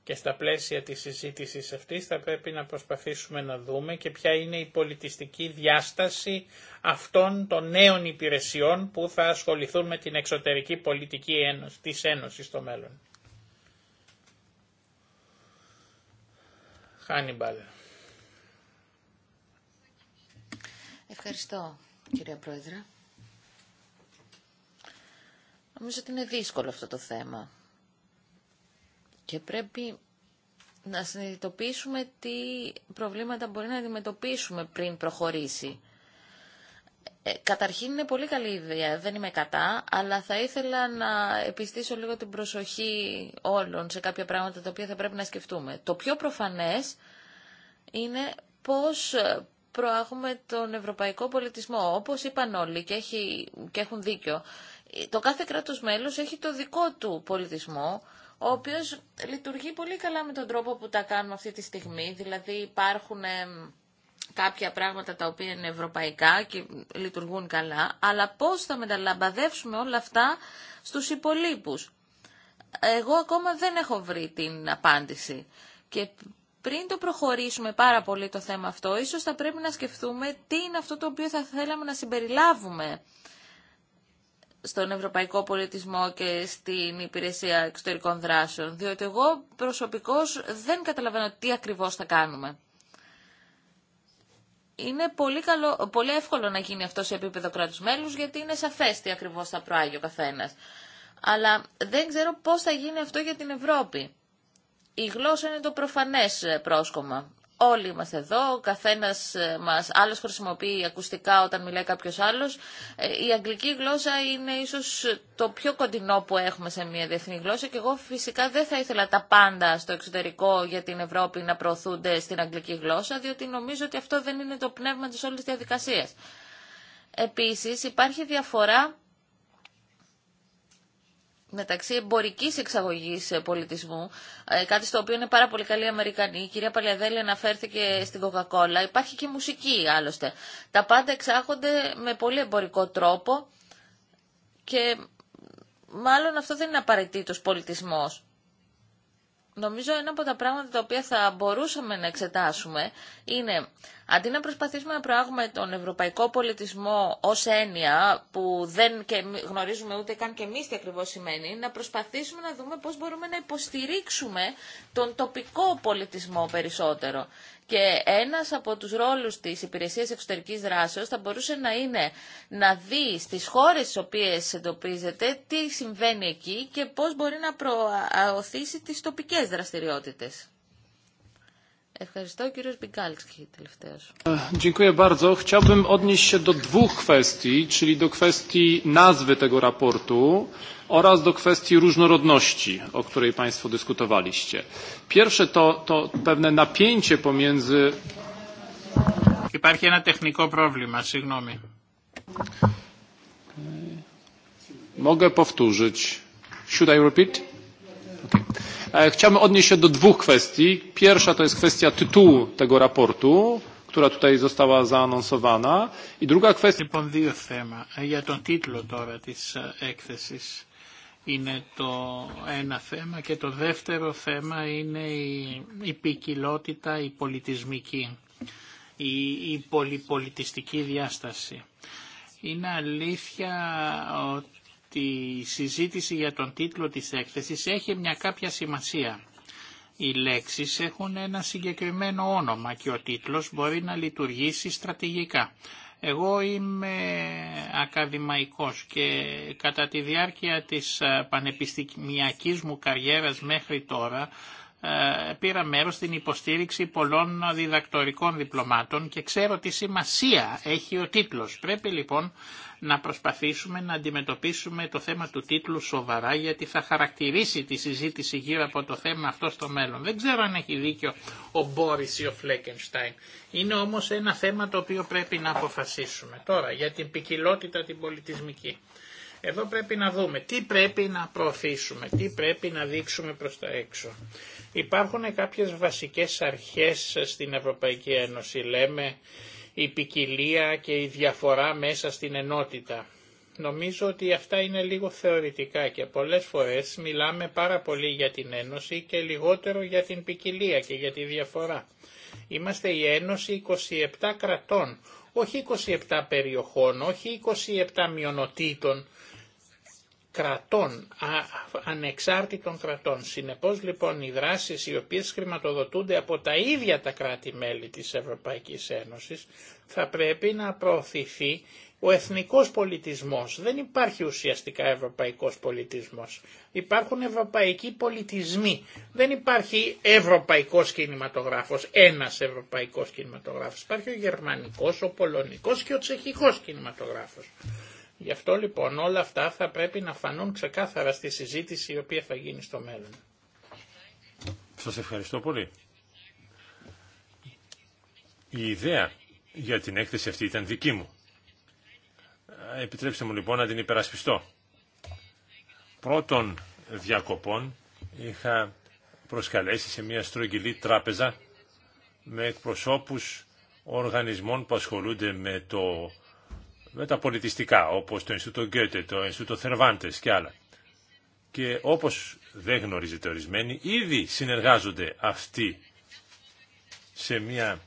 Speaker 1: Και στα πλαίσια της συζήτησης αυτής θα πρέπει να προσπαθήσουμε να δούμε και ποια είναι η πολιτιστική διάσταση αυτών των νέων υπηρεσιών που θα ασχοληθούν με την εξωτερική πολιτική της Ένωσης στο μέλλον. Χάνιμπαλ.
Speaker 4: Ευχαριστώ, κυρία Πρόεδρε. Νομίζω ότι είναι δύσκολο αυτό το θέμα. Και πρέπει να συνειδητοποιήσουμε τι προβλήματα μπορεί να αντιμετωπίσουμε πριν προχωρήσει. Ε, καταρχήν είναι πολύ καλή ιδέα, δεν είμαι κατά, αλλά θα ήθελα να επιστήσω λίγο την προσοχή όλων σε κάποια πράγματα τα οποία θα πρέπει να σκεφτούμε. Το πιο προφανές είναι πώς ε, προάγουμε τον ευρωπαϊκό πολιτισμό. Όπως είπαν όλοι και, έχουν δίκιο, ε, το κάθε κράτος μέλος έχει το δικό του πολιτισμό, ο οποίος λειτουργεί πολύ καλά με τον τρόπο που τα κάνουμε αυτή τη στιγμή. Δηλαδή υπάρχουν κάποια πράγματα τα οποία είναι ευρωπαϊκά και λειτουργούν καλά, αλλά πώς θα μεταλαμπαδεύσουμε όλα αυτά στους υπολείπους. Εγώ ακόμα δεν έχω βρει την απάντηση. Και πριν το προχωρήσουμε πάρα πολύ το θέμα αυτό, ίσως θα πρέπει να σκεφτούμε τι είναι αυτό το οποίο θα θέλαμε να συμπεριλάβουμε στον ευρωπαϊκό πολιτισμό και στην υπηρεσία εξωτερικών δράσεων. Διότι εγώ προσωπικώς δεν καταλαβαίνω τι ακριβώς θα κάνουμε είναι πολύ, καλό, πολύ εύκολο να γίνει αυτό σε επίπεδο κράτους μέλους γιατί είναι σαφές τι ακριβώς θα προάγει ο καθένας. Αλλά δεν ξέρω πώς θα γίνει αυτό για την Ευρώπη. Η γλώσσα είναι το προφανές πρόσκομα. Όλοι είμαστε εδώ, ο καθένας ε, μας, άλλος χρησιμοποιεί ακουστικά όταν μιλάει κάποιος άλλος. Ε, η αγγλική γλώσσα είναι ίσως το πιο κοντινό που έχουμε σε μια διεθνή γλώσσα και εγώ φυσικά δεν θα ήθελα τα πάντα στο εξωτερικό για την Ευρώπη να προωθούνται στην αγγλική γλώσσα, διότι νομίζω ότι αυτό δεν είναι το πνεύμα της όλης διαδικασίας. Επίσης υπάρχει διαφορά μεταξύ εμπορική εξαγωγή ε, πολιτισμού, ε, κάτι στο οποίο είναι πάρα πολύ καλή η Αμερικανή. Η κυρία Παλιαδέλη αναφέρθηκε στην Coca-Cola. Υπάρχει και μουσική άλλωστε. Τα πάντα εξάγονται με πολύ εμπορικό τρόπο και μάλλον αυτό δεν είναι απαραίτητο πολιτισμός. Νομίζω ένα από τα πράγματα τα οποία θα μπορούσαμε να εξετάσουμε είναι αντί να προσπαθήσουμε να προάγουμε τον ευρωπαϊκό πολιτισμό ως έννοια που δεν γνωρίζουμε ούτε καν και εμείς τι ακριβώς σημαίνει, να προσπαθήσουμε να δούμε πώς μπορούμε να υποστηρίξουμε τον τοπικό πολιτισμό περισσότερο. Και ένας από τους ρόλους της υπηρεσίας εξωτερικής δράσεως θα μπορούσε να είναι να δει στις χώρες στις οποίες εντοπίζεται τι συμβαίνει εκεί και πώς μπορεί να προωθήσει τις τοπικές δραστηριότητες. Ευχαριστώ,
Speaker 2: Dziękuję bardzo. Chciałbym odnieść się do dwóch kwestii, czyli do kwestii nazwy tego raportu oraz do kwestii różnorodności, o której Państwo dyskutowaliście.
Speaker 1: Pierwsze to, to pewne napięcie pomiędzy... Υπάρχει ένα τεχνικό πρόβλημα, συγγνώμη.
Speaker 2: Mogę powtórzyć. Should E, chciałbym odnieść się
Speaker 1: do dwóch δύο θέμα. Ε, για τον τίτλο τώρα της ε, έκθεσης είναι το ένα θέμα και το δεύτερο θέμα είναι η, η ποικιλότητα, η πολιτισμική, η, πολυπολιτιστική διάσταση. Είναι αλήθεια η συζήτηση για τον τίτλο της έκθεσης έχει μια κάποια σημασία. Οι λέξεις έχουν ένα συγκεκριμένο όνομα και ο τίτλος μπορεί να λειτουργήσει στρατηγικά. Εγώ είμαι ακαδημαϊκός και κατά τη διάρκεια της πανεπιστημιακής μου καριέρας μέχρι τώρα ε, πήρα μέρος στην υποστήριξη πολλών διδακτορικών διπλωμάτων και ξέρω τι σημασία έχει ο τίτλος. Πρέπει λοιπόν να προσπαθήσουμε να αντιμετωπίσουμε το θέμα του τίτλου σοβαρά γιατί θα χαρακτηρίσει τη συζήτηση γύρω από το θέμα αυτό στο μέλλον. Δεν ξέρω αν έχει δίκιο ο Μπόρις ή ο Φλέκενστάιν. Είναι όμως ένα θέμα το οποίο πρέπει να αποφασίσουμε τώρα για την ποικιλότητα την πολιτισμική. Εδώ πρέπει να δούμε τι πρέπει να προωθήσουμε, τι πρέπει να δείξουμε προς τα έξω. Υπάρχουν κάποιες βασικές αρχές στην Ευρωπαϊκή Ένωση, λέμε η ποικιλία και η διαφορά μέσα στην ενότητα. Νομίζω ότι αυτά είναι λίγο θεωρητικά και πολλές φορές μιλάμε πάρα πολύ για την Ένωση και λιγότερο για την ποικιλία και για τη διαφορά. Είμαστε η Ένωση 27 κρατών, όχι 27 περιοχών, όχι 27 μειονοτήτων κρατών, ανεξάρτητων κρατών. Συνεπώς λοιπόν οι δράσεις οι οποίες χρηματοδοτούνται από τα ίδια τα κράτη-μέλη της Ευρωπαϊκής Ένωσης θα πρέπει να προωθηθεί ο εθνικός πολιτισμός. Δεν υπάρχει ουσιαστικά ευρωπαϊκός πολιτισμός. Υπάρχουν ευρωπαϊκοί πολιτισμοί. Δεν υπάρχει ευρωπαϊκός κινηματογράφος, ένας ευρωπαϊκός κινηματογράφος. Υπάρχει ο γερμανικός, ο πολωνικός και ο τσεχικός κινηματογράφος. Γι' αυτό λοιπόν όλα αυτά θα πρέπει να φανούν ξεκάθαρα στη συζήτηση η οποία θα γίνει στο μέλλον.
Speaker 2: Σας ευχαριστώ πολύ. Η ιδέα για την έκθεση αυτή ήταν δική μου. Επιτρέψτε μου λοιπόν να την υπερασπιστώ. Πρώτων διακοπών είχα προσκαλέσει σε μια στρογγυλή τράπεζα με εκπροσώπους οργανισμών που ασχολούνται με το με τα πολιτιστικά, όπως το Ινστιτούτο Γκέτε, το Ινστιτούτο Θερβάντες και άλλα. Και όπως δεν γνωρίζετε ορισμένοι, ήδη συνεργάζονται αυτοί σε μια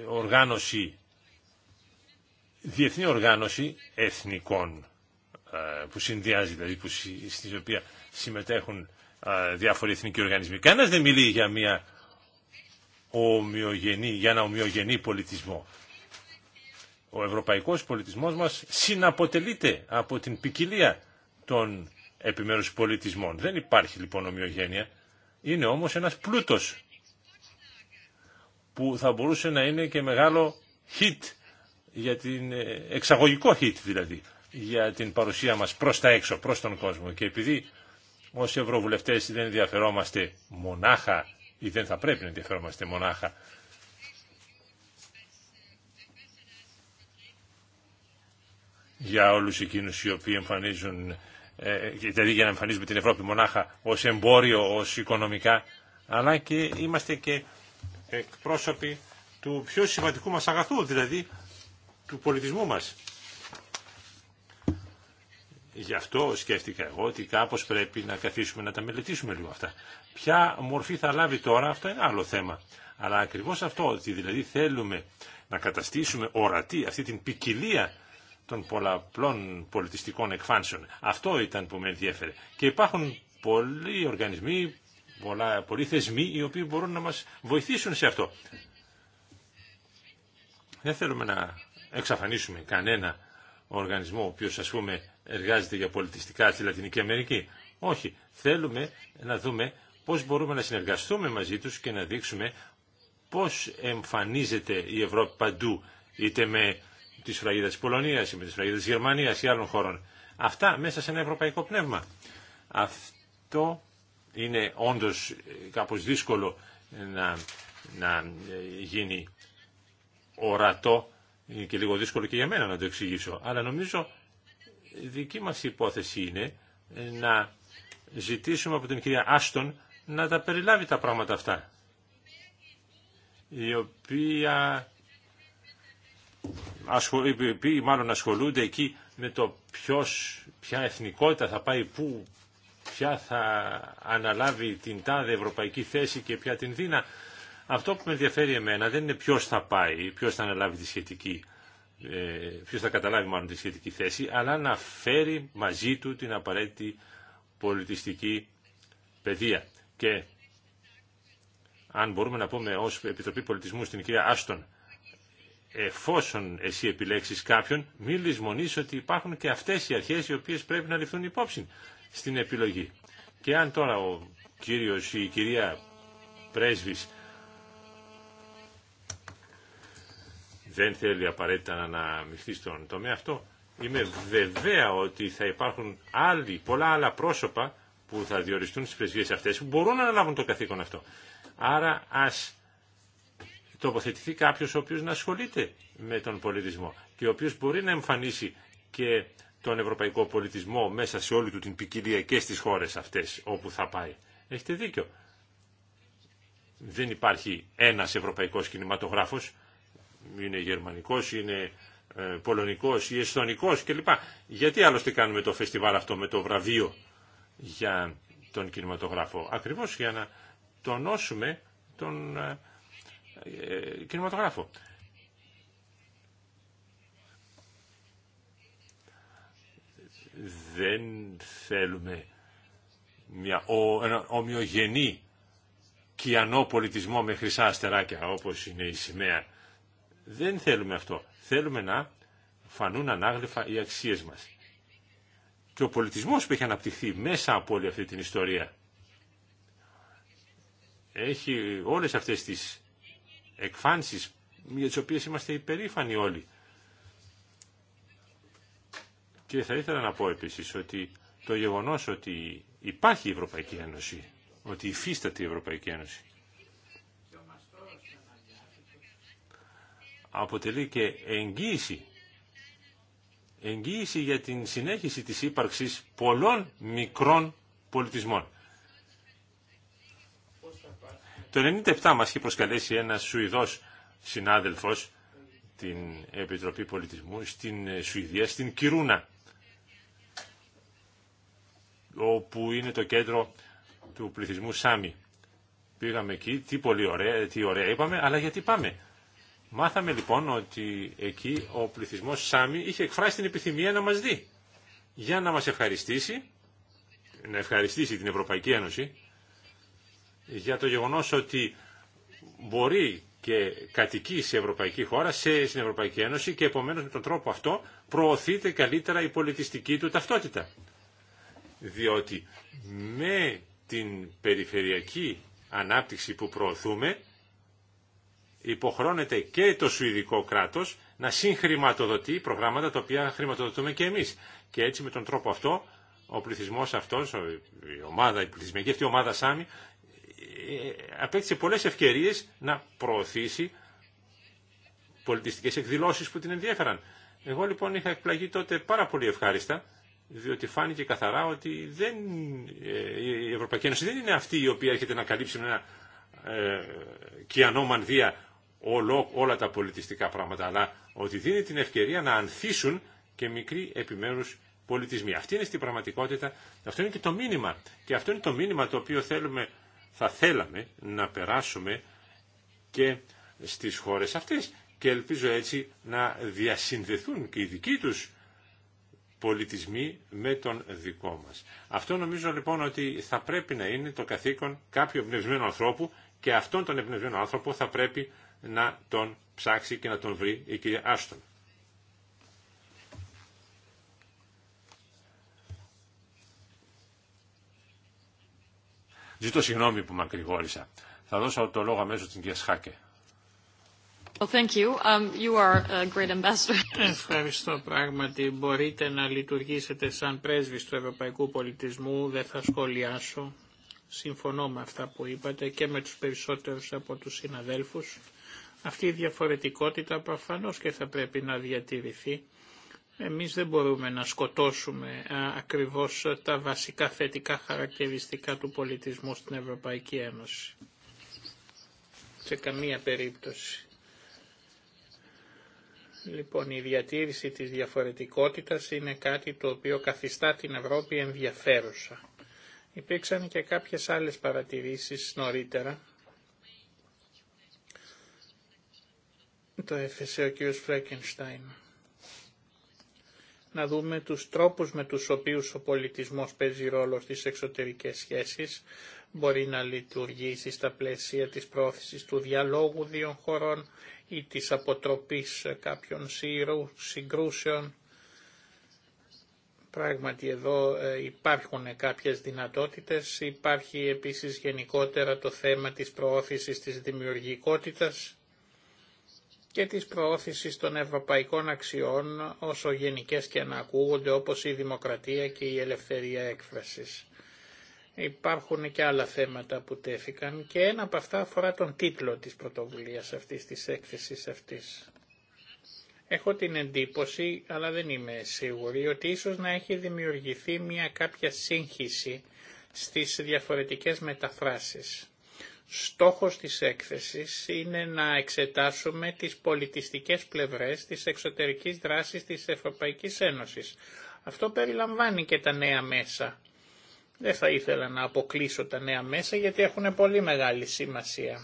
Speaker 2: ε, οργάνωση, διεθνή οργάνωση εθνικών ε, που συνδυάζει, δηλαδή που, στην οποία συμμετέχουν ε, διάφοροι εθνικοί οργανισμοί. Κανένας δεν μιλεί για μια ομοιογενή, για ένα ομοιογενή πολιτισμό. Ο ευρωπαϊκός πολιτισμός μας συναποτελείται από την ποικιλία των επιμέρους πολιτισμών. Δεν υπάρχει λοιπόν ομοιογένεια. Είναι όμως ένας πλούτος που θα μπορούσε να είναι και μεγάλο hit, για την, ε, εξαγωγικό hit δηλαδή, για την παρουσία μας προς τα έξω, προς τον κόσμο. Και επειδή ως ευρωβουλευτές δεν ενδιαφερόμαστε μονάχα ή δεν θα πρέπει να ενδιαφερόμαστε μονάχα για όλους εκείνους οι οποίοι εμφανίζουν, ε, δηλαδή για να εμφανίζουμε την Ευρώπη μονάχα ως εμπόριο, ως οικονομικά, αλλά και είμαστε και εκπρόσωποι του πιο σημαντικού μας αγαθού, δηλαδή του πολιτισμού μας. Γι' αυτό σκέφτηκα εγώ ότι κάπως πρέπει να καθίσουμε να τα μελετήσουμε λίγο αυτά. Ποια μορφή θα λάβει τώρα, αυτό είναι άλλο θέμα. Αλλά ακριβώς αυτό, ότι δηλαδή θέλουμε να καταστήσουμε ορατή αυτή την ποικιλία των πολλαπλών πολιτιστικών εκφάνσεων. Αυτό ήταν που με ενδιέφερε. Και υπάρχουν πολλοί οργανισμοί, πολλά, πολλοί θεσμοί οι οποίοι μπορούν να μας βοηθήσουν σε αυτό. Δεν θέλουμε να εξαφανίσουμε κανένα οργανισμό ο οποίος ας πούμε εργάζεται για πολιτιστικά στη Λατινική Αμερική. Όχι. Θέλουμε να δούμε πώς μπορούμε να συνεργαστούμε μαζί τους και να δείξουμε πώς εμφανίζεται η Ευρώπη παντού, είτε με τη φραγίδα τη Πολωνία ή με τη φραγίδα τη Γερμανία ή άλλων χωρών. Αυτά μέσα σε ένα ευρωπαϊκό πνεύμα. Αυτό είναι όντω ε, κάπω δύσκολο να, ε, γίνει ορατό. Είναι και λίγο δύσκολο και για μένα να το εξηγήσω. Αλλά νομίζω η δική μας υπόθεση είναι ε, να ζητήσουμε από την κυρία Άστον να τα περιλάβει τα πράγματα αυτά η οποία οι οποίοι μάλλον ασχολούνται εκεί με το ποιος, ποια εθνικότητα θα πάει πού, ποια θα αναλάβει την τάδε ευρωπαϊκή θέση και ποια την δίνα. Αυτό που με ενδιαφέρει εμένα δεν είναι ποιος θα πάει, ποιος θα αναλάβει τη σχετική, ε, ποιος θα καταλάβει μάλλον τη σχετική θέση, αλλά να φέρει μαζί του την απαραίτητη πολιτιστική παιδεία. Και αν μπορούμε να πούμε ως Επιτροπή Πολιτισμού στην κυρία Άστον, εφόσον εσύ επιλέξεις κάποιον, μην λησμονείς ότι υπάρχουν και αυτές οι αρχές οι οποίες πρέπει να ληφθούν υπόψη στην επιλογή. Και αν τώρα ο κύριος ή η κυρία πρέσβης δεν θέλει απαραίτητα να αναμειχθεί στον τομέα αυτό, είμαι βεβαία ότι θα υπάρχουν άλλοι, πολλά άλλα πρόσωπα που θα διοριστούν στις πρεσβείες αυτές που μπορούν να αναλάβουν το καθήκον αυτό. Άρα ας τοποθετηθεί κάποιος ο οποίος να ασχολείται με τον πολιτισμό και ο οποίος μπορεί να εμφανίσει και τον ευρωπαϊκό πολιτισμό μέσα σε όλη του την ποικιλία και στις χώρες αυτές όπου θα πάει. Έχετε δίκιο. Δεν υπάρχει ένας ευρωπαϊκός κινηματογράφος, είναι γερμανικός, είναι ε, πολωνικός ή εσθονικός κλπ. Γιατί άλλωστε κάνουμε το φεστιβάλ αυτό με το βραβείο για τον κινηματογράφο. Ακριβώς για να τονώσουμε τον ε, ε, κινηματογράφο. Δεν θέλουμε μια, ο, ένα ομοιογενή κιανό πολιτισμό με χρυσά αστεράκια όπως είναι η σημαία. Δεν θέλουμε αυτό. Θέλουμε να φανούν ανάγλυφα οι αξίες μας. Και ο πολιτισμός που έχει αναπτυχθεί μέσα από όλη αυτή την ιστορία έχει όλες αυτές τις εκφάνσεις για τις οποίες είμαστε υπερήφανοι όλοι. Και θα ήθελα να πω επίσης ότι το γεγονός ότι υπάρχει η Ευρωπαϊκή Ένωση, ότι υφίσταται η Ευρωπαϊκή Ένωση, αποτελεί και εγγύηση, εγγύηση για την συνέχιση της ύπαρξης πολλών μικρών πολιτισμών. Το 97 μας είχε προσκαλέσει ένας Σουηδός συνάδελφος την Επιτροπή Πολιτισμού στην ε, Σουηδία, στην Κιρούνα όπου είναι το κέντρο του πληθυσμού Σάμι. Πήγαμε εκεί, τι πολύ ωραία, τι ωραία είπαμε, αλλά γιατί πάμε. Μάθαμε λοιπόν ότι εκεί ο πληθυσμός Σάμι είχε εκφράσει την επιθυμία να μας δει, για να μας ευχαριστήσει, να ευχαριστήσει την Ευρωπαϊκή Ένωση, για το γεγονός ότι μπορεί και κατοικεί σε ευρωπαϊκή χώρα, σε, στην Ευρωπαϊκή Ένωση και επομένως με τον τρόπο αυτό προωθείται καλύτερα η πολιτιστική του ταυτότητα. Διότι με την περιφερειακή ανάπτυξη που προωθούμε υποχρώνεται και το Σουηδικό κράτος να συγχρηματοδοτεί προγράμματα τα οποία χρηματοδοτούμε και εμείς. Και έτσι με τον τρόπο αυτό ο πληθυσμό αυτός, η ομάδα, η πληθυσμιακή η ομάδα Σάμι απέκτησε πολλές ευκαιρίες να προωθήσει πολιτιστικές εκδηλώσεις που την ενδιέφεραν. Εγώ λοιπόν είχα εκπλαγεί τότε πάρα πολύ ευχάριστα, διότι φάνηκε καθαρά ότι δεν, ε, η Ευρωπαϊκή Ένωση δεν είναι αυτή η οποία έρχεται να καλύψει με ένα ε, κιανό μανδύα όλο, όλα τα πολιτιστικά πράγματα, αλλά ότι δίνει την ευκαιρία να ανθίσουν και μικροί επιμέρους πολιτισμοί. Αυτή είναι στην πραγματικότητα, αυτό είναι και το μήνυμα. Και αυτό είναι το μήνυμα το οποίο θέλουμε θα θέλαμε να περάσουμε και στις χώρες αυτές και ελπίζω έτσι να διασυνδεθούν και οι δικοί τους πολιτισμοί με τον δικό μας. Αυτό νομίζω λοιπόν ότι θα πρέπει να είναι το καθήκον κάποιου εμπνευσμένου ανθρώπου και αυτόν τον εμπνευσμένο άνθρωπο θα πρέπει να τον ψάξει και να τον βρει η κυρία Άστον. Ζητώ συγγνώμη που μακρηγόρησα. Θα δώσω το λόγο αμέσως στην κυρία Σχάκε. thank you. Um,
Speaker 1: you
Speaker 4: are a great ambassador.
Speaker 1: Ευχαριστώ πράγματι. Μπορείτε να λειτουργήσετε σαν πρέσβης του ευρωπαϊκού πολιτισμού. Δεν θα σχολιάσω. Συμφωνώ με αυτά που είπατε και με τους περισσότερους από τους συναδέλφους. Αυτή η διαφορετικότητα προφανώς και θα πρέπει να διατηρηθεί εμείς δεν μπορούμε να σκοτώσουμε ακριβώς τα βασικά θετικά χαρακτηριστικά του πολιτισμού στην Ευρωπαϊκή Ένωση. Σε καμία περίπτωση. Λοιπόν, η διατήρηση της διαφορετικότητας είναι κάτι το οποίο καθιστά την Ευρώπη ενδιαφέρουσα. Υπήρξαν και κάποιες άλλες παρατηρήσεις νωρίτερα. Το έφεσε ο κ. Φρέκενστάιν να δούμε τους τρόπους με τους οποίους ο πολιτισμός παίζει ρόλο στις εξωτερικές σχέσεις, μπορεί να λειτουργήσει στα πλαίσια της πρόθεσης του διαλόγου δύο χωρών ή της αποτροπής κάποιων συγκρούσεων. Πράγματι εδώ ε, υπάρχουν κάποιες δυνατότητες, υπάρχει επίσης γενικότερα το θέμα της προώθησης της δημιουργικότητας, και της προώθησης των ευρωπαϊκών αξιών όσο γενικές και να ακούγονται όπως η δημοκρατία και η ελευθερία έκφρασης. Υπάρχουν και άλλα θέματα που τέθηκαν και ένα από αυτά αφορά τον τίτλο της πρωτοβουλίας αυτής, της έκθεσης αυτής. Έχω την εντύπωση, αλλά δεν είμαι σίγουρη, ότι ίσως να έχει δημιουργηθεί μια κάποια σύγχυση στις διαφορετικές μεταφράσεις. Στόχος της έκθεσης είναι να εξετάσουμε τις πολιτιστικές πλευρές της εξωτερικής δράσης της Ευρωπαϊκής Ένωσης. Αυτό περιλαμβάνει και τα νέα μέσα. Δεν θα ήθελα να αποκλείσω τα νέα μέσα γιατί έχουν πολύ μεγάλη σημασία.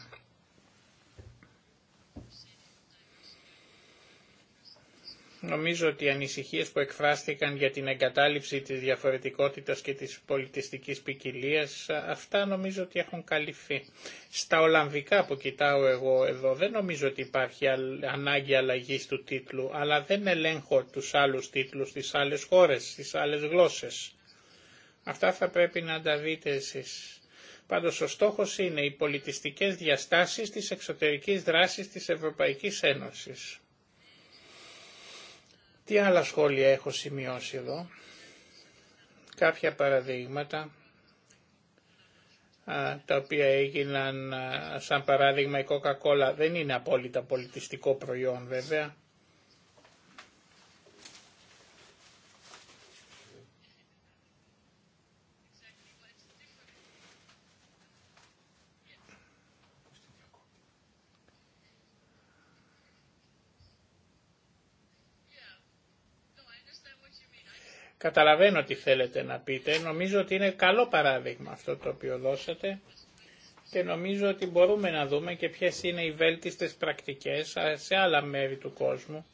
Speaker 1: νομίζω ότι οι ανησυχίες που εκφράστηκαν για την εγκατάλειψη της διαφορετικότητας και της πολιτιστικής ποικιλία, αυτά νομίζω ότι έχουν καλυφθεί. Στα Ολλανδικά που κοιτάω εγώ εδώ δεν νομίζω ότι υπάρχει ανάγκη αλλαγής του τίτλου, αλλά δεν ελέγχω τους άλλους τίτλους στις άλλες χώρες, στις άλλες γλώσσες. Αυτά θα πρέπει να τα δείτε εσείς. Πάντως ο στόχος είναι οι πολιτιστικές διαστάσεις της εξωτερικής δράσης της Ευρωπαϊκής Ένωσης. Τι άλλα σχόλια έχω σημειώσει εδώ. Κάποια παραδείγματα τα οποία έγιναν σαν παράδειγμα η Coca-Cola δεν είναι απόλυτα πολιτιστικό προϊόν βέβαια Καταλαβαίνω τι θέλετε να πείτε. Νομίζω ότι είναι καλό παράδειγμα αυτό το οποίο δώσατε και νομίζω ότι μπορούμε να δούμε και ποιες είναι οι βέλτιστες πρακτικές σε άλλα μέρη του κόσμου,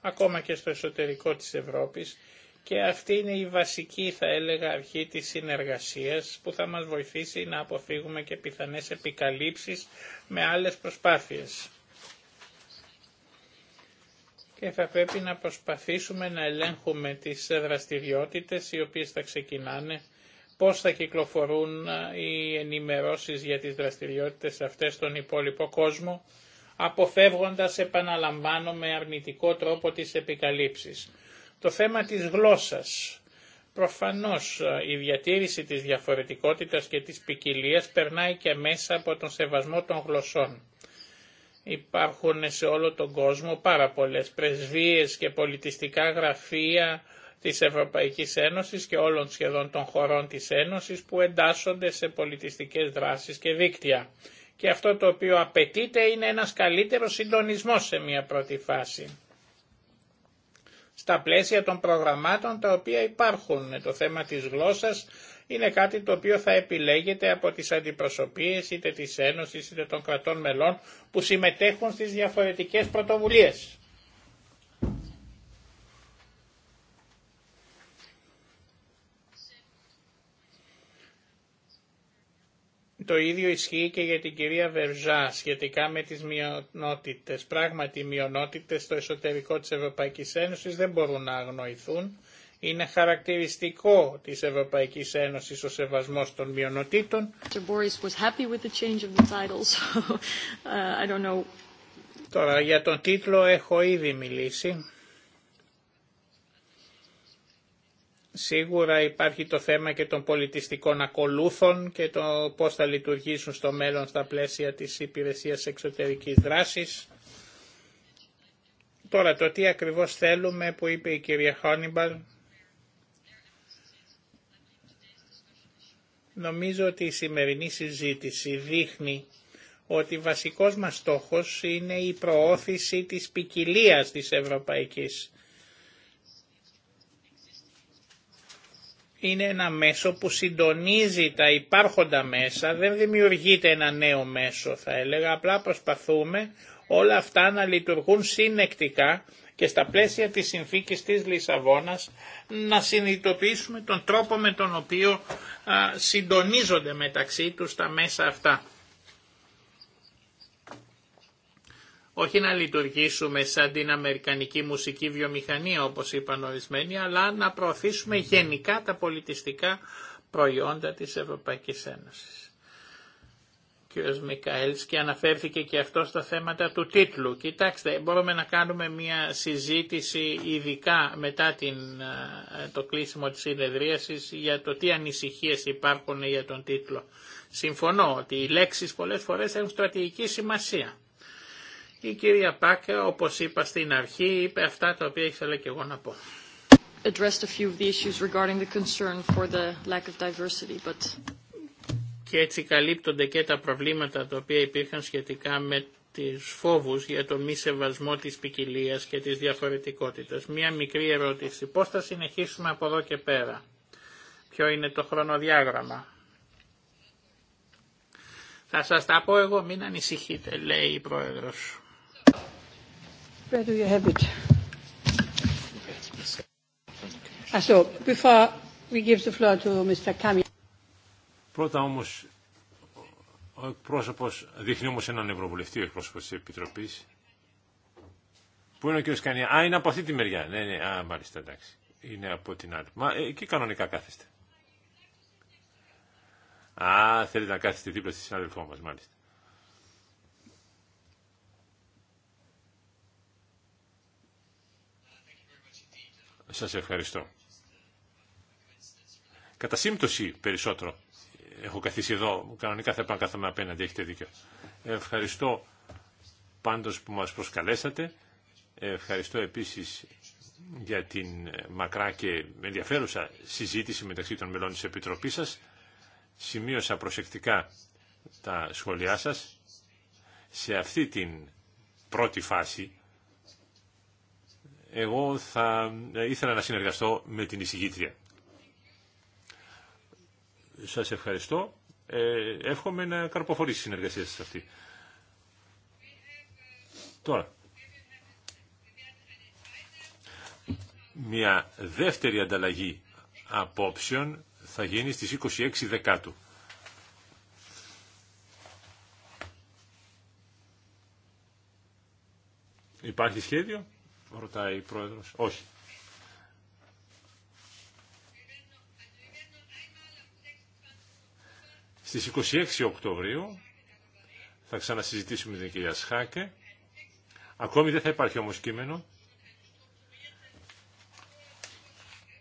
Speaker 1: ακόμα και στο εσωτερικό της Ευρώπης και αυτή είναι η βασική θα έλεγα αρχή της συνεργασίας που θα μας βοηθήσει να αποφύγουμε και πιθανές επικαλύψεις με άλλες προσπάθειες και θα πρέπει να προσπαθήσουμε να ελέγχουμε τις δραστηριότητες οι οποίες θα ξεκινάνε, πώς θα κυκλοφορούν οι ενημερώσεις για τις δραστηριότητες αυτές στον υπόλοιπο κόσμο, αποφεύγοντας επαναλαμβάνω με αρνητικό τρόπο τις επικαλύψεις. Το θέμα της γλώσσας. Προφανώς η διατήρηση της διαφορετικότητας και της ποικιλία περνάει και μέσα από τον σεβασμό των γλωσσών. Υπάρχουν σε όλο τον κόσμο πάρα πολλές πρεσβείες και πολιτιστικά γραφεία της Ευρωπαϊκής Ένωσης και όλων σχεδόν των χωρών της Ένωσης που εντάσσονται σε πολιτιστικές δράσεις και δίκτυα. Και αυτό το οποίο απαιτείται είναι ένας καλύτερος συντονισμός σε μια πρώτη φάση. Στα πλαίσια των προγραμμάτων τα οποία υπάρχουν, το θέμα της γλώσσας είναι κάτι το οποίο θα επιλέγεται από τις αντιπροσωπείες είτε της Ένωσης είτε των κρατών μελών που συμμετέχουν στις διαφορετικές πρωτοβουλίες. Το ίδιο ισχύει και για την κυρία Βερζά σχετικά με τις μειονότητες. Πράγματι οι μειονότητες στο εσωτερικό της Ευρωπαϊκής Ένωσης δεν μπορούν να αγνοηθούν είναι χαρακτηριστικό της Ευρωπαϊκής Ένωσης ο σεβασμός των μειονοτήτων. Τώρα για τον τίτλο έχω ήδη μιλήσει. Σίγουρα υπάρχει το θέμα και των πολιτιστικών ακολούθων και το πώς θα λειτουργήσουν στο μέλλον στα πλαίσια της υπηρεσίας εξωτερικής δράσης. Τώρα το τι ακριβώς θέλουμε που είπε η κυρία Χόνιμπαλ Νομίζω ότι η σημερινή συζήτηση δείχνει ότι βασικός μας στόχος είναι η προώθηση της ποικιλία της Ευρωπαϊκής. Είναι ένα μέσο που συντονίζει τα υπάρχοντα μέσα, δεν δημιουργείται ένα νέο μέσο θα έλεγα, απλά προσπαθούμε όλα αυτά να λειτουργούν συνεκτικά και στα πλαίσια της συνθήκης της Λισαβόνας να συνειδητοποιήσουμε τον τρόπο με τον οποίο συντονίζονται μεταξύ τους τα μέσα αυτά. όχι να λειτουργήσουμε σαν την αμερικανική μουσική βιομηχανία όπως είπαν ορισμένοι, αλλά να προωθήσουμε γενικά τα πολιτιστικά προϊόντα της Ευρωπαϊκής Ένωσης κύριος Μικαέλς και αναφέρθηκε και αυτό στα θέματα του τίτλου. Κοιτάξτε, μπορούμε να κάνουμε μια συζήτηση ειδικά μετά την, το κλείσιμο της συνεδρίασης για το τι ανησυχίες υπάρχουν για τον τίτλο. Συμφωνώ ότι οι λέξεις πολλές φορές έχουν στρατηγική σημασία. Η κυρία Πάκα, όπως είπα στην αρχή, είπε αυτά τα οποία ήθελα και εγώ να πω.
Speaker 3: Addressed a few of the issues regarding the concern for the lack of diversity, but
Speaker 1: και έτσι καλύπτονται και τα προβλήματα τα οποία υπήρχαν σχετικά με τις φόβους για το μη σεβασμό της ποικιλία και της διαφορετικότητας. Μία μικρή ερώτηση. Πώς θα συνεχίσουμε από εδώ και πέρα. Ποιο είναι το χρονοδιάγραμμα. Θα σας τα πω εγώ, μην ανησυχείτε, λέει η Πρόεδρος.
Speaker 3: you have it? Ah, before
Speaker 2: Πρώτα όμως, ο εκπρόσωπο, δείχνει όμως έναν ευρωβουλευτή, ο εκπρόσωπο τη Επιτροπής. Πού είναι ο κ. Κανία. Α, είναι από αυτή τη μεριά. Ναι, ναι, α, μάλιστα, εντάξει. Είναι από την άλλη. Μα ε, εκεί κανονικά κάθεστε. Α, θέλετε να κάθεστε δίπλα στη συνάδελφό μα μάλιστα. Σας ευχαριστώ. Κατά σύμπτωση περισσότερο έχω καθίσει εδώ. Κανονικά θα έπρεπε κάθομαι απέναντι, έχετε δίκιο. Ευχαριστώ πάντως που μας προσκαλέσατε. Ευχαριστώ επίσης για την μακρά και ενδιαφέρουσα συζήτηση μεταξύ των μελών της Επιτροπής σας. Σημείωσα προσεκτικά τα σχόλιά σας. Σε αυτή την πρώτη φάση, εγώ θα ήθελα να συνεργαστώ με την εισηγήτρια. Σας ευχαριστώ. Ε, εύχομαι να καρποφορήσει η συνεργασία σας αυτή. Τώρα, μια δεύτερη ανταλλαγή απόψεων θα γίνει στις 26 Δεκάτου. Υπάρχει σχέδιο, ρωτάει η Πρόεδρος. Όχι. Στις 26 Οκτωβρίου θα ξανασυζητήσουμε την κυρία Σχάκε. Ακόμη δεν θα υπάρχει όμως κείμενο.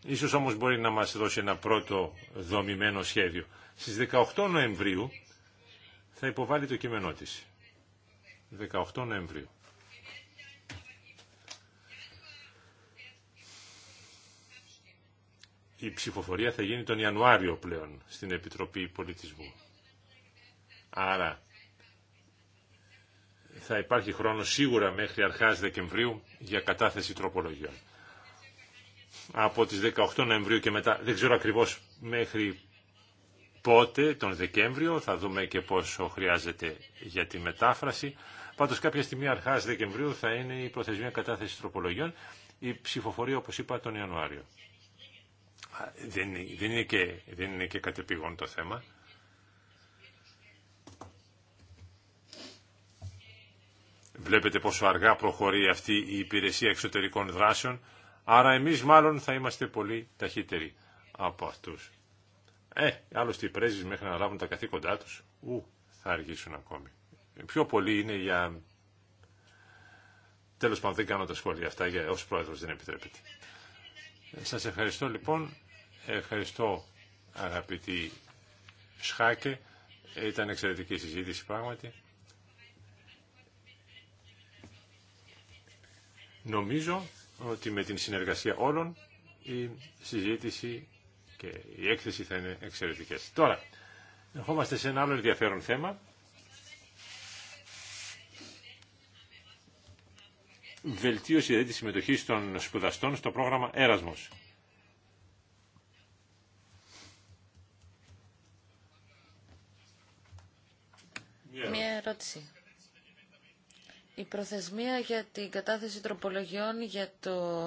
Speaker 2: Ίσως όμως μπορεί να μας δώσει ένα πρώτο δομημένο σχέδιο. Στις 18 Νοεμβρίου θα υποβάλει το κείμενό της. 18 Νοεμβρίου. Η ψηφοφορία θα γίνει τον Ιανουάριο πλέον στην Επιτροπή Πολιτισμού. Άρα θα υπάρχει χρόνο σίγουρα μέχρι αρχάς Δεκεμβρίου για κατάθεση τροπολογιών. Από τις 18 Νοεμβρίου και μετά, δεν ξέρω ακριβώς μέχρι πότε, τον Δεκέμβριο, θα δούμε και πόσο χρειάζεται για τη μετάφραση. Πάντως κάποια στιγμή αρχάς Δεκεμβρίου θα είναι η προθεσμία κατάθεση τροπολογιών, η ψηφοφορία όπως είπα τον Ιανουάριο δεν, δεν, είναι και, δεν είναι και κατεπηγόν το θέμα. Βλέπετε πόσο αργά προχωρεί αυτή η υπηρεσία εξωτερικών δράσεων, άρα εμείς μάλλον θα είμαστε πολύ ταχύτεροι από αυτούς. Ε, άλλωστε οι πρέζεις μέχρι να λάβουν τα καθήκοντά τους, ου, θα αργήσουν ακόμη. Πιο πολύ είναι για... Τέλος πάντων δεν κάνω τα σχόλια αυτά, για ως πρόεδρος δεν επιτρέπεται. Σας ευχαριστώ λοιπόν, ευχαριστώ αγαπητοί Σχάκε, ήταν εξαιρετική συζήτηση πράγματι. Νομίζω ότι με την συνεργασία όλων η συζήτηση και η έκθεση θα είναι εξαιρετικές. Τώρα, ερχόμαστε σε ένα άλλο ενδιαφέρον θέμα. βελτίωση δηλαδή, τη συμμετοχής των σπουδαστών στο πρόγραμμα Έρασμος.
Speaker 4: Μία ερώτηση. Η προθεσμία για την κατάθεση τροπολογιών για το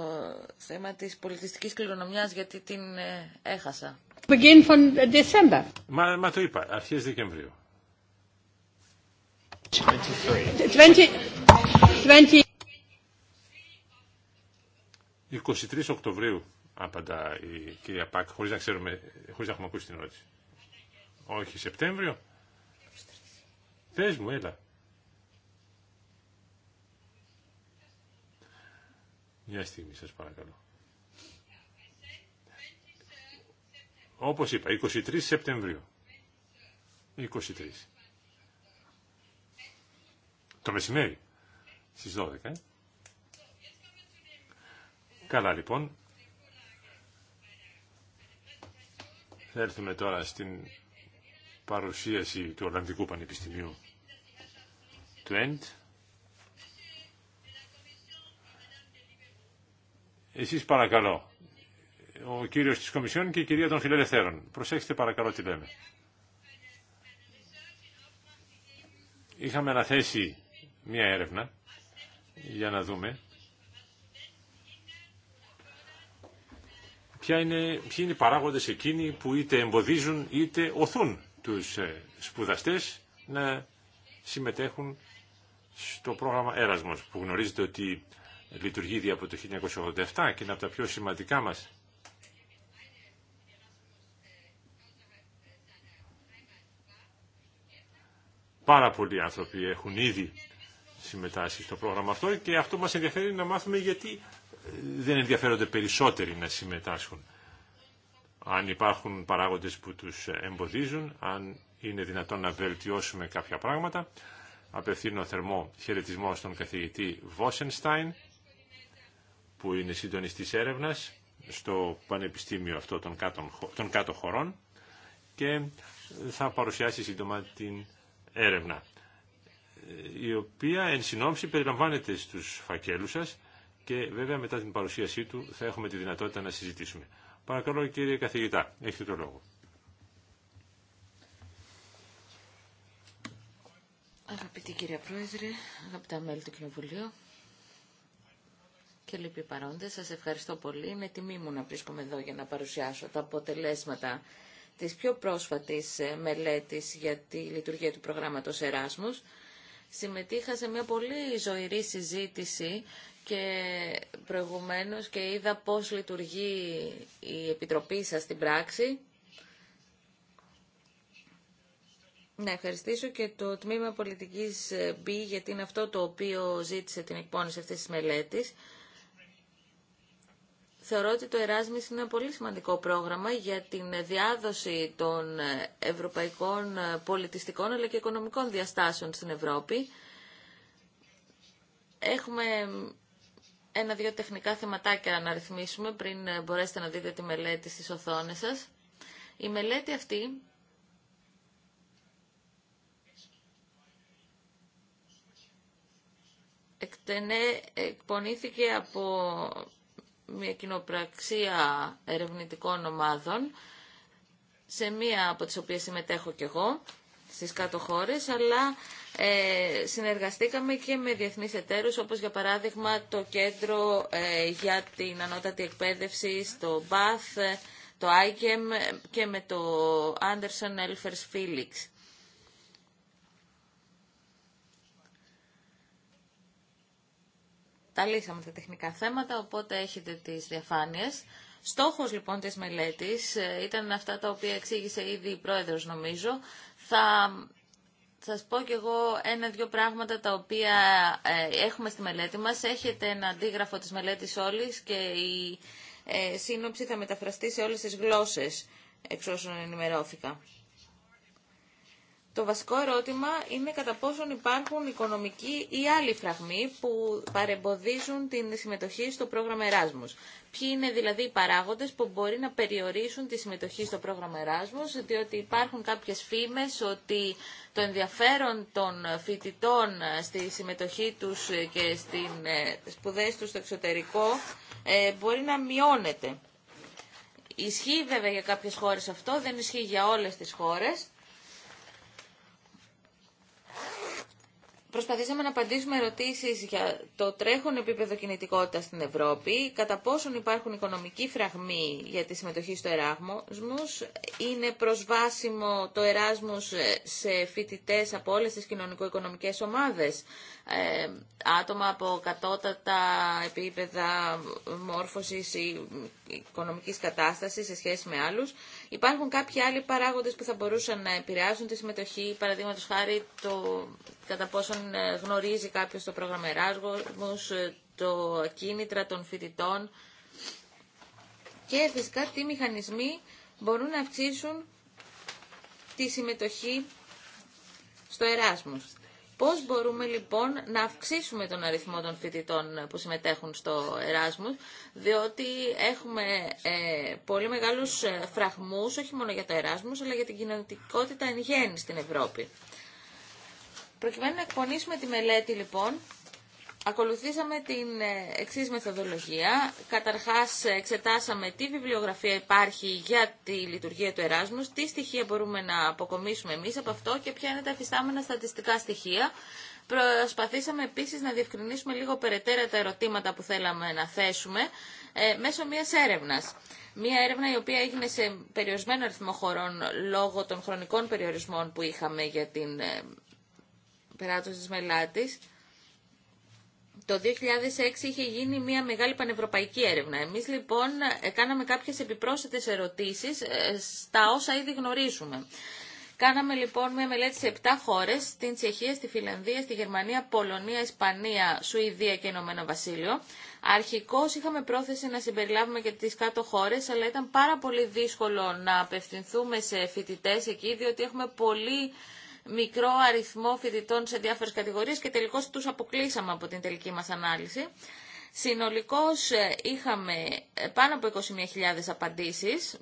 Speaker 4: θέμα της πολιτιστικής κληρονομιάς, γιατί την ε, έχασα.
Speaker 2: Μα, μα το είπα, αρχές Δεκεμβρίου.
Speaker 3: 20,
Speaker 2: 20. 23 Οκτωβρίου, απαντά η κυρία Πακ, χωρίς να, ξέρουμε, χωρίς να έχουμε ακούσει την ερώτηση. Όχι, Σεπτέμβριο. Πες μου, έλα. Μια στιγμή σας παρακαλώ. Όπως είπα, 23 Σεπτεμβρίου. 23. Το μεσημέρι. Στις 12, ε. Καλά λοιπόν. Θα έρθουμε τώρα στην παρουσίαση του Ολλανδικού Πανεπιστημίου του ΕΝΤ. Εσείς παρακαλώ, ο κύριος της Κομισιόν και η κυρία των Φιλελευθέρων. Προσέξτε παρακαλώ τι λέμε. Είχαμε αναθέσει μία έρευνα για να δούμε ποια είναι, ποιοι είναι οι παράγοντες εκείνοι που είτε εμποδίζουν είτε οθούν τους ε, σπουδαστές να συμμετέχουν στο πρόγραμμα Έρασμος που γνωρίζετε ότι λειτουργεί ήδη από το 1987 και είναι από τα πιο σημαντικά μας. Πάρα πολλοί άνθρωποι έχουν ήδη συμμετάσχει στο πρόγραμμα αυτό και αυτό μας ενδιαφέρει να μάθουμε γιατί δεν ενδιαφέρονται περισσότεροι να συμμετάσχουν. Αν υπάρχουν παράγοντες που τους εμποδίζουν, αν είναι δυνατόν να βελτιώσουμε κάποια πράγματα, απευθύνω θερμό χαιρετισμό στον καθηγητή Βόσενστάιν, που είναι συντονιστής έρευνας στο Πανεπιστήμιο αυτό των κάτω, των κάτω χωρών και θα παρουσιάσει σύντομα την έρευνα, η οποία εν συνόμψη περιλαμβάνεται στους φακέλους σας και βέβαια μετά την παρουσίασή του θα έχουμε τη δυνατότητα να συζητήσουμε. Παρακαλώ κύριε καθηγητά, έχετε το λόγο.
Speaker 4: Αγαπητή κυρία Πρόεδρε, αγαπητά μέλη του Κοινοβουλίου και λοιποί παρόντες, σας ευχαριστώ πολύ. Είναι τιμή μου να βρίσκομαι εδώ για να παρουσιάσω τα αποτελέσματα της πιο πρόσφατης μελέτης για τη λειτουργία του προγράμματος Εράσμους συμμετείχα σε μια πολύ ζωηρή συζήτηση και προηγουμένως και είδα πώς λειτουργεί η Επιτροπή σας στην πράξη. Να ευχαριστήσω και το Τμήμα Πολιτικής B, γιατί είναι αυτό το οποίο ζήτησε την εκπόνηση αυτής της μελέτης. Θεωρώ ότι το Εράσμις είναι ένα πολύ σημαντικό πρόγραμμα για την διάδοση των ευρωπαϊκών πολιτιστικών αλλά και οικονομικών διαστάσεων στην Ευρώπη. Έχουμε ένα-δύο τεχνικά θεματάκια να ρυθμίσουμε πριν μπορέσετε να δείτε τη μελέτη στις οθόνες σας. Η μελέτη αυτή εκπονήθηκε από μια κοινοπραξία ερευνητικών ομάδων, σε μία από τις οποίες συμμετέχω κι εγώ, στις κάτω χώρες, αλλά ε, συνεργαστήκαμε και με διεθνείς εταίρους, όπως για παράδειγμα το Κέντρο ε, για την Ανώτατη Εκπαίδευση στο ΜΠΑΘ, ε, το ICEM και με το Anderson Elfers Felix. Τα λύσαμε τα τεχνικά θέματα, οπότε έχετε τις διαφάνειες. Στόχος λοιπόν της μελέτης ε, ήταν αυτά τα οποία εξήγησε ήδη η Πρόεδρος νομίζω. Θα σας πω κι εγώ ένα-δυο πράγματα τα οποία ε, έχουμε στη μελέτη μας. Έχετε ένα αντίγραφο της μελέτης όλης και η ε, σύνοψη θα μεταφραστεί σε όλες τις γλώσσες εξ όσων ενημερώθηκα. Το βασικό ερώτημα είναι κατά πόσον υπάρχουν οικονομικοί ή άλλοι φραγμοί που παρεμποδίζουν την συμμετοχή στο πρόγραμμα Εράσμου. Ποιοι είναι δηλαδή οι παράγοντε που μπορεί να περιορίσουν τη συμμετοχή στο πρόγραμμα Εράσμου, διότι υπάρχουν κάποιε φήμε ότι το ενδιαφέρον των φοιτητών στη συμμετοχή τους και στι ε, σπουδέ τους στο εξωτερικό ε, μπορεί να μειώνεται. Ισχύει βέβαια για κάποιες χώρες αυτό, δεν ισχύει για όλες τις χώρες. προσπαθήσαμε να απαντήσουμε ερωτήσεις για το τρέχον επίπεδο κινητικότητα στην Ευρώπη, κατά πόσον υπάρχουν οικονομικοί φραγμοί για τη συμμετοχή στο Εράσμου, είναι προσβάσιμο το Εράσμου ε, σε φοιτητέ από όλες τις κοινωνικο οικονομικέ ομάδες, ε, άτομα από κατώτατα επίπεδα μόρφωσης ή οικονομική κατάσταση σε σχέση με άλλους Υπάρχουν κάποιοι άλλοι παράγοντες που θα μπορούσαν να επηρεάσουν τη συμμετοχή, παραδείγματο χάρη το κατά πόσον ε, γνωρίζει κάποιος το πρόγραμμα Εράσμου, το κίνητρα των φοιτητών και φυσικά τι μηχανισμοί μπορούν να αυξήσουν τη συμμετοχή στο Εράσμου. Πώς μπορούμε λοιπόν να αυξήσουμε τον αριθμό των φοιτητών που συμμετέχουν στο Εράσμους, διότι έχουμε ε, πολύ μεγάλους ε, φραγμούς, όχι μόνο για το Εράσμους, αλλά για την κοινωνικότητα εν γέννη στην Ευρώπη. Προκειμένου να εκπονήσουμε τη μελέτη λοιπόν, Ακολουθήσαμε την ε, εξή μεθοδολογία. Καταρχάς εξετάσαμε τι βιβλιογραφία υπάρχει για τη λειτουργία του Εράσμους, τι στοιχεία μπορούμε να αποκομίσουμε εμείς από αυτό και ποια είναι τα εφιστάμενα στατιστικά στοιχεία. Προσπαθήσαμε επίσης να διευκρινίσουμε λίγο περαιτέρα τα ερωτήματα που θέλαμε να θέσουμε ε, μέσω μιας έρευνας. Μία έρευνα η οποία έγινε σε περιορισμένο αριθμό χωρών λόγω των χρονικών περιορισμών που είχαμε για την ε, περάτωση της μελάτης. Το 2006 είχε γίνει μια μεγάλη πανευρωπαϊκή έρευνα. Εμείς λοιπόν ε, κάναμε κάποιες επιπρόσθετες ερωτήσεις ε, στα όσα ήδη γνωρίζουμε. Κάναμε λοιπόν μια μελέτη σε 7 χώρες, στην Τσεχία, στη Φιλανδία, στη Γερμανία, Πολωνία, Ισπανία, Σουηδία και Ηνωμένο Βασίλειο. Αρχικώ είχαμε πρόθεση να συμπεριλάβουμε και τι κάτω χώρε, αλλά ήταν πάρα πολύ δύσκολο να απευθυνθούμε σε φοιτητέ εκεί, διότι έχουμε πολύ μικρό αριθμό φοιτητών σε διάφορες κατηγορίες και τελικώς τους αποκλείσαμε από την τελική μας ανάλυση. Συνολικώς ε, είχαμε ε, πάνω από 21.000 απαντήσεις,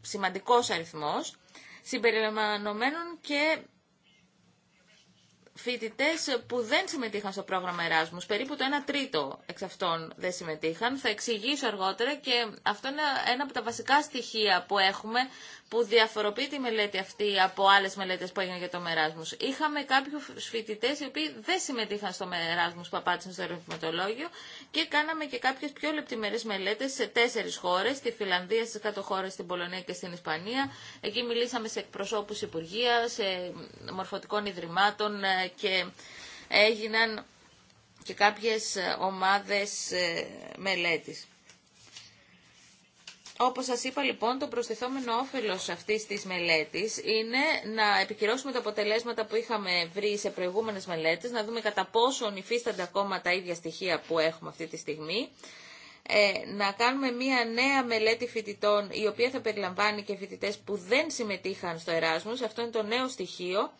Speaker 4: σημαντικός αριθμός, συμπεριλαμβανομένων και φοιτητέ που δεν συμμετείχαν στο πρόγραμμα Εράσμου, περίπου το 1 τρίτο εξ αυτών δεν συμμετείχαν. Θα εξηγήσω αργότερα και αυτό είναι ένα από τα βασικά στοιχεία που έχουμε που διαφοροποιεί τη μελέτη αυτή από άλλε μελέτε που έγιναν για το Εράσμου. Είχαμε κάποιου φοιτητέ οι οποίοι δεν συμμετείχαν στο Εράσμου που απάντησαν στο ερευνητολόγιο και κάναμε και κάποιε πιο λεπτημερέ μελέτε σε τέσσερι χώρε: στη Φιλανδία, στι κάτω χώρε στην Πολωνία και στην Ισπανία. Εκεί μιλήσαμε σε εκπροσώπου Υπουργεία, σε μορφωτικών ιδρυμάτων ε, και έγιναν και κάποιες ε, ομάδες ε, μελέτης. Όπως σας είπα λοιπόν, το προστιθόμενο όφελος αυτής της μελέτης είναι να επικυρώσουμε τα αποτελέσματα που είχαμε βρει σε προηγούμενες μελέτες, να δούμε κατά πόσον υφίστανται ακόμα τα ίδια στοιχεία που έχουμε αυτή τη στιγμή, ε, να κάνουμε μία νέα μελέτη φοιτητών, η οποία θα περιλαμβάνει και φοιτητές που δεν συμμετείχαν στο Εράσμους, αυτό είναι το νέο στοιχείο,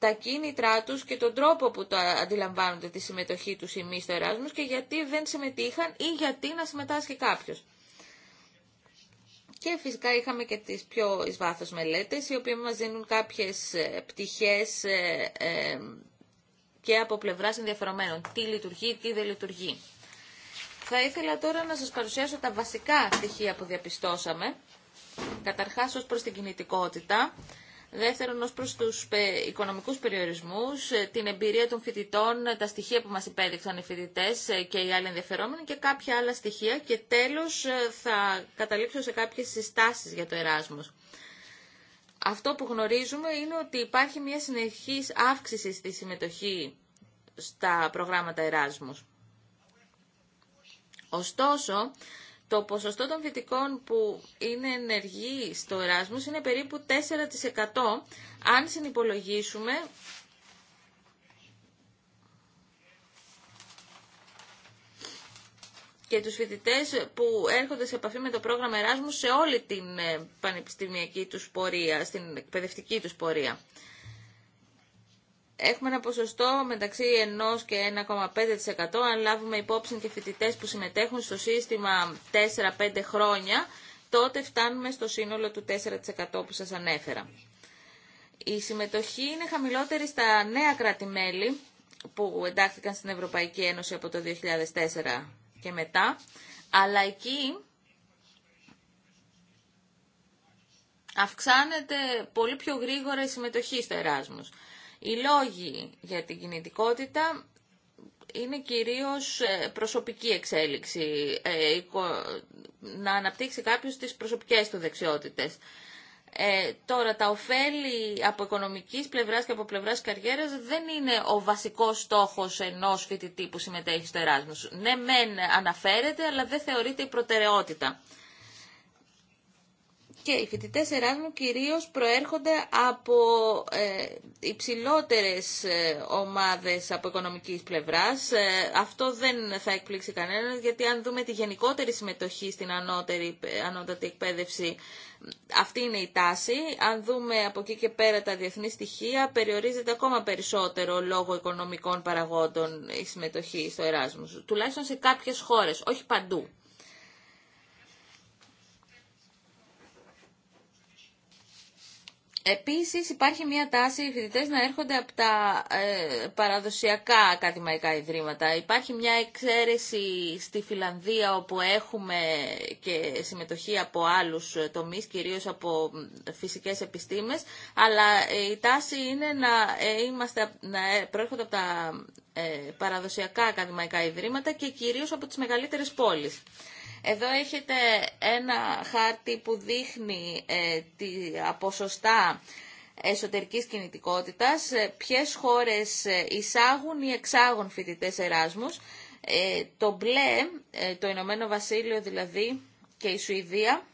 Speaker 4: τα κίνητρά του και τον τρόπο που το αντιλαμβάνονται τη συμμετοχή τους οι μη στο και γιατί δεν συμμετείχαν ή γιατί να συμμετάσχει κάποιος. Και φυσικά είχαμε και τις πιο εις βάθος μελέτες, οι οποίες μας δίνουν κάποιες ε, πτυχές ε, ε, και από πλευράς ενδιαφερομένων. Τι λειτουργεί, τι δεν λειτουργεί. Θα ήθελα τώρα να σας παρουσιάσω τα βασικά στοιχεία που διαπιστώσαμε. Καταρχάς ως προς την κινητικότητα. Δεύτερον, ω προ του ε, οικονομικούς περιορισμούς, ε, την εμπειρία των φοιτητών, ε, τα στοιχεία που μας υπέδειξαν οι φοιτητέ και οι άλλοι ενδιαφερόμενοι και κάποια άλλα στοιχεία. Και τέλο θα καταλήξω σε κάποιες συστάσεις για το εράσμο. Αυτό που γνωρίζουμε είναι ότι υπάρχει μια συνεχής αύξηση στη συμμετοχή στα προγράμματα Εράσμου. Ωστόσο, το ποσοστό των φοιτικών που είναι ενεργοί στο εράσμος είναι περίπου 4% αν συνυπολογίσουμε και τους φοιτητές που έρχονται σε επαφή με το πρόγραμμα εράσμου σε όλη την ε, πανεπιστημιακή τους πορεία, στην εκπαιδευτική τους πορεία έχουμε ένα ποσοστό μεταξύ 1 και 1,5% αν λάβουμε υπόψη και φοιτητέ που συμμετέχουν στο σύστημα 4-5 χρόνια, τότε φτάνουμε στο σύνολο του 4% που σας ανέφερα. Η συμμετοχή είναι χαμηλότερη στα νέα κράτη-μέλη που εντάχθηκαν στην Ευρωπαϊκή Ένωση από το 2004 και μετά, αλλά εκεί αυξάνεται πολύ πιο γρήγορα η συμμετοχή στο εράσμος. Οι λόγοι για την κινητικότητα είναι κυρίως ε, προσωπική εξέλιξη, ε, να αναπτύξει κάποιος τις προσωπικές του δεξιότητες. Ε, τώρα, τα ωφέλη από οικονομικής πλευράς και από πλευράς καριέρας δεν είναι ο βασικός στόχος ενός φοιτητή που συμμετέχει στο Εράσμος. Ναι, μεν αναφέρεται, αλλά δεν θεωρείται η προτεραιότητα και οι φοιτητέ Εράσμου κυρίως προέρχονται από ε, υψηλότερες ε, ομάδες από οικονομικής πλευράς. Ε, αυτό δεν θα εκπλήξει κανέναν, γιατί αν δούμε τη γενικότερη συμμετοχή στην ανώτερη, ανώτατη εκπαίδευση, αυτή είναι η τάση. Αν δούμε από εκεί και πέρα τα διεθνή στοιχεία, περιορίζεται ακόμα περισσότερο λόγω οικονομικών παραγόντων η συμμετοχή στο Εράσμου. Τουλάχιστον σε κάποιε χώρε, όχι παντού. Επίσης υπάρχει μια τάση οι φοιτητές να έρχονται από τα ε, παραδοσιακά ακαδημαϊκά ιδρύματα. Υπάρχει μια εξαίρεση στη Φιλανδία όπου έχουμε και συμμετοχή από άλλους τομείς, κυρίως από φυσικές επιστήμες, αλλά η τάση είναι να, ε, είμαστε, να ε, προέρχονται από τα παραδοσιακά ακαδημαϊκά ιδρύματα και κυρίως από τις μεγαλύτερες πόλεις. Εδώ έχετε ένα χάρτη που δείχνει ε, τη αποσοστά εσωτερικής κινητικότητας, ε, ποιες χώρες ε, εισάγουν ή εξάγουν φοιτητές Εράσμους. Ε, το μπλε, το Ηνωμένο Βασίλειο δηλαδή και η Σουηδία,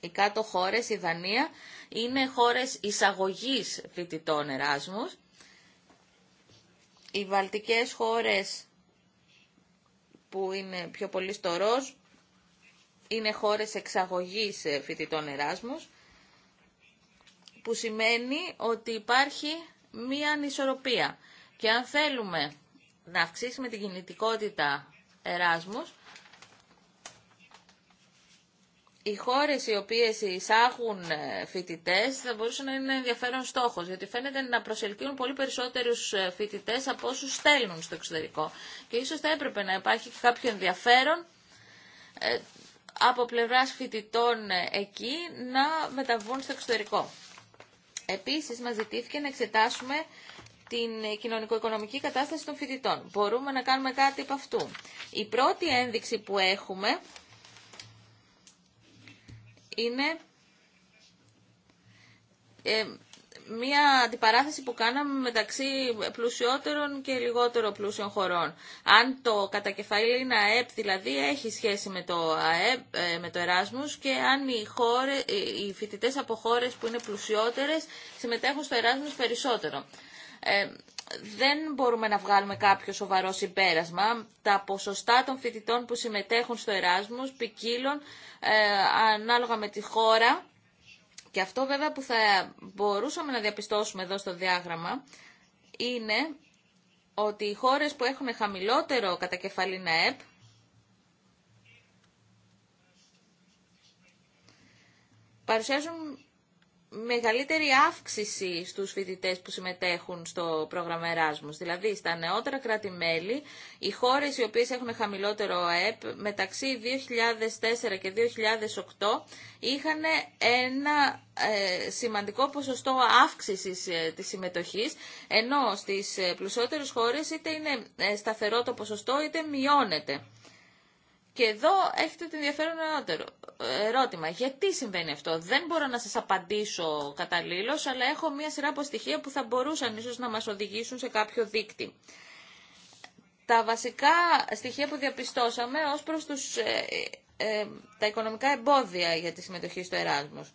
Speaker 4: οι κάτω χώρες, η Δανία, είναι χώρες εισαγωγής φοιτητών Εράσμους. Οι βαλτικές χώρες που είναι πιο πολύ στο ροζ, είναι χώρες εξαγωγής ε, φοιτητών Εράσμους, που σημαίνει ότι υπάρχει μία ανισορροπία. Και αν θέλουμε να αυξήσουμε την κινητικότητα Εράσμους, οι χώρες οι οποίε εισάγουν ε, φοιτητέ θα μπορούσαν να είναι ενδιαφέρον στόχο, γιατί φαίνεται να προσελκύουν πολύ περισσότερους ε, φοιτητέ από όσου στέλνουν στο εξωτερικό. Και ίσως θα έπρεπε να υπάρχει κάποιο ενδιαφέρον ε, από πλευράς φοιτητών εκεί να μεταβούν στο εξωτερικό. Επίσης, μα ζητήθηκε να εξετάσουμε την κοινωνικο-οικονομική κατάσταση των φοιτητών. Μπορούμε να κάνουμε κάτι από αυτού. Η πρώτη ένδειξη που έχουμε είναι ε, μία αντιπαράθεση που κάναμε μεταξύ πλουσιότερων και λιγότερο πλούσιων χωρών. Αν το κατακεφαλή είναι ΑΕΠ, δηλαδή έχει σχέση με το ΑΕΠ, ε, με το Εράσμους και αν οι, φοιτητέ ε, οι φοιτητές από χώρες που είναι πλουσιότερες συμμετέχουν στο Εράσμους περισσότερο δεν μπορούμε να βγάλουμε κάποιο σοβαρό συμπέρασμα. Τα ποσοστά των φοιτητών που συμμετέχουν στο Εράσμους ποικίλουν ε, ανάλογα με τη χώρα και αυτό βέβαια που θα μπορούσαμε να διαπιστώσουμε εδώ στο διάγραμμα είναι ότι οι χώρες που έχουν χαμηλότερο κατακεφαλήν ΑΕΠ παρουσιάζουν μεγαλύτερη αύξηση στους φοιτητές που συμμετέχουν στο πρόγραμμα εράσμους. Δηλαδή, στα νεότερα κράτη-μέλη, οι χώρες οι οποίες έχουν χαμηλότερο ΑΕΠ, μεταξύ 2004 και 2008, είχαν ένα ε, σημαντικό ποσοστό αύξησης ε, της συμμετοχής, ενώ στις ε, πλουσιότερες χώρες είτε είναι ε, σταθερό το ποσοστό είτε μειώνεται. Και εδώ έχετε το ενδιαφέρον ερώτημα. Γιατί συμβαίνει αυτό. Δεν μπορώ να σας απαντήσω καταλήλως, αλλά έχω μία σειρά από στοιχεία που θα μπορούσαν ίσως να μας οδηγήσουν σε κάποιο δίκτυ. Τα βασικά στοιχεία που διαπιστώσαμε ως προς τους, ε, ε, τα οικονομικά εμπόδια για τη συμμετοχή στο Εράσμος.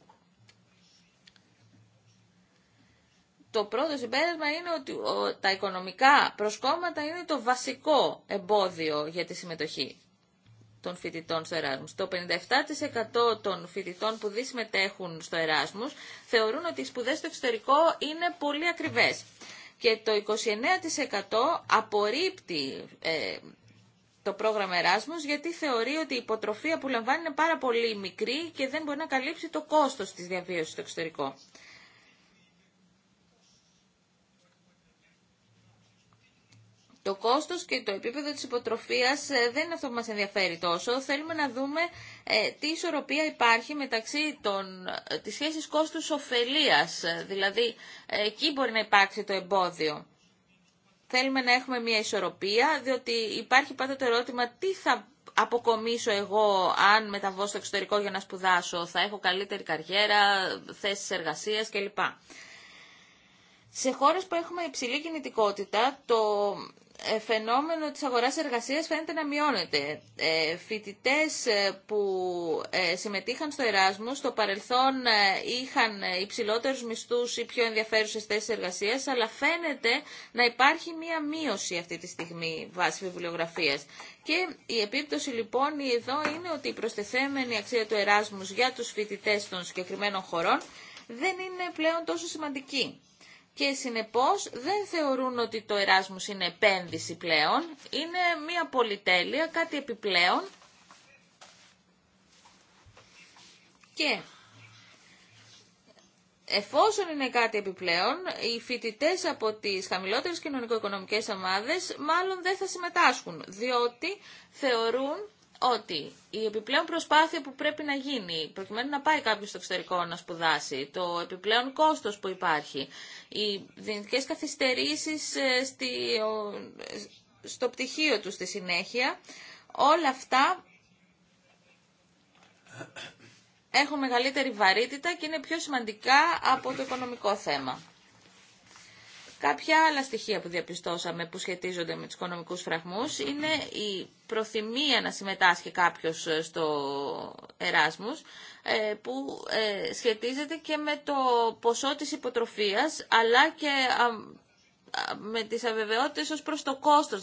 Speaker 4: το πρώτο συμπέρασμα είναι ότι τα οικονομικά προσκόμματα είναι το βασικό εμπόδιο για τη συμμετοχή των φοιτητών στο Το 57% των φοιτητών που δεν συμμετέχουν στο Εράσμους θεωρούν ότι οι σπουδές στο εξωτερικό είναι πολύ ακριβές. Και το 29% απορρίπτει ε, το πρόγραμμα Εράσμους γιατί θεωρεί ότι η υποτροφία που λαμβάνει είναι πάρα πολύ μικρή και δεν μπορεί να καλύψει το κόστος της διαβίωσης στο εξωτερικό. Το κόστος και το επίπεδο της υποτροφίας ε, δεν είναι αυτό που μας ενδιαφέρει τόσο. Θέλουμε να δούμε ε, τι ισορροπία υπάρχει μεταξύ των, ε, της σχέσης κόστους-οφελίας. Δηλαδή, εκεί μπορεί να υπάρξει το εμπόδιο. Θέλουμε να έχουμε μια ισορροπία, διότι υπάρχει πάντα το ερώτημα τι θα αποκομίσω εγώ αν μεταβώ στο εξωτερικό για να σπουδάσω, θα έχω καλύτερη καριέρα, θέσεις εργασίας κλπ. Σε χώρες που έχουμε υψηλή κινητικότητα, το ε, φαινόμενο της αγοράς εργασίας φαίνεται να μειώνεται. Ε, φοιτητές ε, που ε, συμμετείχαν στο Εράσμου στο παρελθόν είχαν υψηλότερους μισθούς ή πιο ενδιαφέρουσες θέσεις εργασίας, αλλά φαίνεται να υπάρχει μία μείωση αυτή τη στιγμή βάσει βιβλιογραφίας. Και η επίπτωση λοιπόν εδώ είναι ότι η προστεθέμενη αξία του Εράσμου για τους φοιτητές των συγκεκριμένων χωρών δεν είναι πλέον τόσο σημαντική και συνεπώς δεν θεωρούν ότι το εράσμος είναι επένδυση πλέον, είναι μια πολυτέλεια, κάτι επιπλέον και εφόσον είναι κάτι επιπλέον, οι φοιτητέ από τις χαμηλότερες κοινωνικο-οικονομικές ομάδες μάλλον δεν θα συμμετάσχουν, διότι θεωρούν ότι η επιπλέον προσπάθεια που πρέπει να γίνει, προκειμένου να πάει κάποιο στο εξωτερικό να σπουδάσει, το επιπλέον κόστος που υπάρχει, οι δυνητικές καθυστερήσεις ε, στο πτυχίο του στη συνέχεια. Όλα αυτά έχουν μεγαλύτερη βαρύτητα και είναι πιο σημαντικά από το οικονομικό θέμα. Κάποια άλλα στοιχεία που διαπιστώσαμε που σχετίζονται με τους οικονομικούς φραγμούς είναι η προθυμία να συμμετάσχει κάποιος ε, στο Εράσμους ε, που ε, σχετίζεται και με το ποσό της υποτροφίας αλλά και με τις αβεβαιότητες ως προς το κόστος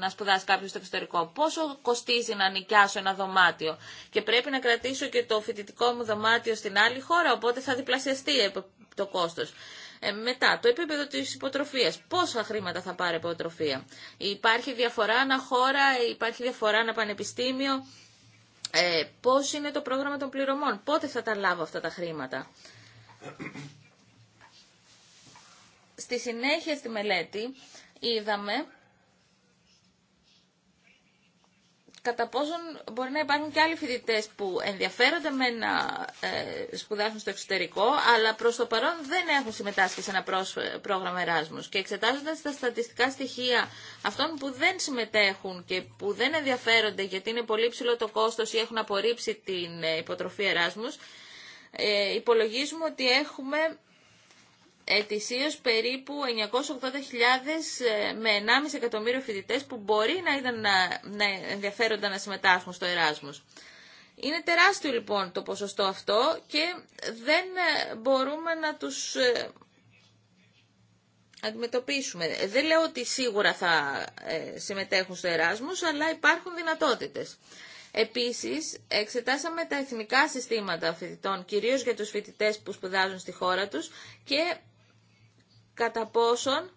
Speaker 4: να, σπουδάσει κάποιος στο εξωτερικό. Πόσο κοστίζει να νοικιάσω ένα δωμάτιο και πρέπει να κρατήσω και το φοιτητικό μου δωμάτιο στην άλλη χώρα, οπότε θα διπλασιαστεί το κόστος. Ε, μετά, το επίπεδο τη υποτροφία. Πόσα χρήματα θα πάρει υποτροφία. Υπάρχει διαφορά ανά χώρα, υπάρχει διαφορά ανά πανεπιστήμιο. Ε, πώς είναι το πρόγραμμα των πληρωμών. Πότε θα τα λάβω αυτά τα χρήματα. Στη συνέχεια στη μελέτη είδαμε κατά πόσον μπορεί να υπάρχουν και άλλοι φοιτητέ που ενδιαφέρονται με να ε, σπουδάσουν στο εξωτερικό, αλλά προς το παρόν δεν έχουν συμμετάσχει σε ένα πρόγραμμα Εράσμου. Και εξετάζοντα τα στατιστικά στοιχεία αυτών που δεν συμμετέχουν και που δεν ενδιαφέρονται γιατί είναι πολύ ψηλό το κόστος ή έχουν απορρίψει την ε, υποτροφή εράσμου, ε, υπολογίζουμε ότι έχουμε ετησίως περίπου 980.000 ε, με 1,5 εκατομμύριο φοιτητές που μπορεί να, ήταν, να, ενδιαφέρονταν να συμμετάσχουν στο Εράσμος. Είναι τεράστιο λοιπόν το ποσοστό αυτό και δεν ε, μπορούμε να τους ε, αντιμετωπίσουμε. Δεν λέω ότι σίγουρα θα συμμετέχουν στο Εράσμος, αλλά υπάρχουν δυνατότητες. Επίσης, εξετάσαμε τα εθνικά συστήματα φοιτητών, κυρίως για τους φοιτητές που σπουδάζουν στη χώρα τους και κατά πόσον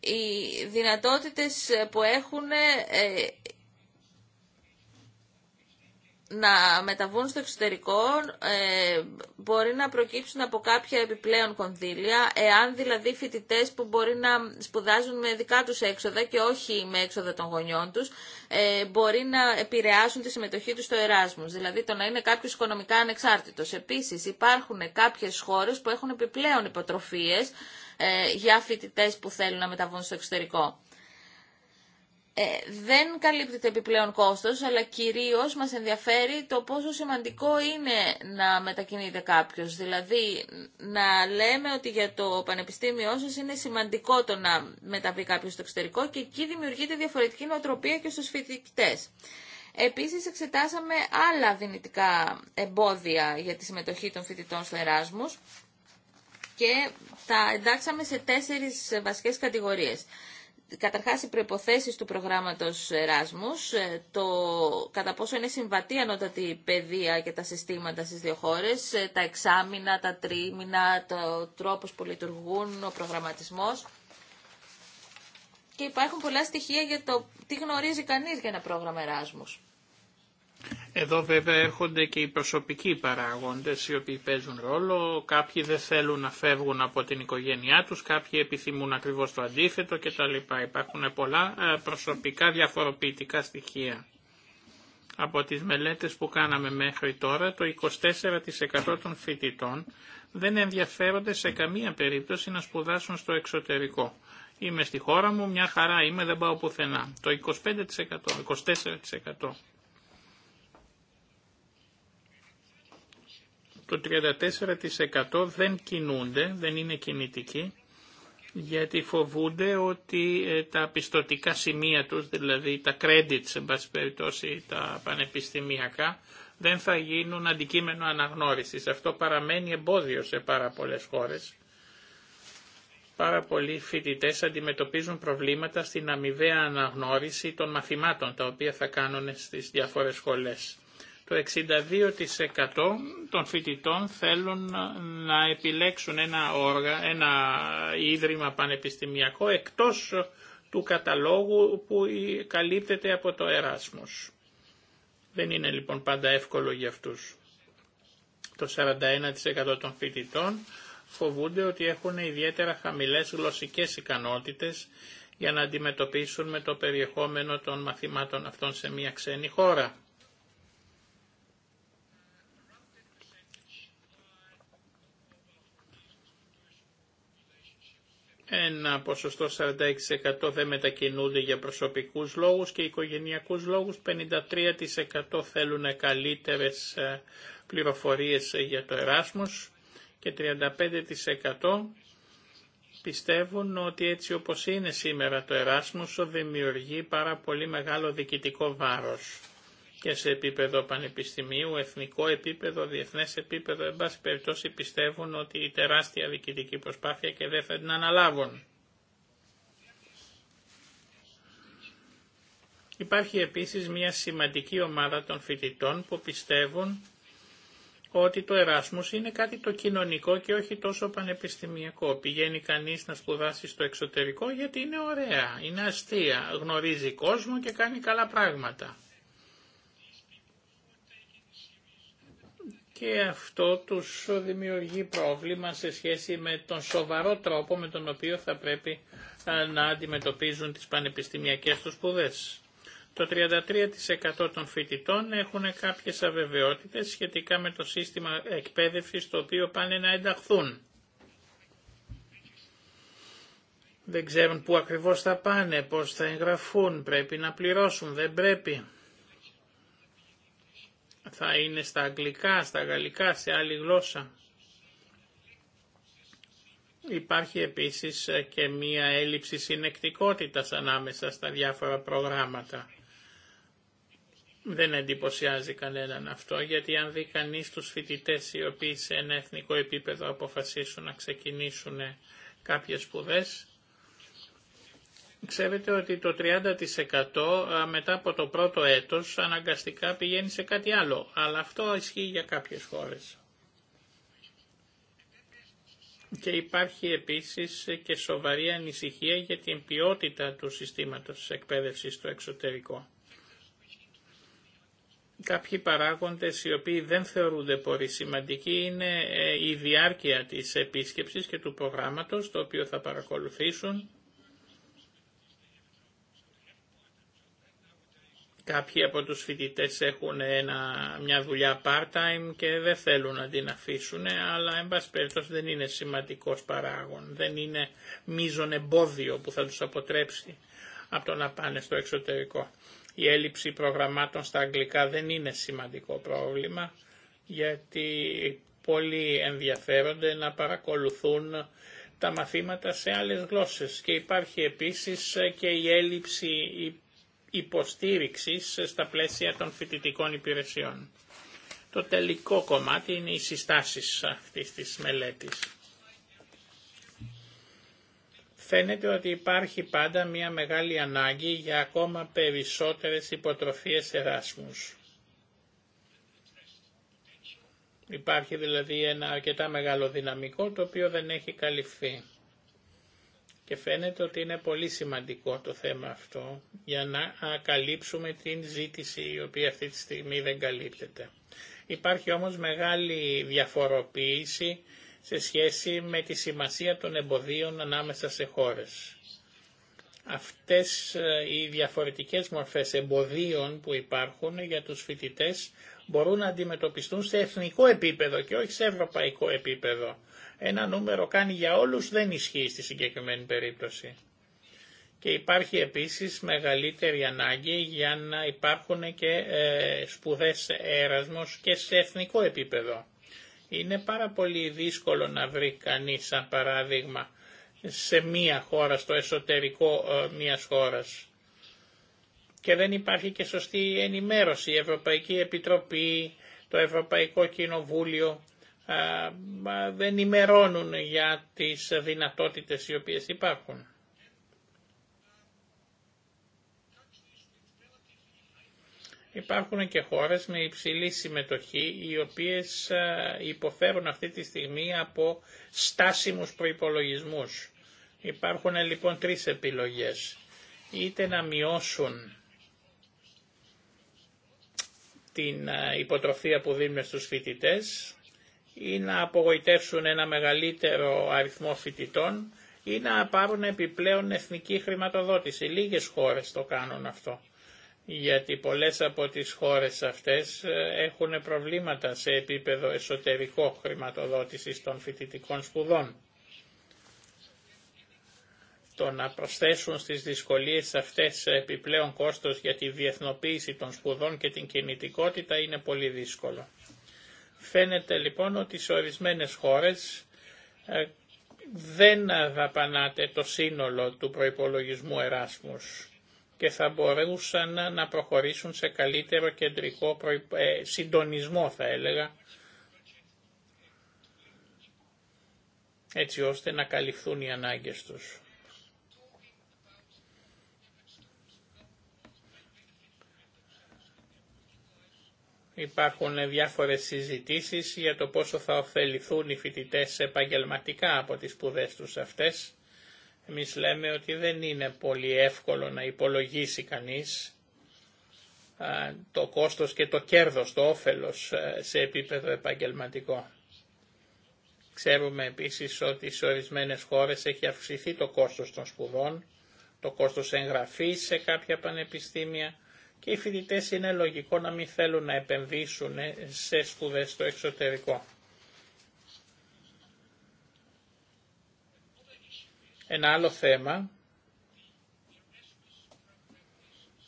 Speaker 4: οι δυνατότητες που έχουν ε, να μεταβούν στο εξωτερικό ε, μπορεί να προκύψουν από κάποια επιπλέον κονδύλια, εάν δηλαδή φοιτητέ που μπορεί να σπουδάζουν με δικά τους έξοδα και όχι με έξοδα των γονιών τους, ε, μπορεί να επηρεάσουν τη συμμετοχή τους στο Εράσμους, δηλαδή το να είναι κάποιος οικονομικά ανεξάρτητος. Επίσης υπάρχουν κάποιες χώρες που έχουν επιπλέον υποτροφίες ε, για φοιτητέ που θέλουν να μεταβούν στο εξωτερικό. Ε, δεν καλύπτεται επιπλέον κόστος, αλλά κυρίως μας ενδιαφέρει το πόσο σημαντικό είναι να μετακινείται κάποιος. Δηλαδή, να λέμε ότι για το πανεπιστήμιό σας είναι σημαντικό το να μεταβεί κάποιος στο εξωτερικό και εκεί δημιουργείται διαφορετική νοοτροπία και στους φοιτητές. Επίσης, εξετάσαμε άλλα δυνητικά εμπόδια για τη συμμετοχή των φοιτητών στο Εράσμους και τα εντάξαμε σε τέσσερις βασικές κατηγορίες καταρχάς οι προϋποθέσεις του προγράμματος Εράσμους, το κατά πόσο είναι συμβατή ανώτατη παιδεία και τα συστήματα στις δύο χώρες, ε, τα εξάμηνα, τα τρίμηνα, το τρόπος που λειτουργούν, ο προγραμματισμός. Και υπάρχουν πολλά στοιχεία για το τι γνωρίζει κανείς για ένα πρόγραμμα Εράσμους.
Speaker 1: Εδώ βέβαια έρχονται και οι προσωπικοί παράγοντες οι οποίοι παίζουν ρόλο. Κάποιοι δεν θέλουν να φεύγουν από την οικογένειά τους, κάποιοι επιθυμούν ακριβώς το αντίθετο κτλ. Υπάρχουν πολλά ε, προσωπικά διαφοροποιητικά στοιχεία. Από τις μελέτες που κάναμε μέχρι τώρα, το 24% των φοιτητών δεν ενδιαφέρονται σε καμία περίπτωση να σπουδάσουν στο εξωτερικό. Είμαι στη χώρα μου, μια χαρά είμαι, δεν πάω πουθενά. Το 25%, 24%. το 34% δεν κινούνται, δεν είναι κινητικοί, γιατί φοβούνται ότι ε, τα πιστοτικά σημεία τους, δηλαδή τα credits, εν πάση περιπτώσει τα πανεπιστημιακά, δεν θα γίνουν αντικείμενο αναγνώρισης. Αυτό παραμένει εμπόδιο σε πάρα πολλές χώρες. Πάρα πολλοί φοιτητέ αντιμετωπίζουν προβλήματα στην αμοιβαία αναγνώριση των μαθημάτων τα οποία θα κάνουν στις διάφορες σχολές. Το 62% των φοιτητών θέλουν να επιλέξουν ένα, όργα, ένα ίδρυμα πανεπιστημιακό εκτός του καταλόγου που καλύπτεται από το Εράσμος. Δεν είναι λοιπόν πάντα εύκολο για αυτούς. Το 41% των φοιτητών φοβούνται ότι έχουν ιδιαίτερα χαμηλές γλωσσικές ικανότητες για να αντιμετωπίσουν με το περιεχόμενο των μαθημάτων αυτών σε μια ξένη χώρα. ένα ποσοστό 46% δεν μετακινούνται για προσωπικούς λόγους και οικογενειακούς λόγους, 53% θέλουν καλύτερες ε, πληροφορίες για το Εράσμος και 35% πιστεύουν ότι έτσι όπως είναι σήμερα το Εράσμος δημιουργεί πάρα πολύ μεγάλο διοικητικό βάρος και σε επίπεδο πανεπιστημίου, εθνικό επίπεδο, διεθνές επίπεδο, εν πάση περιπτώσει πιστεύουν ότι η τεράστια διοικητική προσπάθεια και δεν θα την αναλάβουν. Υπάρχει επίσης μια σημαντική ομάδα των φοιτητών που πιστεύουν ότι το Εράσμους είναι κάτι το κοινωνικό και όχι τόσο πανεπιστημιακό. Πηγαίνει κανείς να σπουδάσει στο εξωτερικό γιατί είναι ωραία, είναι αστεία, γνωρίζει κόσμο και κάνει καλά πράγματα. και αυτό τους δημιουργεί πρόβλημα σε σχέση με τον σοβαρό τρόπο με τον οποίο θα πρέπει να αντιμετωπίζουν τις πανεπιστημιακές τους σπουδέ. Το 33% των φοιτητών έχουν κάποιες αβεβαιότητες σχετικά με το σύστημα εκπαίδευσης το οποίο πάνε να ενταχθούν. Δεν ξέρουν πού ακριβώς θα πάνε, πώς θα εγγραφούν, πρέπει να πληρώσουν, δεν πρέπει θα είναι στα αγγλικά, στα γαλλικά, σε άλλη γλώσσα. Υπάρχει επίσης και μία έλλειψη συνεκτικότητας ανάμεσα στα διάφορα προγράμματα. Δεν εντυπωσιάζει κανέναν αυτό, γιατί αν δει κανεί τους φοιτητές οι οποίοι σε ένα εθνικό επίπεδο αποφασίσουν να ξεκινήσουν κάποιες σπουδές, Ξέρετε ότι το 30% μετά από το πρώτο έτος αναγκαστικά πηγαίνει σε κάτι άλλο, αλλά αυτό ισχύει για κάποιες χώρες. Και υπάρχει επίσης και σοβαρή ανησυχία για την ποιότητα του συστήματος της εκπαίδευσης στο εξωτερικό. Κάποιοι παράγοντες οι οποίοι δεν θεωρούνται πολύ σημαντικοί είναι ε, η διάρκεια της επίσκεψης και του προγράμματος το οποίο θα παρακολουθήσουν Κάποιοι από τους φοιτητές έχουν ένα, μια δουλειά part-time και δεν θέλουν να την αφήσουν, αλλά εν πάση δεν είναι σημαντικός παράγον, δεν είναι μείζον εμπόδιο που θα τους αποτρέψει από το να πάνε στο εξωτερικό. Η έλλειψη προγραμμάτων στα αγγλικά δεν είναι σημαντικό πρόβλημα, γιατί πολλοί ενδιαφέρονται να παρακολουθούν τα μαθήματα σε άλλες γλώσσες και υπάρχει επίσης και η έλλειψη υποστήριξης στα πλαίσια των φοιτητικών υπηρεσιών. Το τελικό κομμάτι είναι οι συστάσεις αυτής της μελέτης. Φαίνεται ότι υπάρχει πάντα μια μεγάλη ανάγκη για ακόμα περισσότερες υποτροφίες εράσμους. Υπάρχει δηλαδή ένα αρκετά μεγάλο δυναμικό το οποίο δεν έχει καλυφθεί. Και φαίνεται ότι είναι πολύ σημαντικό το θέμα αυτό για να καλύψουμε την ζήτηση η οποία αυτή τη στιγμή δεν καλύπτεται. Υπάρχει όμως μεγάλη διαφοροποίηση σε σχέση με τη σημασία των εμποδίων ανάμεσα σε χώρες. Αυτές ε, οι διαφορετικές μορφές εμποδίων που υπάρχουν για τους φοιτητές μπορούν να αντιμετωπιστούν σε εθνικό επίπεδο και όχι σε ευρωπαϊκό επίπεδο. Ένα νούμερο κάνει για όλους δεν ισχύει στη συγκεκριμένη περίπτωση. Και υπάρχει επίσης μεγαλύτερη ανάγκη για να υπάρχουν και ε, σπουδές έρασμος και σε εθνικό επίπεδο. Είναι πάρα πολύ δύσκολο να βρει κανείς, σαν παράδειγμα, σε μία χώρα, στο εσωτερικό ε, μίας χώρας και δεν υπάρχει και σωστή ενημέρωση. Η Ευρωπαϊκή Επιτροπή, το Ευρωπαϊκό Κοινοβούλιο δεν ενημερώνουν για τις δυνατότητες οι οποίες υπάρχουν. Υπάρχουν και χώρες με υψηλή συμμετοχή οι οποίες υποφέρουν αυτή τη στιγμή από στάσιμους προϋπολογισμούς. Υπάρχουν λοιπόν τρεις επιλογές. Είτε να μειώσουν την ε, υποτροφία που δίνουν στους φοιτητές ή να απογοητεύσουν ένα μεγαλύτερο αριθμό φοιτητών ή να πάρουν επιπλέον εθνική χρηματοδότηση. Λίγες χώρες το κάνουν αυτό, γιατί πολλές από τις χώρες αυτές ε, έχουν προβλήματα σε επίπεδο εσωτερικό χρηματοδότησης των φοιτητικών σπουδών το να προσθέσουν στις δυσκολίες αυτές επιπλέον κόστος για τη διεθνοποίηση των σπουδών και την κινητικότητα είναι πολύ δύσκολο. Φαίνεται λοιπόν ότι σε ορισμένες χώρες ε, δεν δαπανάτε το σύνολο του προϋπολογισμού Εράσμους και θα μπορούσαν να προχωρήσουν σε καλύτερο κεντρικό ε, συντονισμό θα έλεγα έτσι ώστε να καλυφθούν οι ανάγκες τους. Υπάρχουν διάφορες συζητήσεις για το πόσο θα ωφεληθούν οι φοιτητές επαγγελματικά από τις σπουδέ τους αυτές. Εμείς λέμε ότι δεν είναι πολύ εύκολο να υπολογίσει κανείς το κόστος και το κέρδος, το όφελος σε επίπεδο επαγγελματικό. Ξέρουμε επίσης ότι σε ορισμένες χώρες έχει αυξηθεί το κόστος των σπουδών, το κόστος εγγραφής σε κάποια πανεπιστήμια και οι φοιτητέ είναι λογικό να μην θέλουν να επενδύσουν ε, σε σπουδές στο εξωτερικό. Ένα άλλο θέμα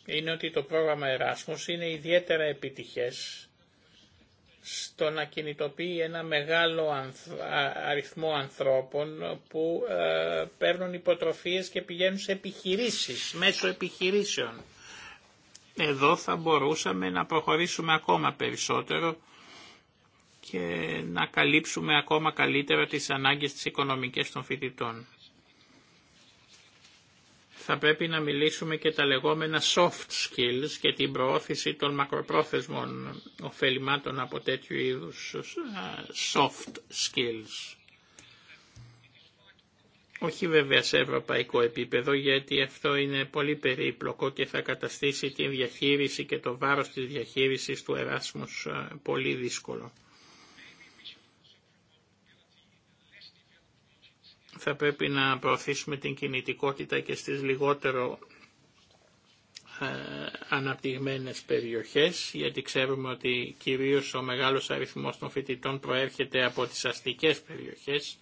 Speaker 1: είναι ότι το πρόγραμμα Εράσμους είναι ιδιαίτερα επιτυχές στο να κινητοποιεί ένα μεγάλο αριθμό ανθρώπων που ε, παίρνουν υποτροφίες και πηγαίνουν σε επιχειρήσεις, μέσω επιχειρήσεων. Εδώ θα μπορούσαμε να προχωρήσουμε ακόμα περισσότερο και να καλύψουμε ακόμα καλύτερα τις ανάγκες της οικονομικής των φοιτητών. Θα πρέπει να μιλήσουμε και τα λεγόμενα soft skills και την προώθηση των μακροπρόθεσμων ωφελημάτων από τέτοιου είδους ε, soft skills όχι βέβαια σε ευρωπαϊκό επίπεδο γιατί αυτό είναι πολύ περίπλοκο και θα καταστήσει την διαχείριση και το βάρος της διαχείρισης του Εράσμους ε, πολύ δύσκολο. Θα πρέπει να προωθήσουμε την κινητικότητα και στις λιγότερο ε, αναπτυγμένες περιοχές, γιατί ξέρουμε ότι κυρίως ο μεγάλος αριθμός των φοιτητών προέρχεται από τις αστικές περιοχές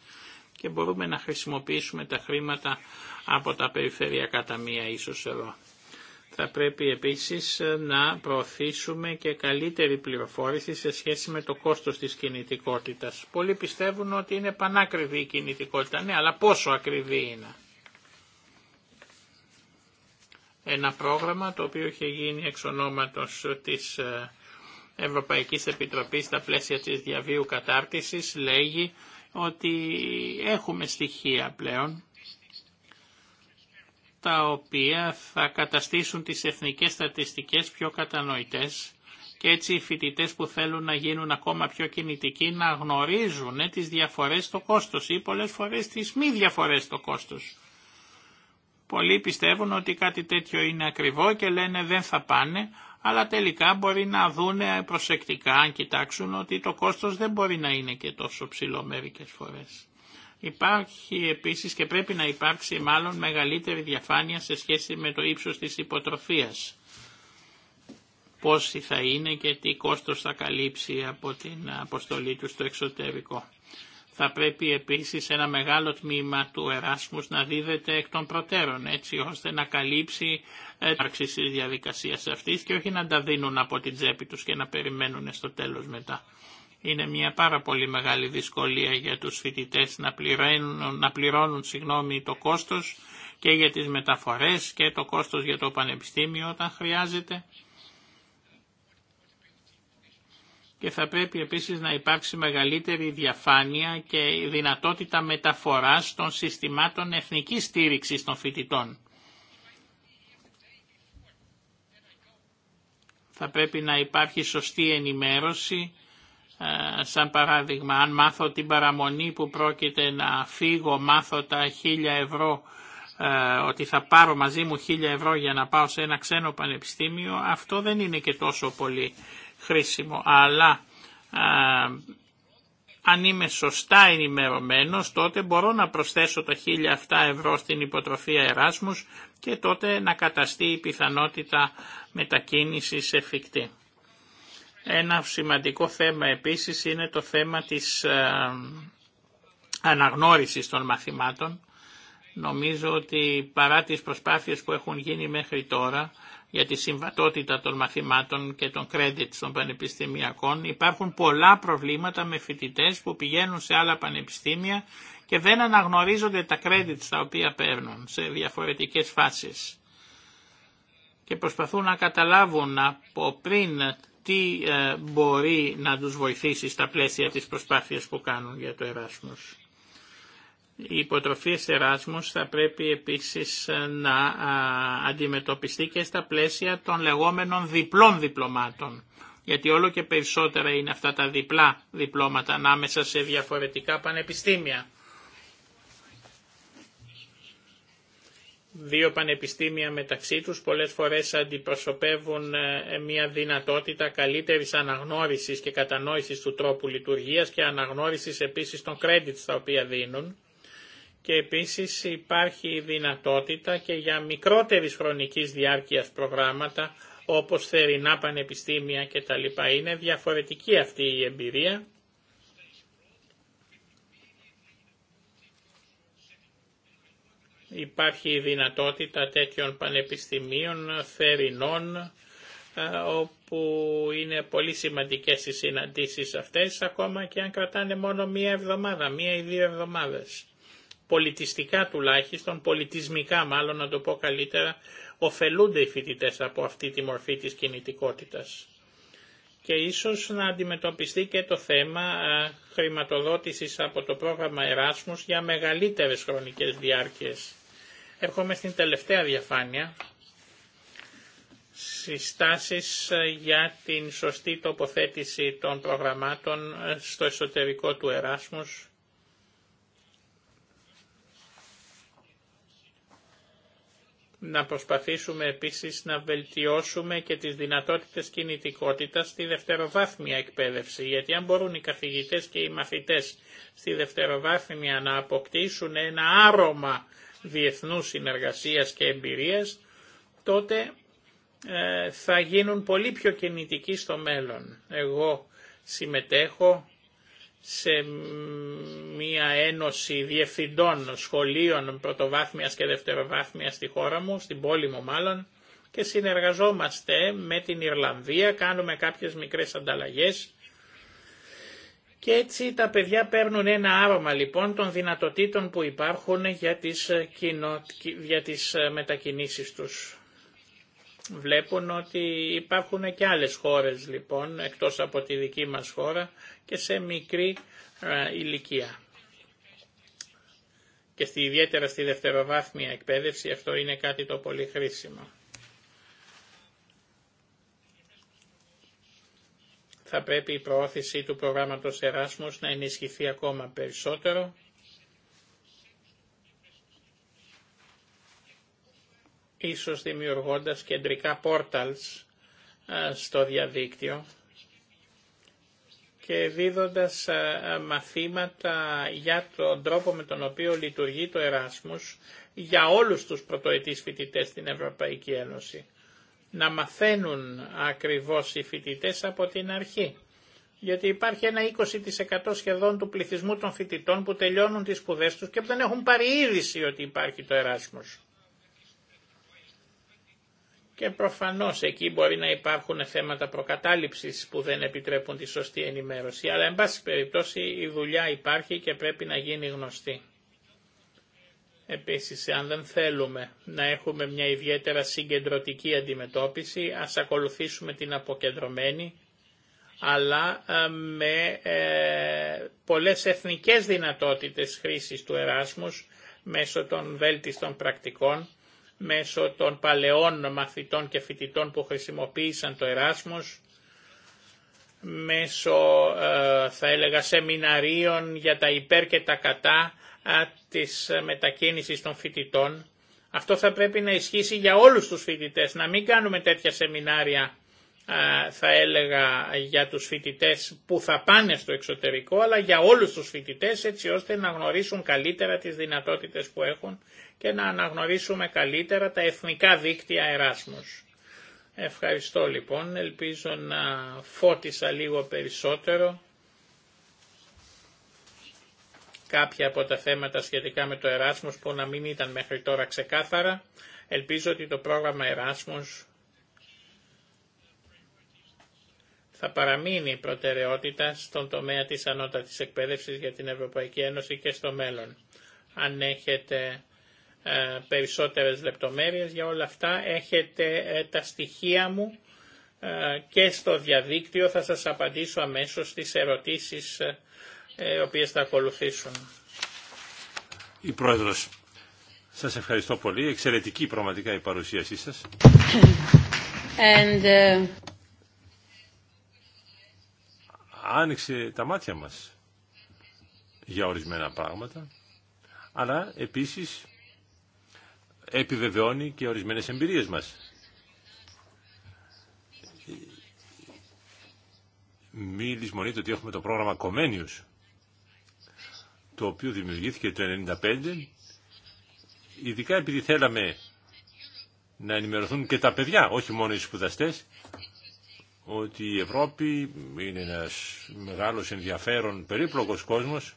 Speaker 1: και μπορούμε να χρησιμοποιήσουμε τα χρήματα από τα περιφερειακά ταμεία ίσως εδώ. Θα πρέπει επίσης να προωθήσουμε και καλύτερη πληροφόρηση σε σχέση με το κόστος της κινητικότητας. Πολλοί πιστεύουν ότι είναι πανάκριβη η κινητικότητα. Ναι, αλλά πόσο ακριβή είναι. Ένα πρόγραμμα το οποίο είχε γίνει εξ ονόματος της ε, Ευρωπαϊκής Επιτροπής στα πλαίσια της διαβίου κατάρτισης λέγει ότι έχουμε στοιχεία πλέον τα οποία θα καταστήσουν τις εθνικές στατιστικές πιο κατανοητές και έτσι οι φοιτητέ που θέλουν να γίνουν ακόμα πιο κινητικοί να γνωρίζουν τις διαφορές στο κόστος ή πολλές φορές τις μη διαφορές στο κόστος. Πολλοί πιστεύουν ότι κάτι τέτοιο είναι ακριβό και λένε δεν θα πάνε, αλλά τελικά μπορεί να δούνε προσεκτικά αν κοιτάξουν ότι το κόστος δεν μπορεί να είναι και τόσο ψηλό μερικέ φορές. Υπάρχει επίσης και πρέπει να υπάρξει μάλλον μεγαλύτερη διαφάνεια σε σχέση με το ύψος της υποτροφίας. πώς θα είναι και τι κόστος θα καλύψει από την αποστολή του στο εξωτερικό. Θα πρέπει επίσης ένα μεγάλο τμήμα του Εράσμους να δίδεται εκ των προτέρων, έτσι ώστε να καλύψει άρξη ε, της διαδικασίας αυτής και όχι να τα δίνουν από την τσέπη τους και να περιμένουν στο τέλος μετά. Είναι μια πάρα πολύ μεγάλη δυσκολία για τους φοιτητές να πληρώνουν, να πληρώνουν συγγνώμη, το κόστος και για τις μεταφορές και το κόστος για το πανεπιστήμιο όταν χρειάζεται. και θα πρέπει επίσης να υπάρξει μεγαλύτερη διαφάνεια και δυνατότητα μεταφοράς των συστημάτων εθνικής στήριξης των φοιτητών. Θα πρέπει να υπάρχει σωστή ενημέρωση, ε, σαν παράδειγμα αν μάθω την παραμονή που πρόκειται να φύγω, μάθω τα χίλια ευρώ ε, ότι θα πάρω μαζί μου χίλια ευρώ για να πάω σε ένα ξένο πανεπιστήμιο, αυτό δεν είναι και τόσο πολύ χρήσιμο, αλλά αν είμαι σωστά ενημερωμένο, τότε μπορώ να προσθέσω τα 1.007 ευρώ στην υποτροφία Εράσμους και τότε να καταστεί η πιθανότητα μετακίνησης εφικτή. Ένα σημαντικό θέμα επίσης είναι το θέμα της αναγνώρισης των μαθημάτων. Νομίζω ότι παρά τις προσπάθειες που έχουν γίνει μέχρι τώρα, για τη συμβατότητα των μαθημάτων και των credits των πανεπιστημιακών. Υπάρχουν πολλά προβλήματα με φοιτητέ που πηγαίνουν σε άλλα πανεπιστήμια και δεν αναγνωρίζονται τα credits τα οποία παίρνουν σε διαφορετικές φάσεις. Και προσπαθούν να καταλάβουν από πριν τι ε, μπορεί να τους βοηθήσει στα πλαίσια της προσπάθειας που κάνουν για το Εράσμος. Η υποτροφή Εράσμους θα πρέπει επίσης ε, να αντιμετωπιστεί και στα πλαίσια των λεγόμενων διπλών διπλωμάτων. Γιατί όλο και περισσότερα είναι αυτά τα διπλά διπλώματα ανάμεσα σε διαφορετικά πανεπιστήμια. Δύο πανεπιστήμια μεταξύ τους πολλές φορές αντιπροσωπεύουν ε, μια δυνατότητα καλύτερης αναγνώρισης και κατανόησης του τρόπου λειτουργίας και αναγνώρισης επίσης των credits τα οποία δίνουν και επίσης υπάρχει δυνατότητα και για μικρότερης χρονικής διάρκειας προγράμματα όπως θερινά πανεπιστήμια κτλ. Είναι διαφορετική αυτή η εμπειρία. Υπάρχει η δυνατότητα τέτοιων πανεπιστημίων θερινών ε, όπου είναι πολύ σημαντικές οι συναντήσεις αυτές ακόμα και αν κρατάνε μόνο μία εβδομάδα, μία ή δύο εβδομάδες πολιτιστικά τουλάχιστον, πολιτισμικά μάλλον να το πω καλύτερα, ωφελούνται οι φοιτητέ από αυτή τη μορφή της κινητικότητας. Και ίσως να αντιμετωπιστεί και το θέμα χρηματοδότησης από το πρόγραμμα Εράσμους για μεγαλύτερες χρονικές διάρκειες. Έρχομαι στην τελευταία διαφάνεια. Συστάσεις για την σωστή τοποθέτηση των προγραμμάτων στο εσωτερικό του Εράσμους να προσπαθήσουμε επίσης να βελτιώσουμε και τις δυνατότητες κινητικότητας στη δευτεροβάθμια εκπαίδευση, γιατί αν μπορούν οι καθηγητές και οι μαθητές στη δευτεροβάθμια να αποκτήσουν ένα άρωμα διεθνούς συνεργασίας και εμπειρίας, τότε ε, θα γίνουν πολύ πιο κινητικοί στο μέλλον. Εγώ συμμετέχω σε μια ένωση διευθυντών σχολείων πρωτοβάθμιας και δευτεροβάθμιας στη χώρα μου, στην πόλη μου μάλλον, και συνεργαζόμαστε με την Ιρλανδία, κάνουμε κάποιες μικρές ανταλλαγές και έτσι τα παιδιά παίρνουν ένα άρωμα λοιπόν των δυνατοτήτων που υπάρχουν για τις, κοινο... για τις μετακινήσεις τους βλέπουν ότι υπάρχουν και άλλες χώρες λοιπόν εκτός από τη δική μας χώρα και σε μικρή ε, ηλικία. Και στη, ιδιαίτερα στη δευτεροβάθμια εκπαίδευση αυτό είναι κάτι το πολύ χρήσιμο. Θα πρέπει η προώθηση του προγράμματος Εράσμους να ενισχυθεί ακόμα περισσότερο ίσως δημιουργώντας κεντρικά πόρταλς ε, στο διαδίκτυο και δίδοντας ε, ε, μαθήματα για τον τρόπο με τον οποίο λειτουργεί το Εράσμους για όλους τους πρωτοετής φοιτητές στην Ευρωπαϊκή Ένωση. Να μαθαίνουν ακριβώς οι φοιτητές από την αρχή. Γιατί υπάρχει ένα 20% σχεδόν του πληθυσμού των φοιτητών που τελειώνουν τις σπουδές τους και που δεν έχουν πάρει είδηση ότι υπάρχει το Εράσμος και προφανώς εκεί μπορεί να υπάρχουν θέματα προκατάληψης που δεν επιτρέπουν τη σωστή ενημέρωση, αλλά εν πάση περιπτώσει η δουλειά υπάρχει και πρέπει να γίνει γνωστή. Επίσης, αν δεν θέλουμε να έχουμε μια ιδιαίτερα συγκεντρωτική αντιμετώπιση, ας ακολουθήσουμε την αποκεντρωμένη, αλλά ε, με ε, πολλές εθνικές δυνατότητες χρήσης του Εράσμους μέσω των βέλτιστων πρακτικών, μέσω των παλαιών μαθητών και φοιτητών που χρησιμοποίησαν το Εράσμος, μέσω ε, θα έλεγα σεμιναρίων για τα υπέρ και τα κατά της μετακίνησης των φοιτητών. Αυτό θα πρέπει να ισχύσει για όλους τους φοιτητές, να μην κάνουμε τέτοια σεμινάρια θα έλεγα για τους φοιτητές που θα πάνε στο εξωτερικό αλλά για όλους τους φοιτητές έτσι ώστε να γνωρίσουν καλύτερα τις δυνατότητες που έχουν και να αναγνωρίσουμε καλύτερα τα εθνικά δίκτυα Εράσμους. Ευχαριστώ λοιπόν, ελπίζω να φώτισα λίγο περισσότερο κάποια από τα θέματα σχετικά με το Εράσμος που να μην ήταν μέχρι τώρα ξεκάθαρα. Ελπίζω ότι το πρόγραμμα Εράσμος θα παραμείνει προτεραιότητα στον τομέα της ανώτατης εκπαίδευσης για την Ευρωπαϊκή Ένωση και στο μέλλον. Αν έχετε ε, περισσότερες λεπτομέρειες. Για όλα αυτά έχετε ε, τα στοιχεία μου ε, και στο διαδίκτυο. Θα σας απαντήσω αμέσως στις ερωτήσεις οι οποίες θα ακολουθήσουν.
Speaker 2: Η Πρόεδρος, σας ευχαριστώ πολύ. Εξαιρετική πραγματικά η παρουσίασή σας.
Speaker 3: And,
Speaker 2: Άνοιξε τα μάτια μας για ορισμένα πράγματα, αλλά επίσης επιβεβαιώνει και ορισμένες εμπειρίες μας. Μη λησμονείτε ότι έχουμε το πρόγραμμα Κομένιους, το οποίο δημιουργήθηκε το 1995, ειδικά επειδή θέλαμε να ενημερωθούν και τα παιδιά, όχι μόνο οι σπουδαστές, ότι η Ευρώπη είναι ένας μεγάλος ενδιαφέρον περίπλοκος κόσμος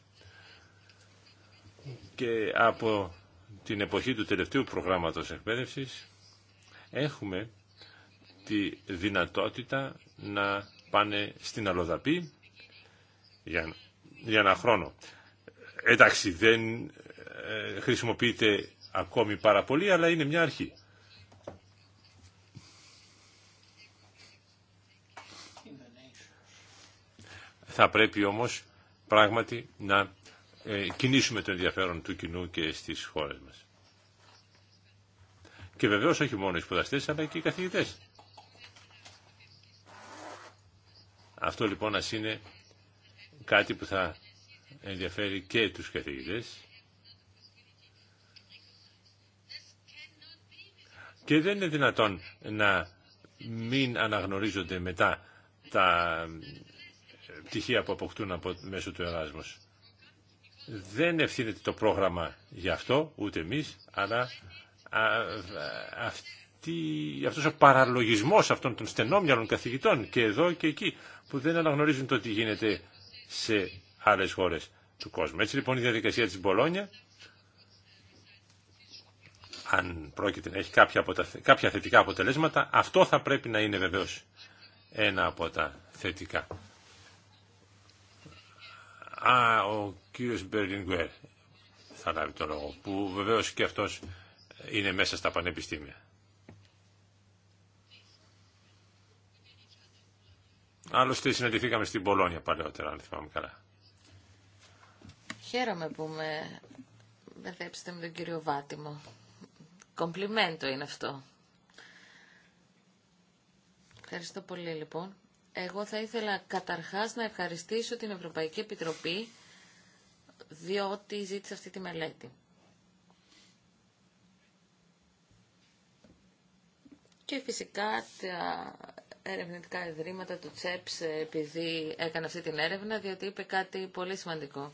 Speaker 2: και από την εποχή του τελευταίου προγράμματος εκπαίδευσης έχουμε τη δυνατότητα να πάνε στην Αλοδαπή για, για ένα χρόνο. Εντάξει, δεν ε, χρησιμοποιείται ακόμη πάρα πολύ, αλλά είναι μια αρχή. Θα πρέπει όμως πράγματι να ε, κινήσουμε το ενδιαφέρον του κοινού και στις χώρες μας. Και βεβαίως όχι μόνο οι σπουδαστές αλλά και οι καθηγητές. Αυτό λοιπόν ας είναι κάτι που θα ενδιαφέρει και τους καθηγητές. Και δεν είναι δυνατόν να μην αναγνωρίζονται μετά τα πτυχία που αποκτούν μέσω του Εράσμου. Δεν ευθύνεται το πρόγραμμα για αυτό, ούτε εμείς, αλλά α, αυτός ο παραλογισμός αυτών των στενόμυαλων καθηγητών και εδώ και εκεί που δεν αναγνωρίζουν το τι γίνεται σε άλλες χώρες του κόσμου. Έτσι λοιπόν η διαδικασία της Μπολόνια, αν πρόκειται να έχει κάποια, αποτα... κάποια θετικά αποτελέσματα, αυτό θα πρέπει να είναι βεβαίως ένα από τα θετικά. Α, ο κύριος Μπερλινγκουέρ θα λάβει το λόγο, που βεβαίως και αυτός είναι μέσα στα πανεπιστήμια. Άλλωστε συναντηθήκαμε στην Πολόνια παλαιότερα, αν θυμάμαι καλά.
Speaker 4: Χαίρομαι που με μπερδέψετε με τον κύριο Βάτιμο. Κομπλιμέντο είναι αυτό. Ευχαριστώ πολύ λοιπόν. Εγώ θα ήθελα καταρχάς να ευχαριστήσω την Ευρωπαϊκή Επιτροπή διότι ζήτησε αυτή τη μελέτη. Και φυσικά τα ερευνητικά ιδρύματα του ΤΣΕΠΣ επειδή έκανε αυτή την έρευνα, διότι είπε κάτι πολύ σημαντικό.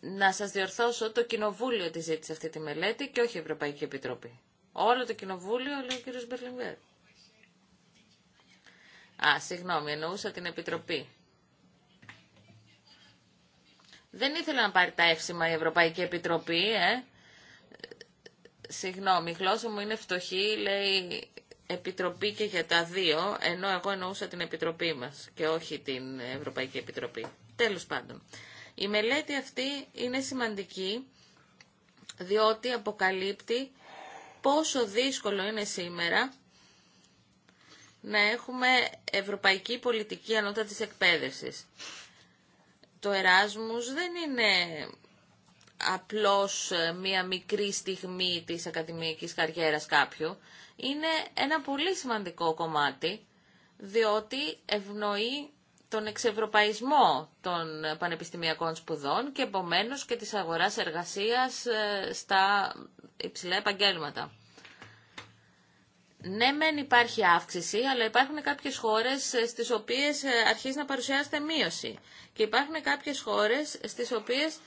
Speaker 4: Να σας διορθώσω, το Κοινοβούλιο τη ζήτησε αυτή τη μελέτη και όχι η Ευρωπαϊκή Επιτροπή. Όλο το Κοινοβούλιο, λέει ο κ. Μπερλιγκέρ. Α, συγγνώμη, εννοούσα την Επιτροπή. Δεν ήθελα να πάρει τα εύσημα η Ευρωπαϊκή Επιτροπή, ε. Συγγνώμη, η γλώσσα μου είναι φτωχή, λέει Επιτροπή και για τα δύο, ενώ εγώ εννοούσα την Επιτροπή μας και όχι την Ευρωπαϊκή Επιτροπή. Τέλος πάντων, η μελέτη αυτή είναι σημαντική διότι αποκαλύπτει πόσο δύσκολο είναι σήμερα να έχουμε ευρωπαϊκή πολιτική ανώτατης εκπαίδευσης το Εράσμους δεν είναι απλώς ε, μία μικρή στιγμή της ακαδημιακής καριέρας κάποιου. Είναι ένα πολύ σημαντικό κομμάτι, διότι ευνοεί τον εξευρωπαϊσμό των πανεπιστημιακών σπουδών και επομένως και της αγοράς εργασίας ε, στα υψηλά επαγγέλματα ναι μεν υπάρχει αύξηση, αλλά υπάρχουν κάποιες χώρες ε, στις οποίες ε, αρχίζει να παρουσιάζεται μείωση. Και υπάρχουν κάποιες χώρες ε, στις οποίες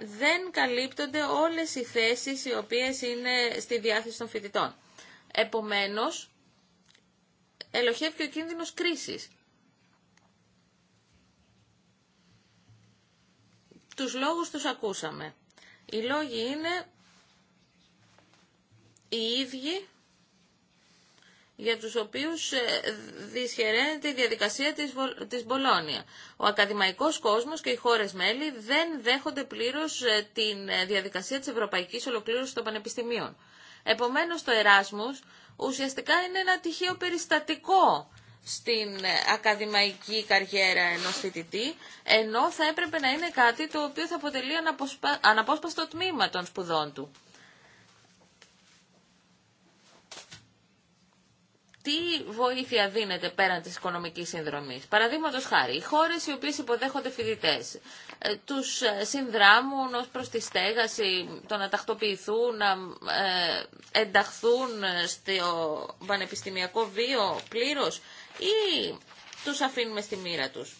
Speaker 4: δεν καλύπτονται όλες οι θέσεις οι οποίες είναι στη διάθεση των φοιτητών. Επομένως, ελοχεύει ο κίνδυνος κρίσης. Τους λόγους τους ακούσαμε. Οι λόγοι είναι οι ίδιοι για τους οποίους ε, δυσχεραίνεται η διαδικασία της, της Μπολόνια. Ο ακαδημαϊκός κόσμος και οι χώρες μέλη δεν δέχονται πλήρως ε, την ε, διαδικασία της ευρωπαϊκής ολοκλήρωσης των πανεπιστημίων. Επομένως το Εράσμους ουσιαστικά είναι ένα τυχαίο περιστατικό στην ακαδημαϊκή καριέρα ενός φοιτητή, ενώ θα έπρεπε να είναι κάτι το οποίο θα αποτελεί αναπόσπαστο τμήμα των σπουδών του. τι βοήθεια δίνεται πέραν της οικονομικής συνδρομής. Παραδείγματος χάρη, οι χώρες οι οποίες υποδέχονται φοιτητές, ε, τους ε, συνδράμουν ως προς τη στέγαση, το να τακτοποιηθούν, να ε, ενταχθούν στο πανεπιστημιακό βίο πλήρως ή τους αφήνουμε στη μοίρα τους.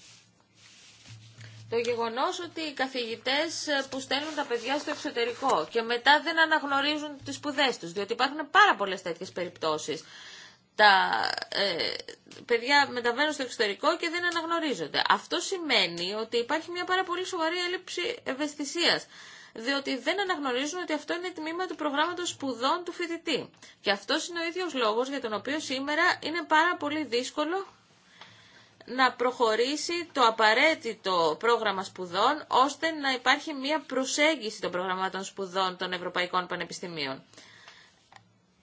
Speaker 4: Το γεγονός ότι οι καθηγητές που στέλνουν τα παιδιά στο εξωτερικό και μετά δεν αναγνωρίζουν τις σπουδέ τους, διότι υπάρχουν πάρα πολλές τέτοιες περιπτώσεις τα ε, παιδιά μεταβαίνουν στο εξωτερικό και δεν αναγνωρίζονται. Αυτό σημαίνει ότι υπάρχει μια πάρα πολύ σοβαρή έλλειψη ευαισθησίας, διότι δεν αναγνωρίζουν ότι αυτό είναι τμήμα του προγράμματος σπουδών του φοιτητή. Και αυτό είναι ο ίδιος λόγος για τον οποίο σήμερα είναι πάρα πολύ δύσκολο να προχωρήσει το απαραίτητο πρόγραμμα σπουδών, ώστε να υπάρχει μια προσέγγιση των προγραμμάτων σπουδών των Ευρωπαϊκών Πανεπιστημίων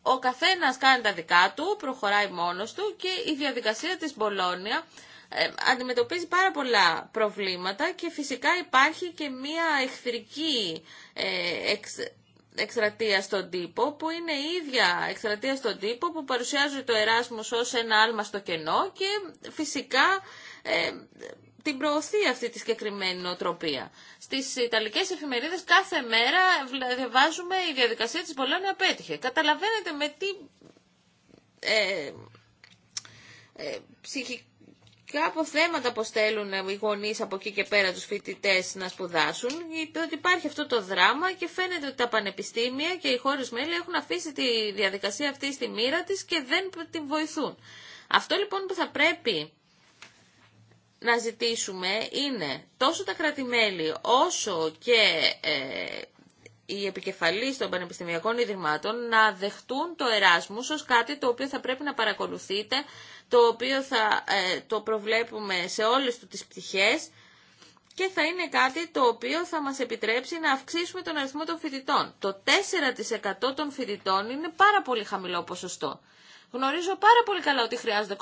Speaker 4: ο καθένας κάνει τα δικά του, προχωράει μόνος του και η διαδικασία της Μπολόνια ε, αντιμετωπίζει πάρα πολλά προβλήματα και φυσικά υπάρχει και μία εχθρική ε, εξ, εκστρατεία στον τύπο που είναι η ίδια εκστρατεία στον τύπο που παρουσιάζει το Εράσμος ως ένα άλμα στο κενό και φυσικά ε, την προωθεί αυτή τη συγκεκριμένη νοοτροπία. Στις Ιταλικές εφημερίδες κάθε μέρα διαβάζουμε η διαδικασία τη Μπολόνια απέτυχε. Καταλαβαίνετε με τι ε, ε, ψυχικά αποθέματα στέλνουν οι γονείς από εκεί και πέρα τους φοιτητέ να σπουδάσουν. Ότι υπάρχει αυτό το δράμα και φαίνεται ότι τα πανεπιστήμια και οι χώρες μέλη έχουν αφήσει τη διαδικασία αυτή στη μοίρα της και δεν την βοηθούν. Αυτό λοιπόν που θα πρέπει να ζητήσουμε είναι τόσο τα κρατημέλη όσο και ε, οι επικεφαλείς των πανεπιστημιακών ιδρυμάτων να δεχτούν το Εράσμους ως κάτι το οποίο θα πρέπει να παρακολουθείτε, το οποίο θα ε, το προβλέπουμε σε όλες του τις πτυχές και θα είναι κάτι το οποίο θα μας επιτρέψει να αυξήσουμε τον αριθμό των φοιτητών. Το 4% των φοιτητών είναι πάρα πολύ χαμηλό ποσοστό. Γνωρίζω πάρα πολύ καλά ότι χρειάζονται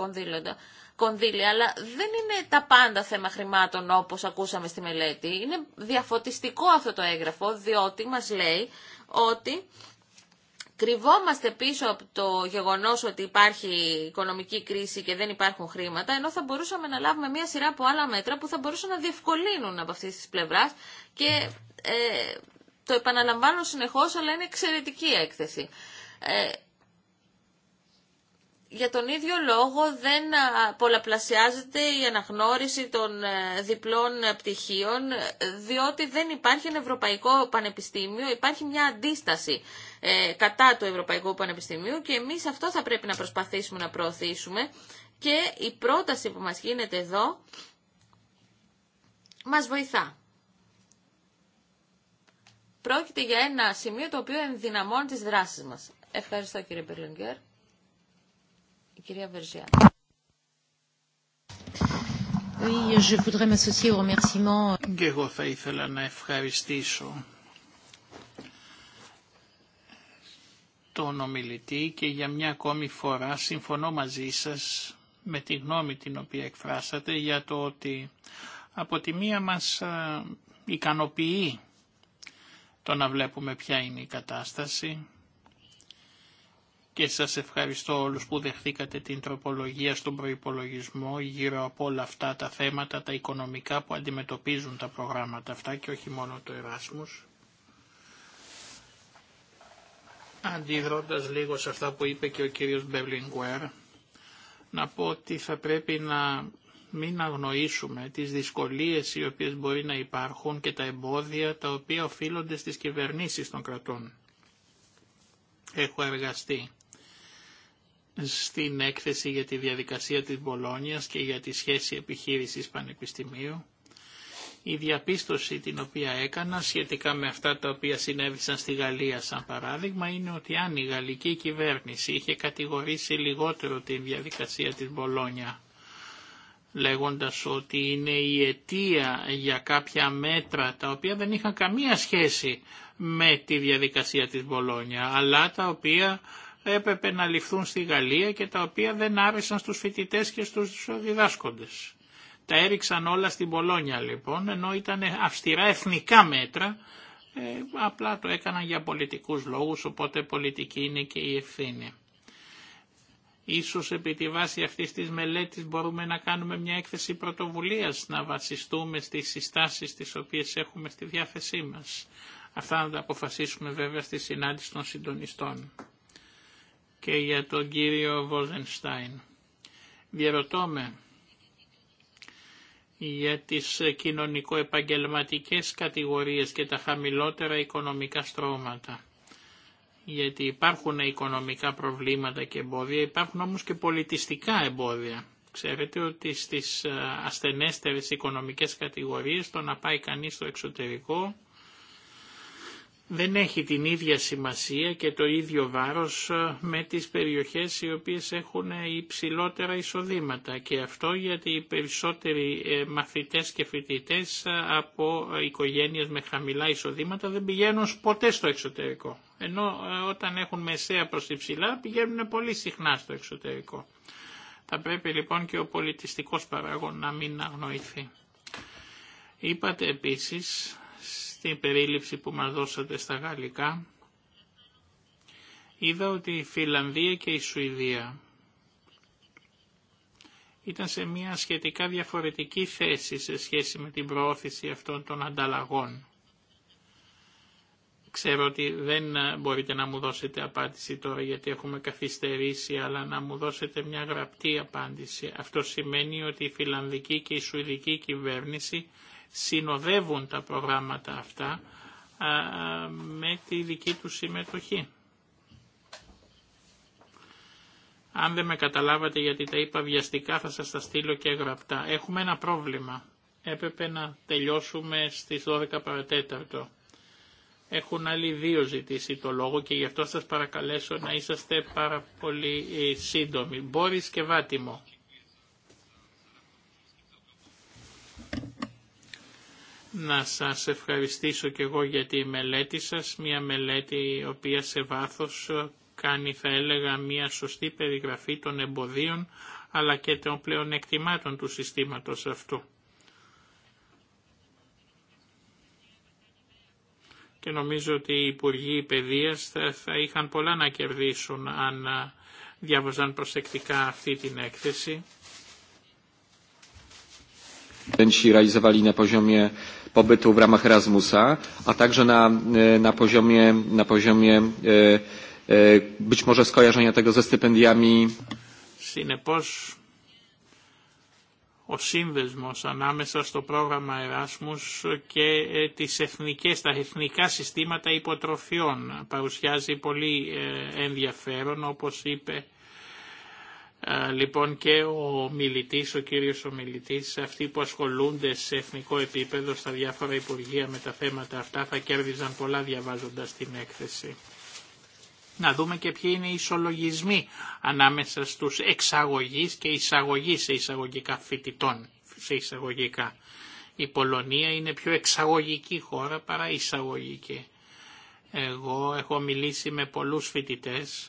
Speaker 4: κονδύλια, αλλά δεν είναι τα πάντα θέμα χρημάτων όπω ακούσαμε στη μελέτη. Είναι διαφωτιστικό αυτό το έγγραφο, διότι μα λέει ότι κρυβόμαστε πίσω από το γεγονό ότι υπάρχει οικονομική κρίση και δεν υπάρχουν χρήματα, ενώ θα μπορούσαμε να λάβουμε μία σειρά από άλλα μέτρα που θα μπορούσαν να διευκολύνουν από αυτή τη πλευρά και ε, το επαναλαμβάνω συνεχώ, αλλά είναι εξαιρετική έκθεση. Ε, για τον ίδιο λόγο δεν πολλαπλασιάζεται η αναγνώριση των ε, διπλών ε, πτυχίων, ε, διότι δεν υπάρχει ένα Ευρωπαϊκό Πανεπιστήμιο, υπάρχει μια αντίσταση κατά του Ευρωπαϊκού Πανεπιστημίου και εμείς αυτό θα πρέπει να προσπαθήσουμε να προωθήσουμε και η πρόταση που μας γίνεται εδώ μας βοηθά. Πρόκειται για ένα σημείο το οποίο ενδυναμώνει τις δράσεις μας. Ευχαριστώ κύριε Μπερλενγκέρ. Και
Speaker 1: εγώ θα ήθελα να ευχαριστήσω τον ομιλητή και για μια ακόμη φορά συμφωνώ μαζί σας με τη γνώμη την οποία εκφράσατε για το ότι από τη μία μας ικανοποιεί το να βλέπουμε ποια είναι η κατάσταση και σας ευχαριστώ όλους που δεχθήκατε την τροπολογία στον προϋπολογισμό γύρω από όλα αυτά τα θέματα, τα οικονομικά που αντιμετωπίζουν τα προγράμματα αυτά και όχι μόνο το Εράσμους. Αντιδρώντας λίγο σε αυτά που είπε και ο κύριος Μπεβλινγκουέρ, να πω ότι θα πρέπει να μην αγνοήσουμε τις δυσκολίες οι οποίες μπορεί να υπάρχουν και τα εμπόδια τα οποία οφείλονται στις κυβερνήσεις των κρατών. Έχω εργαστεί στην έκθεση για τη διαδικασία της Μπολόνιας και για τη σχέση επιχείρησης πανεπιστημίου. Η διαπίστωση την οποία έκανα σχετικά με αυτά τα οποία συνέβησαν στη Γαλλία σαν παράδειγμα είναι ότι αν η γαλλική κυβέρνηση είχε κατηγορήσει λιγότερο τη διαδικασία της Μπολόνια λέγοντας ότι είναι η αιτία για κάποια μέτρα τα οποία δεν είχαν καμία σχέση με τη διαδικασία της Μπολόνια αλλά τα οποία έπρεπε να ληφθούν στη Γαλλία και τα οποία δεν άρεσαν στους φοιτητές και στους διδάσκοντες. Τα έριξαν όλα στην Πολόνια λοιπόν, ενώ ήταν αυστηρά εθνικά μέτρα, ε, απλά το έκαναν για πολιτικούς λόγους, οπότε πολιτική είναι και η ευθύνη. Ίσως επί τη βάση αυτής της μελέτης μπορούμε να κάνουμε μια έκθεση πρωτοβουλίας, να βασιστούμε στις συστάσεις τις οποίες έχουμε στη διάθεσή μας. Αυτά να τα αποφασίσουμε βέβαια στη συνάντηση των συντονιστών και για τον κύριο Βόζενστάιν. Διερωτώ με για τις ε, κοινωνικο-επαγγελματικές κατηγορίες και τα χαμηλότερα οικονομικά στρώματα. Γιατί υπάρχουν οικονομικά προβλήματα και εμπόδια, υπάρχουν όμως και πολιτιστικά εμπόδια. Ξέρετε ότι στις ε, ασθενέστερες οικονομικές κατηγορίες το να πάει κανείς στο εξωτερικό δεν έχει την ίδια σημασία και το ίδιο βάρος ε, με τις περιοχές οι οποίες έχουν ε, υψηλότερα εισοδήματα και αυτό γιατί οι περισσότεροι ε, μαθητές και φοιτητές από οικογένειες με χαμηλά εισοδήματα δεν πηγαίνουν ποτέ στο εξωτερικό. Ενώ όταν έχουν μεσαία προς υψηλά πηγαίνουν πολύ συχνά στο εξωτερικό. Θα πρέπει λοιπόν και ο πολιτιστικός παράγων να μην αγνοηθεί. Είπατε επίσης στην περίληψη που μας δώσατε στα γαλλικά, είδα ότι η Φιλανδία και η Σουηδία ήταν σε μια σχετικά διαφορετική θέση σε σχέση με την προώθηση αυτών των ανταλλαγών. Ξέρω ότι δεν ε, μπορείτε να μου δώσετε απάντηση τώρα γιατί έχουμε καθυστερήσει, αλλά να μου δώσετε μια γραπτή απάντηση. Αυτό σημαίνει ότι η φιλανδική και η σουηδική κυβέρνηση συνοδεύουν τα προγράμματα αυτά με τη δική του συμμετοχή. Αν δεν με καταλάβατε γιατί τα είπα βιαστικά θα σας τα στείλω και γραπτά. Έχουμε ένα πρόβλημα. Έπρεπε να τελειώσουμε στις 12 παρατέταρτο. Έχουν άλλοι δύο ζητήσει το λόγο και γι' αυτό σας παρακαλέσω να είσαστε πάρα πολύ ε, σύντομοι. Μπόρις και Βάτιμο. να σας ευχαριστήσω και εγώ για τη μελέτη σας, μια μελέτη η οποία σε βάθος κάνει θα έλεγα μια σωστή περιγραφή των εμποδίων αλλά και των εκτιμάτων του συστήματος αυτού. Και νομίζω ότι οι Υπουργοί Παιδείας θα, θα είχαν πολλά να κερδίσουν αν ε, διάβαζαν προσεκτικά αυτή την έκθεση realizowali na poziomie pobytu w ramach Erasmusa, a także na e, poziomie e, e, być może skojarzenia tego ze stypendiami. Συνεπώς, ο σύνδεσμος ανάμεσα στο πρόγραμμα Εράσμους και ε, τις εθνικές, τα εθνικά συστήματα υποτροφιών παρουσιάζει πολύ ε, ενδιαφέρον, όπως είπε λοιπόν και ο μιλητής, ο κύριος ομιλητής, αυτοί που ασχολούνται σε εθνικό επίπεδο στα διάφορα υπουργεία με τα θέματα αυτά θα κέρδιζαν πολλά διαβάζοντας την έκθεση. Να δούμε και ποιοι είναι οι ισολογισμοί ανάμεσα στους εξαγωγείς και εισαγωγείς σε εισαγωγικά φοιτητών, σε εισαγωγικά. Η Πολωνία είναι πιο εξαγωγική χώρα παρά εισαγωγική. Εγώ έχω μιλήσει με πολλούς φοιτητές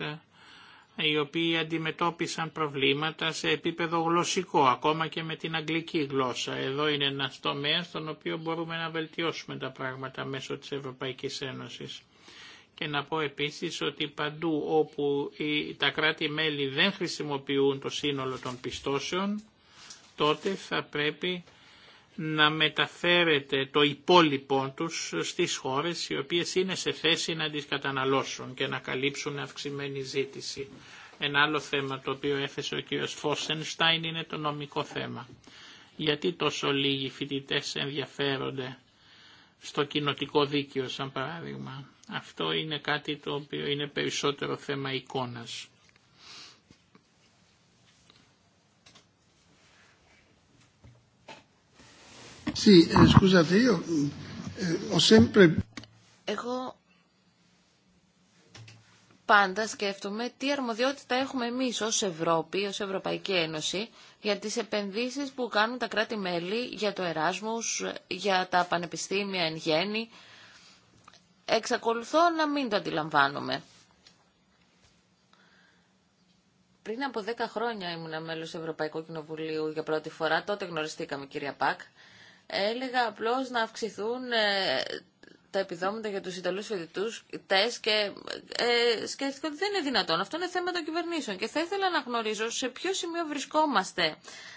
Speaker 1: οι οποίοι αντιμετώπισαν προβλήματα σε επίπεδο γλωσσικό, ακόμα και με την αγγλική γλώσσα. Εδώ είναι ένα τομέα στον οποίο μπορούμε να βελτιώσουμε τα πράγματα μέσω της Ευρωπαϊκής Ένωσης. Και να πω επίσης ότι παντού όπου τα κράτη-μέλη δεν χρησιμοποιούν το σύνολο των πιστώσεων, τότε θα πρέπει να μεταφέρεται το υπόλοιπό τους στις χώρες οι οποίες είναι σε θέση να τις καταναλώσουν και να καλύψουν αυξημένη ζήτηση. Ένα άλλο θέμα το οποίο έθεσε ο κ. Φώσενστάιν είναι το νομικό θέμα. Γιατί τόσο λίγοι φοιτητέ ενδιαφέρονται στο κοινοτικό δίκαιο σαν παράδειγμα. Αυτό είναι κάτι το οποίο είναι περισσότερο θέμα εικόνας. Eh, eh,
Speaker 4: Εγώ πάντα σκέφτομαι τι αρμοδιότητα έχουμε εμείς ως Ευρώπη, ως Ευρωπαϊκή Ένωση, για τις επενδύσεις που κάνουν τα κράτη-μέλη για το Εράσμους, για τα πανεπιστήμια εν γέννη. Εξακολουθώ να μην το αντιλαμβάνομαι. Πριν από δέκα χρόνια ήμουν μέλος Ευρωπαϊκού Κοινοβουλίου για πρώτη φορά, τότε γνωριστήκαμε κυρία Πακ Έλεγα απλώς να αυξηθούν ε, τα επιδόματα για τους Ιταλούς φοιτητούς τε. και ε, σκέφτηκα ότι δεν είναι δυνατόν. Αυτό είναι θέμα των κυβερνήσεων και θα ήθελα να γνωρίζω σε ποιο σημείο βρισκόμαστε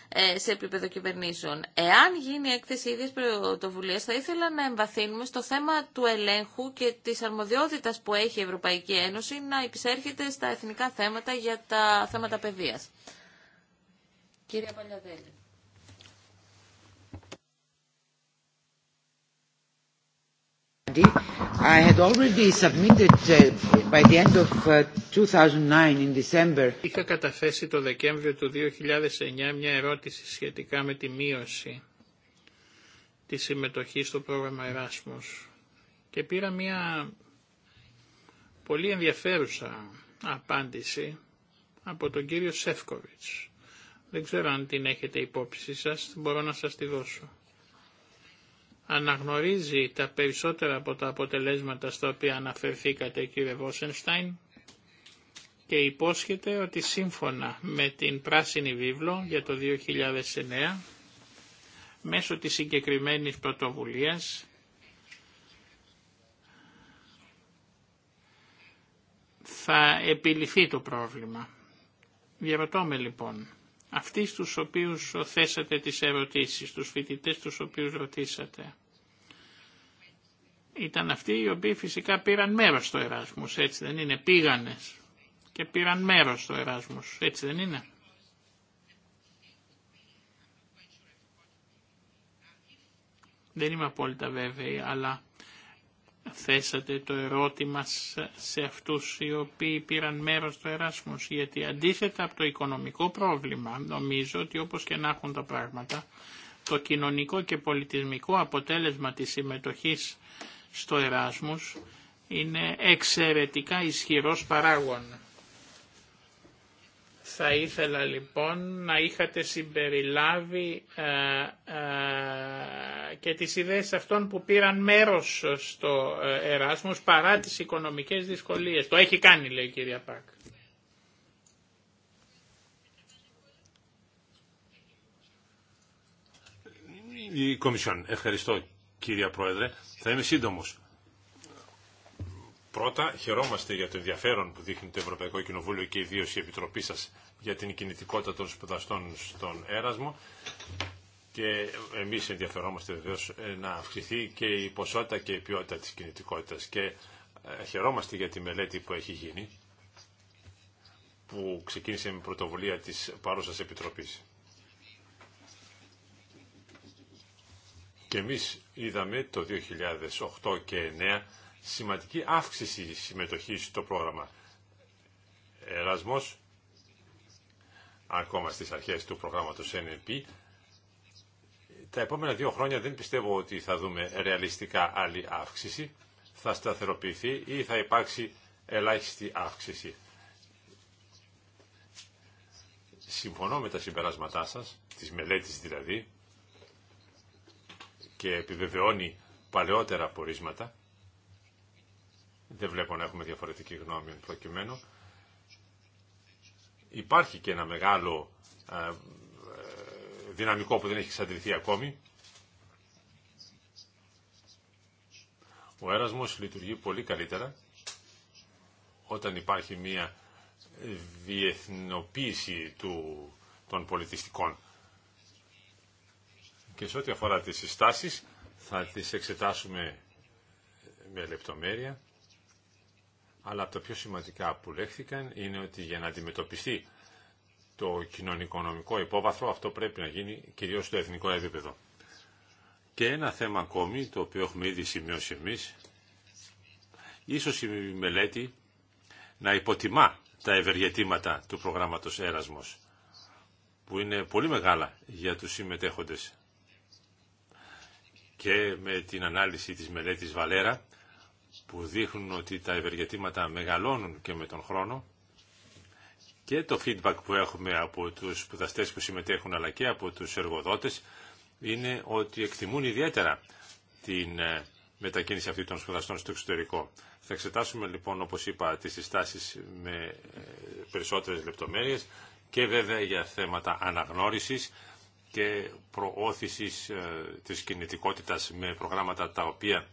Speaker 4: ε, σε επίπεδο κυβερνήσεων. Εάν γίνει έκθεση ίδια πρωτοβουλία, θα ήθελα να εμβαθύνουμε στο θέμα του ελέγχου και της αρμοδιότητας που έχει η Ευρωπαϊκή Ένωση να υπησέρχεται στα εθνικά θέματα για τα θέματα παιδείας. Κύριε Παλιαδέλη.
Speaker 5: 2009 uh, uh, Είχα
Speaker 1: καταθέσει το Δεκέμβριο του 2009 μια ερώτηση σχετικά με τη μείωση της συμμετοχής στο πρόγραμμα Εράσμος και πήρα μια πολύ ενδιαφέρουσα απάντηση από τον κύριο Σεύκοβιτς. Δεν ξέρω αν την έχετε υπόψη σας, μπορώ να σας τη δώσω αναγνωρίζει τα περισσότερα από τα αποτελέσματα στα οποία αναφερθήκατε κύριε Βόσενστάιν και υπόσχεται ότι σύμφωνα με την Πράσινη Βίβλο για το 2009 μέσω της συγκεκριμένης πρωτοβουλίας θα επιληθεί το πρόβλημα. Διαρωτώ με λοιπόν, αυτοί στους οποίους θέσατε τις ερωτήσεις, τους φοιτητές τους οποίους ρωτήσατε. Ήταν αυτοί οι οποίοι φυσικά πήραν μέρος στο εράσμος, έτσι δεν είναι, πήγανες και πήραν μέρος στο εράσμος, έτσι δεν είναι. Δεν είμαι απόλυτα βέβαιη, αλλά θέσατε το ερώτημα σε αυτούς οι οποίοι πήραν μέρος στο Εράσμος, γιατί αντίθετα από το οικονομικό πρόβλημα, νομίζω ότι όπως και να έχουν τα πράγματα, το κοινωνικό και πολιτισμικό αποτέλεσμα της συμμετοχής στο Εράσμους είναι εξαιρετικά ισχυρός παράγων. Θα ήθελα λοιπόν να είχατε συμπεριλάβει ε, ε, και τις ιδέες αυτών που πήραν μέρος στο ε, Εράσμος παρά τις οικονομικές δυσκολίες. Το έχει κάνει λέει η κυρία Πακ.
Speaker 2: Η Κομισιόν. Ευχαριστώ κύριε Πρόεδρε. Θα είμαι σύντομος. Πρώτα, χαιρόμαστε για το ενδιαφέρον που δείχνει το Ευρωπαϊκό Κοινοβούλιο και ιδίω η Επιτροπή σα για την κινητικότητα των σπουδαστών στον Έρασμο και εμείς ενδιαφερόμαστε βεβαίως ε, να αυξηθεί και η ποσότητα και η ποιότητα της κινητικότητας και ε, χαιρόμαστε για τη μελέτη που έχει γίνει που ξεκίνησε με πρωτοβουλία της παρούσας Επιτροπής. Και εμείς είδαμε το 2008 και 2009 σημαντική αύξηση συμμετοχής στο πρόγραμμα Εράσμος, ακόμα στις αρχές του προγράμματος NLP, τα επόμενα δύο χρόνια δεν πιστεύω ότι θα δούμε ρεαλιστικά άλλη αύξηση. Θα σταθεροποιηθεί ή θα υπάρξει ελάχιστη αύξηση. Συμφωνώ με τα συμπεράσματά σας, τις μελέτης δηλαδή, και επιβεβαιώνει παλαιότερα πορίσματα. Δεν βλέπω να έχουμε διαφορετική γνώμη προκειμένου. Υπάρχει και ένα μεγάλο ε, δυναμικό που δεν έχει εξαντληθεί ακόμη. Ο έρασμος λειτουργεί πολύ καλύτερα όταν υπάρχει μια διεθνοποίηση του, των πολιτιστικών. Και σε ό,τι αφορά τις συστάσεις θα τις εξετάσουμε με λεπτομέρεια αλλά από τα πιο σημαντικά που λέχθηκαν είναι ότι για να αντιμετωπιστεί το κοινωνικονομικό υπόβαθρο, αυτό πρέπει να γίνει κυρίως στο εθνικό επίπεδο. Και ένα θέμα ακόμη, το οποίο έχουμε ήδη σημειώσει εμείς, ίσως η μελέτη να υποτιμά τα ευεργετήματα του προγράμματος Έρασμος, που είναι πολύ μεγάλα για τους συμμετέχοντες. Και με την ανάλυση της μελέτης Βαλέρα, που δείχνουν ότι τα ευεργετήματα μεγαλώνουν και με τον χρόνο, και το feedback που έχουμε από τους σπουδαστέ που συμμετέχουν αλλά και από τους εργοδότες είναι ότι εκτιμούν ιδιαίτερα την ε, μετακίνηση αυτή των σπουδαστών στο εξωτερικό. Θα εξετάσουμε λοιπόν όπως είπα τις συστάσεις με ε, περισσότερες λεπτομέρειες και βέβαια για θέματα αναγνώρισης και προώθησης ε, της κινητικότητας με προγράμματα τα οποία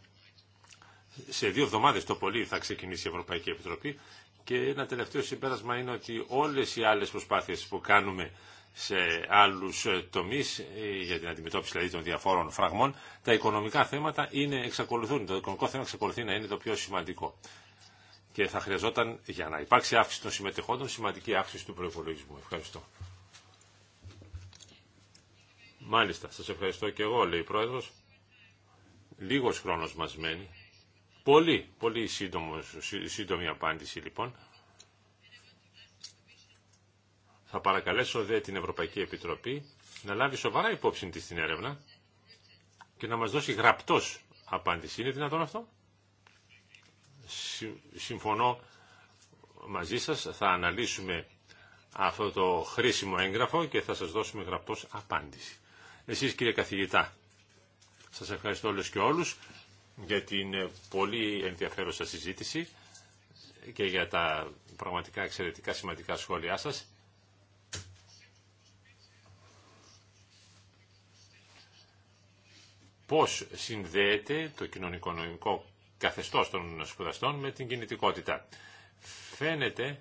Speaker 2: σε δύο εβδομάδες το πολύ θα ξεκινήσει η Ευρωπαϊκή Επιτροπή και ένα τελευταίο συμπέρασμα είναι ότι όλες οι άλλες προσπάθειες που κάνουμε σε άλλους ε, τομείς ε, για την αντιμετώπιση δηλαδή, των διαφόρων φραγμών, τα οικονομικά θέματα είναι, εξακολουθούν, το οικονομικό θέμα εξακολουθεί να είναι το πιο σημαντικό. Και θα χρειαζόταν για να υπάρξει αύξηση των συμμετεχόντων σημαντική αύξηση του προπολογισμού. Ευχαριστώ. Μάλιστα, σας ευχαριστώ και εγώ, λέει η Πρόεδρος. Λίγος χρόνος μας μένει. Πολύ, πολύ σύντομη απάντηση λοιπόν. Θα παρακαλέσω δε την Ευρωπαϊκή Επιτροπή να λάβει σοβαρά υπόψη της την έρευνα και να μας δώσει γραπτός απάντηση. Είναι δυνατόν αυτό? Συμφωνώ μαζί σας, θα αναλύσουμε αυτό το χρήσιμο έγγραφο και θα σας δώσουμε γραπτός απάντηση. Εσείς κύριε καθηγητά, σας ευχαριστώ όλους και όλους για την ε, πολύ ενδιαφέρουσα συζήτηση και για τα πραγματικά εξαιρετικά σημαντικά σχόλιά σας. Πώς συνδέεται το κοινωνικονομικό καθεστώς των σπουδαστών με την κινητικότητα. Φαίνεται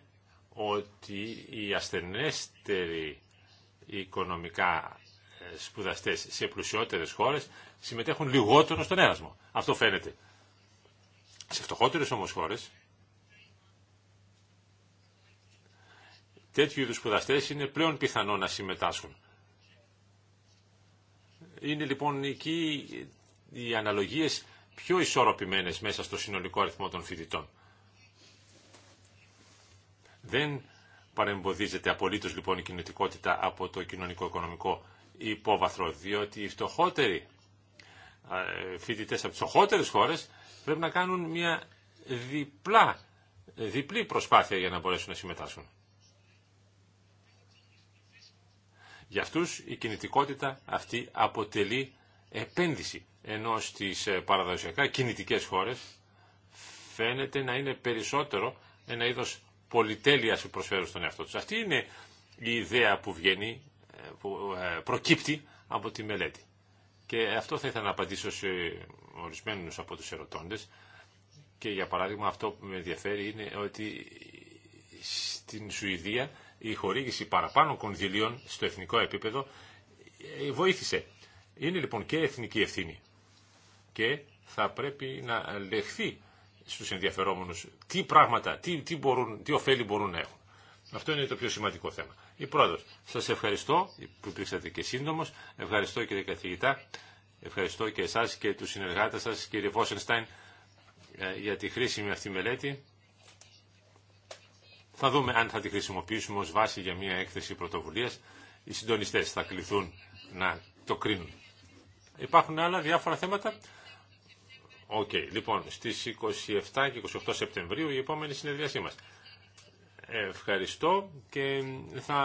Speaker 2: ότι οι ασθενέστεροι οικονομικά ε, σπουδαστές σε πλουσιότερες χώρες συμμετέχουν λιγότερο στον έρασμο. Αυτό φαίνεται. Σε φτωχότερες όμως χώρες, τέτοιου είδους σπουδαστέ είναι πλέον πιθανό να συμμετάσχουν. Είναι λοιπόν εκεί οι αναλογίες πιο ισορροπημένες μέσα στο συνολικό αριθμό των φοιτητών. Δεν παρεμποδίζεται απολύτω λοιπόν η κινητικότητα από το κοινωνικό-οικονομικό υπόβαθρο, διότι οι φτωχότεροι ε, φοιτητέ από τι οχότερε χώρες πρέπει να κάνουν μια διπλά, διπλή προσπάθεια για να μπορέσουν να συμμετάσχουν. Για αυτούς η κινητικότητα αυτή αποτελεί επένδυση, ενώ στις ε, παραδοσιακά κινητικές χώρες φαίνεται να είναι περισσότερο ένα είδος πολυτέλειας που προσφέρουν στον εαυτό τους. Αυτή είναι η ιδέα που βγαίνει, ε, που προκύπτει από τη μελέτη. Και αυτό θα ήθελα να απαντήσω σε ορισμένους από τους ερωτώντες. Και για παράδειγμα αυτό που με ενδιαφέρει είναι ότι στην Σουηδία η χορήγηση παραπάνω κονδυλίων στο εθνικό επίπεδο ε, βοήθησε. Είναι λοιπόν και εθνική ευθύνη και θα πρέπει να λεχθεί στους ενδιαφερόμενους τι πράγματα, τι, τι, μπορούν, τι ωφέλη μπορούν να έχουν. Αυτό είναι το πιο σημαντικό θέμα. Η σας ευχαριστώ που υπήρξατε και σύντομο, Ευχαριστώ κύριε καθηγητά. Ευχαριστώ και εσά και του συνεργάτε σα, κύριε Βόσενστάιν, ε, για τη χρήσιμη αυτή μελέτη. Θα δούμε αν θα τη χρησιμοποιήσουμε ως βάση για μια έκθεση πρωτοβουλίας. Οι συντονιστές θα κληθούν να το κρίνουν. Υπάρχουν άλλα διάφορα θέματα. Οκ, λοιπόν, στις 27 και 28 Σεπτεμβρίου η επόμενη συνεδρίασή μας. Ευχαριστώ και θα...